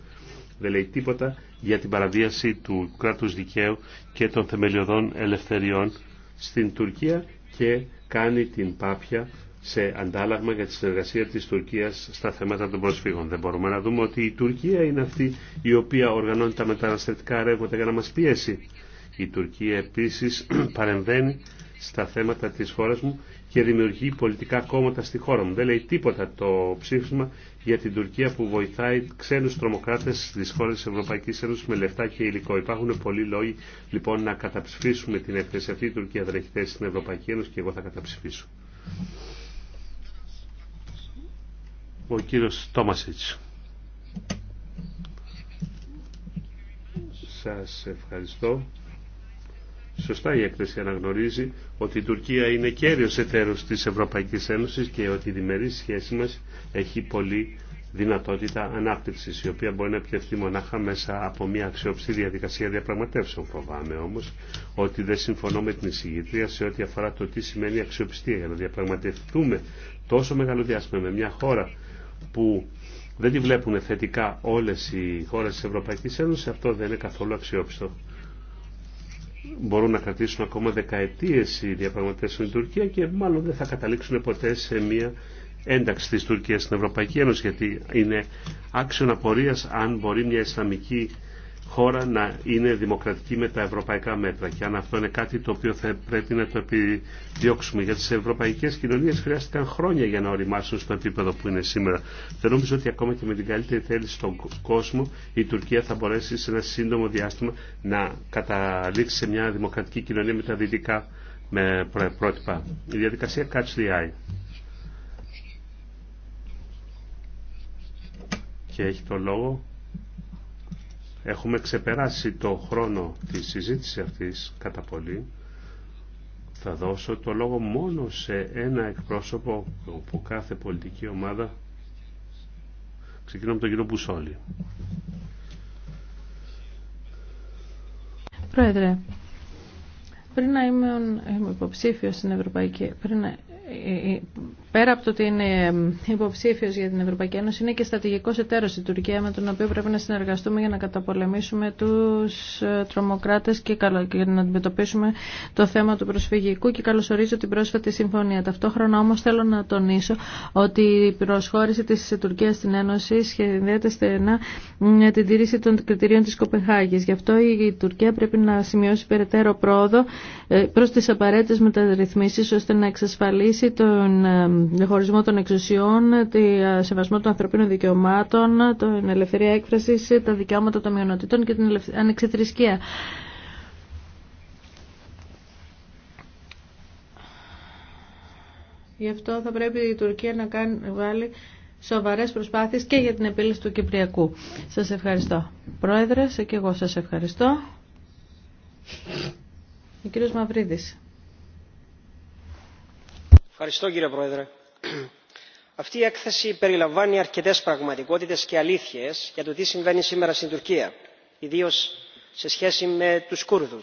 δεν λέει τίποτα για την παραβίαση του κράτους δικαίου και των θεμελιωδών ελευθεριών στην Τουρκία και κάνει την πάπια σε αντάλλαγμα για τη συνεργασία της Τουρκίας στα θέματα των προσφύγων. Δεν μπορούμε να δούμε ότι η Τουρκία είναι αυτή η οποία οργανώνει τα μεταναστευτικά ρεύματα για να μας πιέσει. Η Τουρκία επίσης παρεμβαίνει στα θέματα της χώρας μου και δημιουργεί πολιτικά κόμματα στη χώρα μου. Δεν λέει τίποτα το ψήφισμα για την Τουρκία που βοηθάει ξένους τρομοκράτες στις χώρες της Ευρωπαϊκής Ένωσης με λεφτά και υλικό. Υπάρχουν πολλοί λόγοι λοιπόν να καταψηφίσουμε την έκθεση αυτή. Η Τουρκία δεν έχει θέση στην Ευρωπαϊκή Ένωση και εγώ θα καταψηφίσω. Ο κύριος Τόμασιτς. Σας ευχαριστώ. Σωστά η έκθεση αναγνωρίζει ότι η Τουρκία είναι κέριος εταίρος της Ευρωπαϊκής Ένωσης και ότι η διμερή σχέση μας έχει πολύ δυνατότητα ανάπτυξης, η οποία μπορεί να πιευθεί μονάχα μέσα από μια αξιόπιστη διαδικασία διαπραγματεύσεων. Φοβάμαι όμως ότι δεν συμφωνώ με την εισηγητρία σε ό,τι αφορά το τι σημαίνει αξιοπιστία για να διαπραγματευτούμε τόσο μεγάλο διάστημα με μια χώρα που δεν τη βλέπουν θετικά όλες οι χώρες της Ευρωπαϊκής Ένωσης, αυτό δεν είναι καθόλου αξιόπιστο μπορούν να κρατήσουν ακόμα δεκαετίες οι διαπραγματεύσεις στην Τουρκία και μάλλον δεν θα καταλήξουν ποτέ σε μια ένταξη της Τουρκίας στην Ευρωπαϊκή Ένωση γιατί είναι άξιο απορίας αν μπορεί μια Ισλαμική χώρα να είναι δημοκρατική με τα ευρωπαϊκά μέτρα. Και αν αυτό είναι κάτι το οποίο θα πρέπει να το επιδιώξουμε Γιατί σε ευρωπαϊκές κοινωνίες χρειάστηκαν χρόνια για να οριμάσουν στο επίπεδο που είναι σήμερα. Δεν νομίζω ότι ακόμα και με την καλύτερη θέληση στον κόσμο η Τουρκία θα μπορέσει σε ένα σύντομο διάστημα να καταλήξει σε μια δημοκρατική κοινωνία με τα δυτικά πρότυπα. Η διαδικασία catch the eye. Και έχει το λόγο Έχουμε ξεπεράσει το χρόνο της συζήτησης αυτής κατά πολύ. Θα δώσω το λόγο μόνο σε ένα εκπρόσωπο από κάθε πολιτική ομάδα. Ξεκινώ με τον κύριο Μπουσόλη. Πρόεδρε, πριν να είμαι υποψήφιος στην Ευρωπαϊκή, πριν ε, ε, πέρα από το ότι είναι ε, υποψήφιος για την Ευρωπαϊκή Ένωση, είναι και στρατηγικός εταίρος η Τουρκία με τον οποίο πρέπει να συνεργαστούμε για να καταπολεμήσουμε τους ε, τρομοκράτες και για να αντιμετωπίσουμε το θέμα του προσφυγικού και καλωσορίζω την πρόσφατη συμφωνία. Ταυτόχρονα όμως θέλω να τονίσω ότι η προσχώρηση της Τουρκίας στην Ένωση σχεδιάζεται στενά με την τήρηση των κριτηρίων της Κοπεχάγης. Γι' αυτό η Τουρκία πρέπει να σημειώσει περαιτέρω πρόοδο ε, προς τις απαραίτητες μεταρρυθμίσεις ώστε να εξασφαλίσει τον χωρισμό των εξουσιών, τη σεβασμό των ανθρωπίνων δικαιωμάτων, την ελευθερία έκφρασης, τα δικαιώματα των μειονοτήτων και την ανεξιθρησκεία. Γι' αυτό θα πρέπει η Τουρκία να κάνει, βάλει σοβαρές προσπάθειες και για την επίλυση του Κυπριακού. Σας ευχαριστώ. Πρόεδρε, και εγώ σας ευχαριστώ. Ο κύριος Μαυρίδης. Ευχαριστώ κύριε Πρόεδρε. Αυτή η έκθεση περιλαμβάνει αρκετέ πραγματικότητε και αλήθειε για το τι συμβαίνει σήμερα στην Τουρκία, ιδίω σε σχέση με του Κούρδου.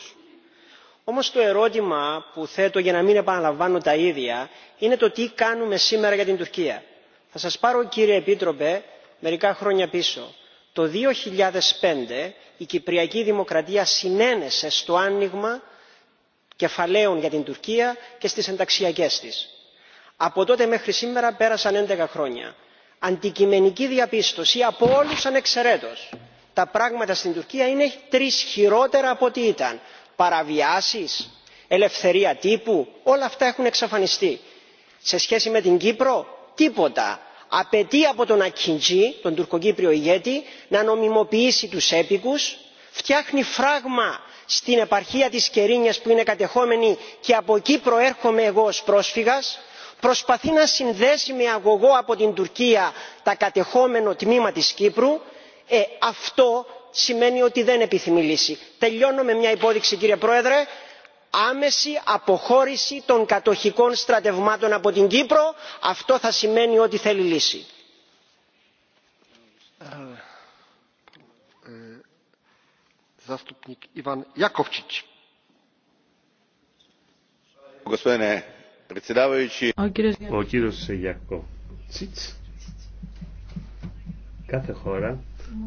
Όμω το ερώτημα που θέτω για να μην επαναλαμβάνω τα ίδια είναι το τι κάνουμε σήμερα για την Τουρκία. Θα σα πάρω κύριε Επίτροπε μερικά χρόνια πίσω. Το 2005 η Κυπριακή Δημοκρατία συνένεσε στο άνοιγμα κεφαλαίων για την Τουρκία και στι ενταξιακέ τη από τότε μέχρι σήμερα πέρασαν έντεκα χρόνια. αντικειμενική διαπίστωση από όλους ανεξαιρέτως τα πράγματα στην τουρκία είναι τρεις χειρότερα από ό,τι ήταν. παραβιάσεις ελευθερία τύπου όλα αυτά έχουν εξαφανιστεί. σε σχέση με την κύπρο τίποτα. απαιτεί από τον ακιντζή τον τουρκοκύπριο ηγέτη να νομιμοποιήσει τους έπικους φτιάχνει φράγμα στην επαρχία της κερίνιας που είναι κατεχόμενη και από εκεί προέρχομαι εγώ ως πρόσφυγας προσπαθεί να συνδέσει με αγωγό από την τουρκία το κατεχόμενο τμήμα της κύπρου ε, αυτό σημαίνει ότι δεν επιθυμεί λύση. τελειώνω με μια υπόδειξη κύριε πρόεδρε άμεση αποχώρηση των κατοχικών στρατευμάτων από την κύπρο αυτό θα σημαίνει ότι θέλει λύση. Ε, ε, ο κύριος Σεγιακό. Κάθε χώρα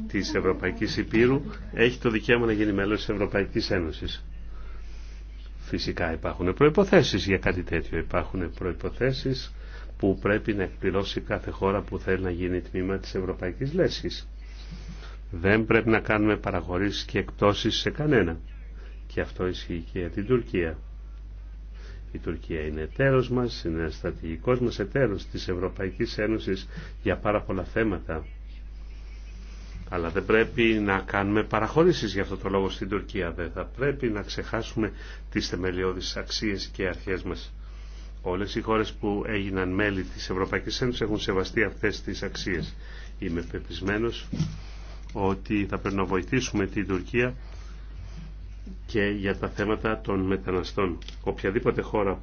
της Ευρωπαϊκή Υπήρου έχει το δικαίωμα να γίνει μέλος της Ευρωπαϊκής Ένωσης. Φυσικά υπάρχουν προϋποθέσεις για κάτι τέτοιο. Υπάρχουν προϋποθέσεις που πρέπει να εκπληρώσει κάθε χώρα που θέλει να γίνει τμήμα της Ευρωπαϊκής Λέσχη. Δεν πρέπει να κάνουμε παραχωρήσει και εκτόσει σε κανένα. Και αυτό ισχύει και για την Τουρκία. Η Τουρκία είναι εταίρος μας, είναι στρατηγικός μας εταίρος της Ευρωπαϊκής Ένωσης για πάρα πολλά θέματα. Αλλά δεν πρέπει να κάνουμε παραχωρήσεις για αυτό το λόγο στην Τουρκία. Δεν θα πρέπει να ξεχάσουμε τις θεμελιώδεις αξίες και αρχές μας. Όλες οι χώρες που έγιναν μέλη της Ευρωπαϊκής Ένωσης έχουν σεβαστεί αυτές τις αξίες. Είμαι πεπισμένος ότι θα πρέπει να βοηθήσουμε την Τουρκία και για τα θέματα των μεταναστών. Οποιαδήποτε χώρα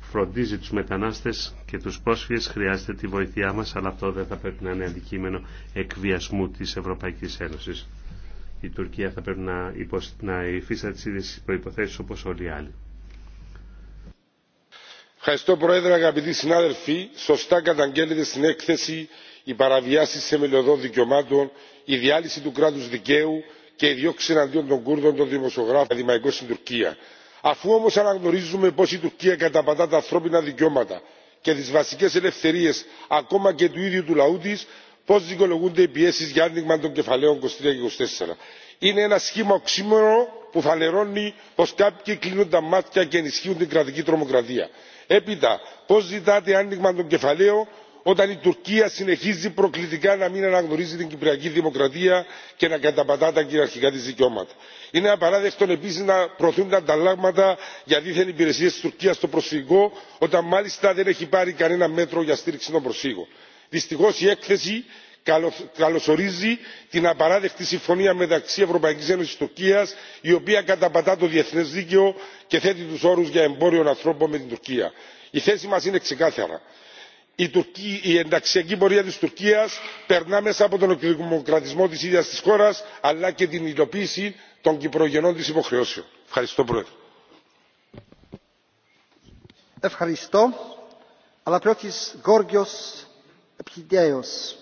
φροντίζει τους μετανάστες και τους πρόσφυγες χρειάζεται τη βοήθειά μας, αλλά αυτό δεν θα πρέπει να είναι αντικείμενο εκβιασμού της Ευρωπαϊκής Ένωσης. Η Τουρκία θα πρέπει να, υποσ... να υφίσταται τις προϋποθέσεις όπως όλοι οι άλλοι. Ευχαριστώ Πρόεδρε, αγαπητοί συνάδελφοι. Σωστά καταγγέλλεται στην έκθεση παραβιάση σε μελωδό δικαιωμάτων, η διάλυση του κράτους δικαίου, και η διώξη εναντίον των κούρδων των δημοσιογράφων και ακαδημαϊκών στην τουρκία. αφού όμω αναγνωρίζουμε πω η τουρκία καταπατά τα ανθρώπινα δικαιώματα και τι βασικέ ελευθερίε ακόμα και του ίδιου του λαού τη πώ δικαιολογούνται οι πιέσει για άνοιγμα των κεφαλαίων 23 και 24. είναι ένα σχήμα οξύμορο που φανερώνει πω κάποιοι κλείνουν τα μάτια και ενισχύουν την κρατική τρομοκρατία. έπειτα πώ ζητάτε άνοιγμα των κεφαλαίων όταν η τουρκία συνεχίζει προκλητικά να μην αναγνωρίζει την κυπριακή δημοκρατία και να καταπατά τα κυριαρχικά τη δικαιώματα. είναι απαράδεκτο επίση να προωθούν τα ανταλλάγματα για δίθεν υπηρεσίε τη τουρκία στο προσφυγικό όταν μάλιστα δεν έχει πάρει κανένα μέτρο για στήριξη των προσφύγων. δυστυχώ η έκθεση καλωσορίζει την απαράδεκτη συμφωνία μεταξύ Ευρωπαϊκή Ένωση και τουρκίας η οποία καταπατά το διεθνές δίκαιο και θέτει του όρου για εμπόριο ανθρώπων με την τουρκία. η θέση μα είναι ξεκάθαρα η ενταξιακή πορεία της τουρκίας περνά μέσα από τον εκδημοκρατισμό της ίδιας της χώρας αλλά και την υλοποίηση των κυπρογενών της υποχρεώσεων. ευχαριστώ πρόεδρε. Ευχαριστώ. Αλλά πρώτης, Γόργιος Επιδέος.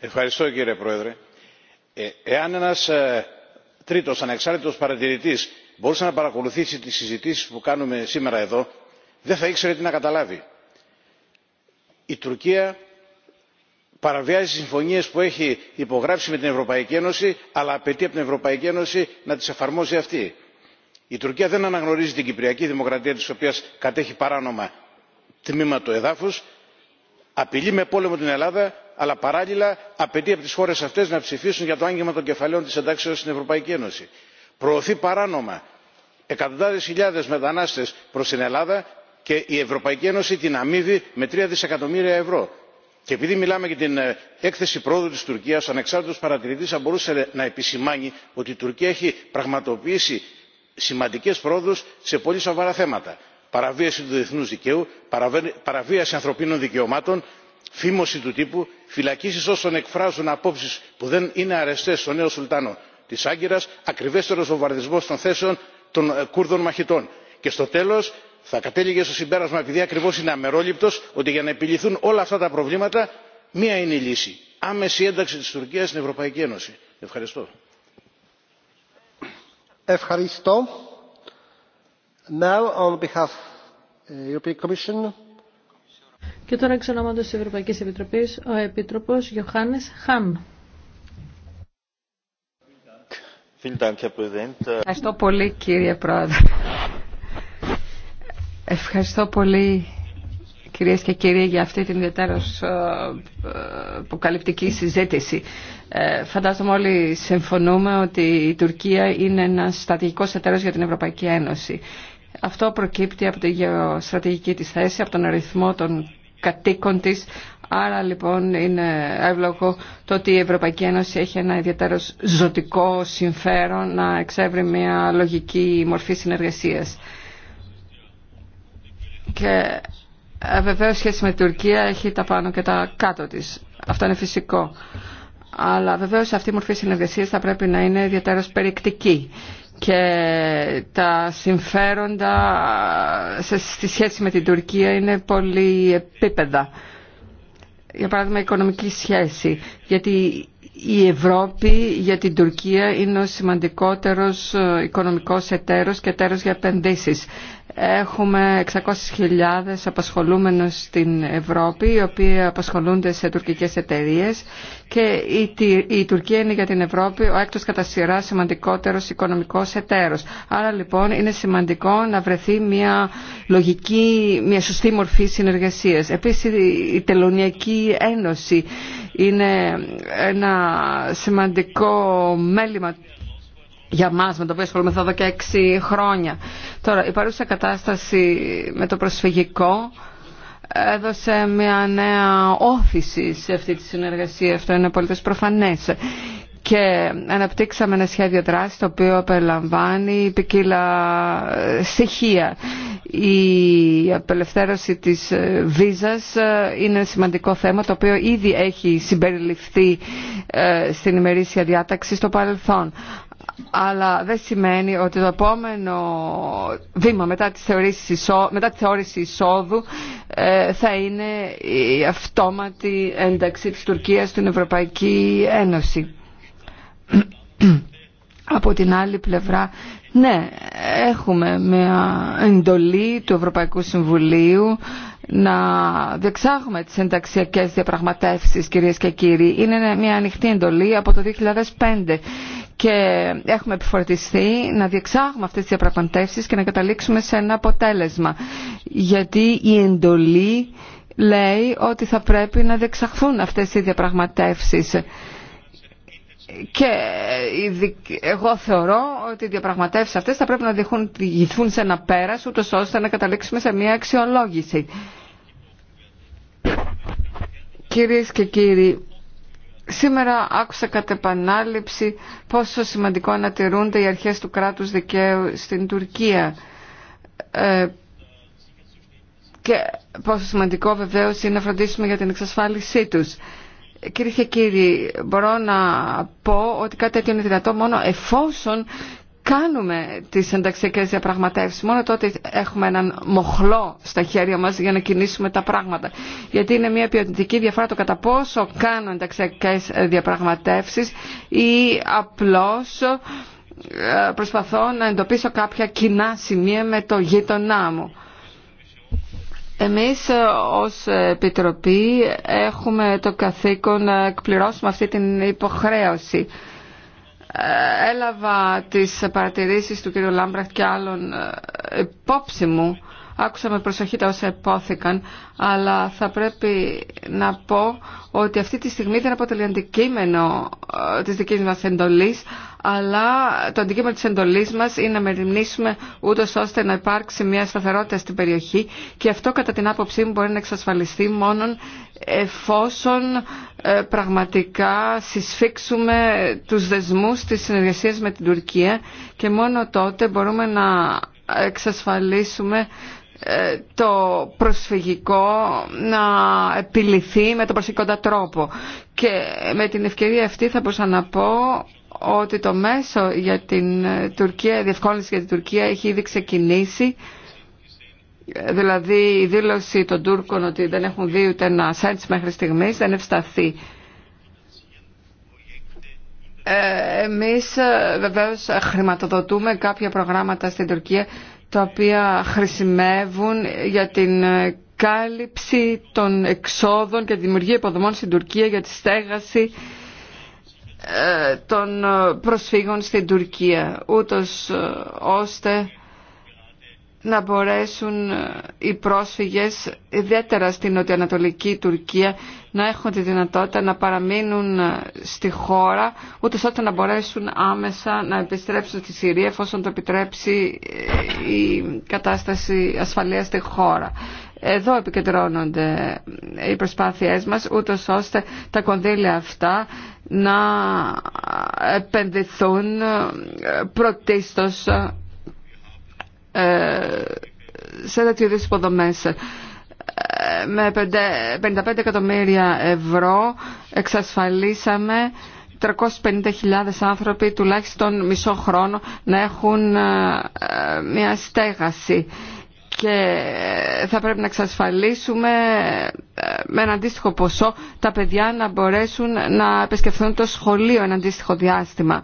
Ευχαριστώ κύριε Πρόεδρε. Ε, εάν ένας ε, τρίτος ανεξάρτητος παρατηρητής μπορούσε να παρακολουθήσει τις συζητήσεις που κάνουμε σήμερα εδώ δεν θα ήξερε τι να καταλάβει. Η Τουρκία παραβιάζει τις συμφωνίες που έχει υπογράψει με την Ευρωπαϊκή Ένωση αλλά απαιτεί από την Ευρωπαϊκή Ένωση να τις εφαρμόζει αυτή. Η Τουρκία δεν αναγνωρίζει την Κυπριακή Δημοκρατία της οποίας κατέχει παράνομα τμήμα του εδάφους, απειλεί με πόλεμο την Ελλάδα αλλά παράλληλα απαιτεί από τις χώρες αυτές να ψηφίσουν για το άγγιγμα των κεφαλαίων της εντάξεως στην Ευρωπαϊκή Ένωση. Προωθεί παράνομα εκατοντάδες χιλιάδες μετανάστες προς την Ελλάδα και η ευρωπαϊκή ένωση την αμείβει με τρία δισεκατομμύρια ευρώ. και επειδή μιλάμε για την ε, έκθεση προόδου της τουρκίας ο ανεξάρτητος παρατηρητής θα μπορούσε να επισημάνει ότι η τουρκία έχει πραγματοποιήσει σημαντικές πρόοδους σε πολύ σοβαρά θέματα παραβίαση του διεθνούς δικαίου παραβίαση ανθρωπίνων δικαιωμάτων φήμωση του τύπου φυλακίσεις όσων εκφράζουν απόψεις που δεν είναι αρεστές στο νέο σουλτάνο της άγκυρας ακριβέστερος βομβαρδισμός των θέσεων των ε, κούρδων μαχητών και στο τέλο, θα κατέληγε στο συμπέρασμα επειδή ακριβώ είναι αμερόληπτο, ότι για να επιληθούν όλα αυτά τα προβλήματα μία είναι η λύση άμεση ένταξη της τουρκίας στην ευρωπαϊκή ένωση. ευχαριστώ. ευχαριστώ. Now, on behalf uh, European Commission. Και τώρα εξ ονόματος της Ευρωπαϊκής Επιτροπής, ο Επίτροπος γιωχάννη Χάν. Ευχαριστώ πολύ κύριε Πρόεδρε. Ευχαριστώ πολύ κυρίες και κύριοι για αυτή την ιδιαίτερως ε, αποκαλυπτική συζήτηση. Ε, φαντάζομαι όλοι συμφωνούμε ότι η Τουρκία είναι ένα στρατηγικό εταίρος για την Ευρωπαϊκή Ένωση. Αυτό προκύπτει από τη γεωστρατηγική της θέση, από τον αριθμό των κατοίκων της. Άρα λοιπόν είναι εύλογο το ότι η Ευρωπαϊκή Ένωση έχει ένα ιδιαίτερο ζωτικό συμφέρον να εξεύρει μια λογική μορφή συνεργασίας. Και ε, βεβαίως σχέση με την Τουρκία έχει τα πάνω και τα κάτω της. Αυτό είναι φυσικό. Αλλά βεβαίως αυτή η μορφή συνεργασίας θα πρέπει να είναι ιδιαίτερα περιεκτική και τα συμφέροντα ε, στη σχέση με την Τουρκία είναι πολύ επίπεδα. Για παράδειγμα, η οικονομική σχέση. Γιατί η Ευρώπη για την Τουρκία είναι ο σημαντικότερος ε, οικονομικός εταίρος και εταίρος για επενδύσεις. Έχουμε 600.000 απασχολούμενους στην Ευρώπη, οι οποίοι απασχολούνται σε τουρκικές εταιρείες και η Τουρκία είναι για την Ευρώπη ο έκτος κατά σειρά σημαντικότερος οικονομικός εταίρος. Άρα λοιπόν είναι σημαντικό να βρεθεί μια λογική, μια σωστή μορφή συνεργασίας. Επίσης η Τελωνιακή Ένωση είναι ένα σημαντικό μέλημα για μας με το οποίο ασχολούμαι εδώ και έξι χρόνια. Τώρα, η παρούσα κατάσταση με το προσφυγικό έδωσε μια νέα όθηση σε αυτή τη συνεργασία. Αυτό είναι πολύ προφανές και αναπτύξαμε ένα σχέδιο δράση το οποίο περιλαμβάνει ποικίλα ε, στοιχεία. Η απελευθέρωση της ε, βίζας ε, είναι ένα σημαντικό θέμα το οποίο ήδη έχει συμπεριληφθεί στην ημερήσια διάταξη στο παρελθόν. Αλλά δεν σημαίνει ότι το επόμενο βήμα μετά τη θεώρηση εισόδου θα είναι η αυτόματη ένταξη της Τουρκίας στην Ευρωπαϊκή Ένωση. Από την άλλη πλευρά, ναι, έχουμε μια εντολή του Ευρωπαϊκού Συμβουλίου να διεξάγουμε τις ενταξιακές διαπραγματεύσεις, κυρίες και κύριοι. Είναι μια ανοιχτή εντολή από το 2005 και έχουμε επιφορτιστεί να διεξάγουμε αυτές τις διαπραγματεύσεις και να καταλήξουμε σε ένα αποτέλεσμα. Γιατί η εντολή λέει ότι θα πρέπει να διεξαχθούν αυτές οι διαπραγματεύσεις και εγώ θεωρώ ότι οι διαπραγματεύσεις αυτές θα πρέπει να διηγηθούν σε ένα πέρας ούτως ώστε να καταλήξουμε σε μια αξιολόγηση. Κυρίες και κύριοι, σήμερα άκουσα κατ' επανάληψη πόσο σημαντικό να οι αρχές του κράτους δικαίου στην Τουρκία ε, και πόσο σημαντικό βεβαίως είναι να φροντίσουμε για την εξασφάλισή τους. Κυρίε και κύριοι, μπορώ να πω ότι κάτι τέτοιο είναι δυνατό μόνο εφόσον κάνουμε τις ενταξιακές διαπραγματεύσεις. Μόνο τότε έχουμε έναν μοχλό στα χέρια μας για να κινήσουμε τα πράγματα. Γιατί είναι μια ποιοτική διαφορά το κατά πόσο κάνω ενταξιακές διαπραγματεύσεις ή απλώς ε, προσπαθώ να εντοπίσω κάποια κοινά σημεία με το γείτονά μου. Εμείς ε, ως Επιτροπή έχουμε το καθήκον να εκπληρώσουμε αυτή την υποχρέωση. Ε, έλαβα τις παρατηρήσεις του κ. Λάμπραχτ και άλλων ε, υπόψη μου. Άκουσα με προσοχή τα όσα υπόθηκαν, αλλά θα πρέπει να πω ότι αυτή τη στιγμή δεν αποτελεί αντικείμενο της δικής μας εντολής, αλλά το αντικείμενο της εντολής μας είναι να μεριμνήσουμε ούτως ώστε να υπάρξει μια σταθερότητα στην περιοχή και αυτό κατά την άποψή μου μπορεί να εξασφαλιστεί μόνον εφόσον ε, πραγματικά συσφίξουμε τους δεσμούς της συνεργασίας με την Τουρκία και μόνο τότε μπορούμε να εξασφαλίσουμε ε, το προσφυγικό να επιληθεί με τον προσφυγικό τρόπο. Και με την ευκαιρία αυτή θα μπορούσα να πω ότι το μέσο για την ε, Τουρκία, η διευκόλυνση για την Τουρκία έχει ήδη ξεκινήσει. Δηλαδή η δήλωση των Τούρκων ότι δεν έχουν δει ούτε ένα σέντς μέχρι στιγμής δεν ευσταθεί. Ε, εμείς ε, βεβαίως χρηματοδοτούμε κάποια προγράμματα στην Τουρκία τα οποία χρησιμεύουν για την κάλυψη των εξόδων και τη δημιουργία υποδομών στην Τουρκία για τη στέγαση των προσφύγων στην Τουρκία, ούτως ε, ώστε να μπορέσουν οι πρόσφυγες, ιδιαίτερα στην νοτιοανατολική Τουρκία, να έχουν τη δυνατότητα να παραμείνουν ε, στη χώρα, ούτως ώστε να μπορέσουν άμεσα να επιστρέψουν στη Συρία, εφόσον το επιτρέψει ε, η κατάσταση ασφαλείας στη χώρα. Εδώ επικεντρώνονται οι προσπάθειές μας, ούτως ώστε τα κονδύλια αυτά να επενδυθούν ε, πρωτίστως ε, σε τέτοιου είδους υποδομές. Ε, με 55 εκατομμύρια ευρώ εξασφαλίσαμε 350.000 άνθρωποι τουλάχιστον μισό χρόνο να έχουν μια στέγαση και ε, θα πρέπει να εξασφαλίσουμε ε, με ένα αντίστοιχο ποσό τα παιδιά να μπορέσουν να επισκεφθούν το σχολείο ένα αντίστοιχο διάστημα.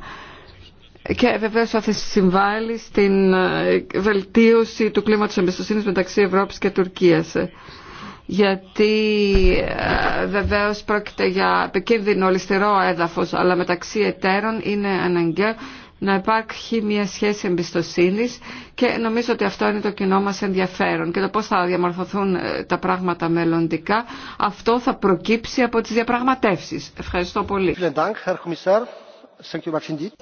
Και βεβαίω αυτό συμβάλλει στην ε, βελτίωση του κλίματος εμπιστοσύνη μεταξύ Ευρώπης και Τουρκίας. Γιατί βεβαίω πρόκειται για επικίνδυνο ληστερό έδαφο, αλλά μεταξύ εταίρων είναι αναγκαίο να υπάρχει μια σχέση εμπιστοσύνης και νομίζω ότι αυτό είναι το κοινό μας ενδιαφέρον και το πώς θα διαμορφωθούν ε, τα πράγματα μελλοντικά αυτό θα προκύψει από τις διαπραγματεύσεις. Ευχαριστώ πολύ.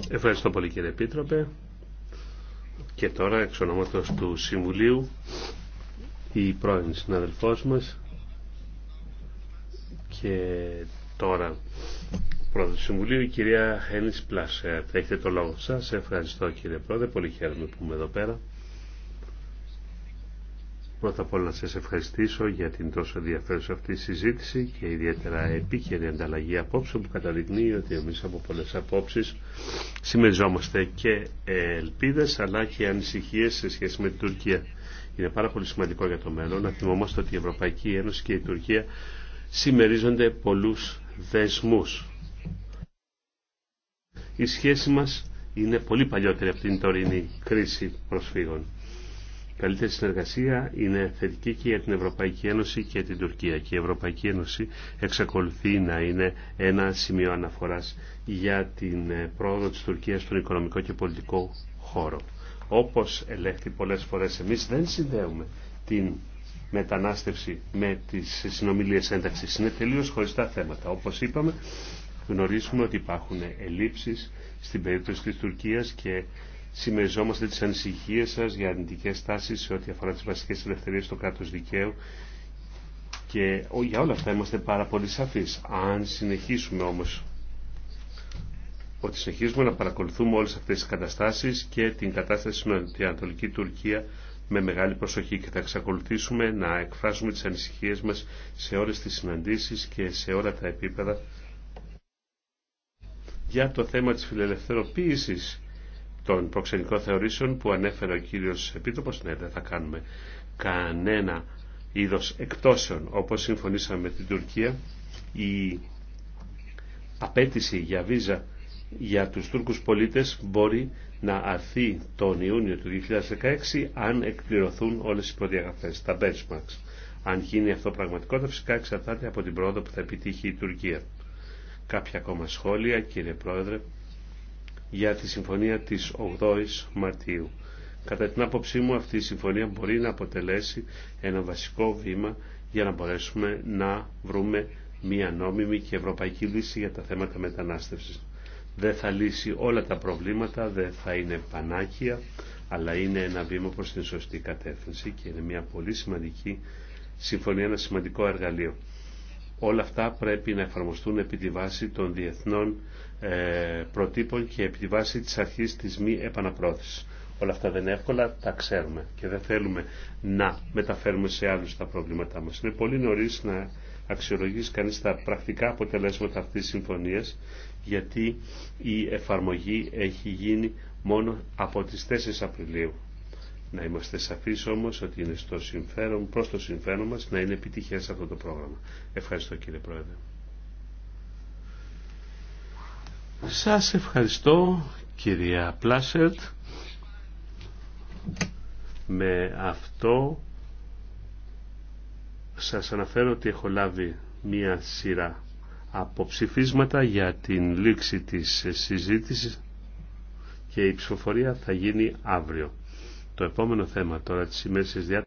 Ευχαριστώ πολύ κύριε Επίτροπε. Και τώρα εξ του Συμβουλίου η πρώην συναδελφός μας και τώρα Πρόεδρο του Συμβουλίου, η κυρία Χένι Πλάσερ. Έχετε το λόγο σα. Ευχαριστώ κύριε Πρόεδρε. Πολύ χαίρομαι που είμαι εδώ πέρα. Πρώτα απ' όλα να σας ευχαριστήσω για την τόσο ενδιαφέρουσα αυτή συζήτηση και ιδιαίτερα επίκαιρη ανταλλαγή απόψεων που καταδεικνύει ότι εμείς από πολλές απόψεις συμμεριζόμαστε και ελπίδες αλλά και ανησυχίες σε σχέση με την Τουρκία. Είναι πάρα πολύ σημαντικό για το μέλλον να θυμόμαστε ότι η Ευρωπαϊκή Ένωση και η Τουρκία συμμερίζονται πολλούς δεσμούς η σχέση μας είναι πολύ παλιότερη από την τωρινή κρίση προσφύγων. Καλύτερη συνεργασία είναι θετική και για την Ευρωπαϊκή Ένωση και την Τουρκία. Και η Ευρωπαϊκή Ένωση εξακολουθεί να είναι ένα σημείο αναφοράς για την ε, πρόοδο της Τουρκίας στον οικονομικό και πολιτικό χώρο. Όπως ελέγχθη πολλές φορές εμείς δεν συνδέουμε την μετανάστευση με τις συνομιλίες ένταξης. Είναι τελείως χωριστά θέματα. Όπως είπαμε, Γνωρίζουμε ότι υπάρχουν ελλείψεις στην περίπτωση της Τουρκίας και συμμεριζόμαστε τις ανησυχίες σας για αρνητικές τάσεις σε ό,τι αφορά τις βασικές ελευθερίες στο κράτο δικαίου και για όλα αυτά είμαστε πάρα πολύ σαφείς. Αν συνεχίσουμε όμως ότι συνεχίζουμε να παρακολουθούμε όλες αυτές τις καταστάσεις και την κατάσταση στην Ανατολική Τουρκία με μεγάλη προσοχή και θα εξακολουθήσουμε να εκφράσουμε τις ανησυχίες μας σε όλες τις συναντήσεις και σε όλα τα επίπεδα για το θέμα της φιλελευθεροποίησης των προξενικών θεωρήσεων που ανέφερε ο κύριος Επίτροπος. Ναι, δεν θα κάνουμε κανένα είδος εκτόσεων. Όπως συμφωνήσαμε με την Τουρκία, η απέτηση για βίζα για τους Τούρκους πολίτες μπορεί να αρθεί τον Ιούνιο του 2016 αν εκπληρωθούν όλες οι προδιαγραφές, τα benchmarks. Αν γίνει αυτό πραγματικότητα φυσικά εξαρτάται από την πρόοδο που θα επιτύχει η Τουρκία κάποια ακόμα σχόλια, κύριε Πρόεδρε, για τη συμφωνία της 8ης Μαρτίου. Κατά την άποψή μου αυτή η συμφωνία μπορεί να αποτελέσει ένα βασικό βήμα για να μπορέσουμε να βρούμε μια νόμιμη και ευρωπαϊκή λύση για τα θέματα μετανάστευσης. Δεν θα λύσει όλα τα προβλήματα, δεν θα είναι πανάκια, αλλά είναι ένα βήμα προς την σωστή κατεύθυνση και είναι μια πολύ σημαντική συμφωνία, ένα σημαντικό εργαλείο. Όλα αυτά πρέπει να εφαρμοστούν επί τη βάση των διεθνών ε, προτύπων και επί τη βάση της αρχής της μη επαναπρόθεσης. Όλα αυτά δεν είναι εύκολα, τα ξέρουμε και δεν θέλουμε να μεταφέρουμε σε άλλους τα προβλήματά μας. Είναι πολύ νωρίς να αξιολογήσει κανείς τα πρακτικά αποτελέσματα αυτής της συμφωνίας γιατί η εφαρμογή έχει γίνει μόνο από τις 4 Απριλίου. Να είμαστε σαφείς όμως ότι είναι στο συμφέρον, προς το συμφέρον μας να είναι επιτυχές αυτό το πρόγραμμα. Ευχαριστώ κύριε Πρόεδρε. Σας ευχαριστώ κυρία Πλάσερτ. Με αυτό σας αναφέρω ότι έχω λάβει μία σειρά από για την λήξη της συζήτησης και η ψηφοφορία θα γίνει αύριο. Το επόμενο θέμα τώρα της ημέρας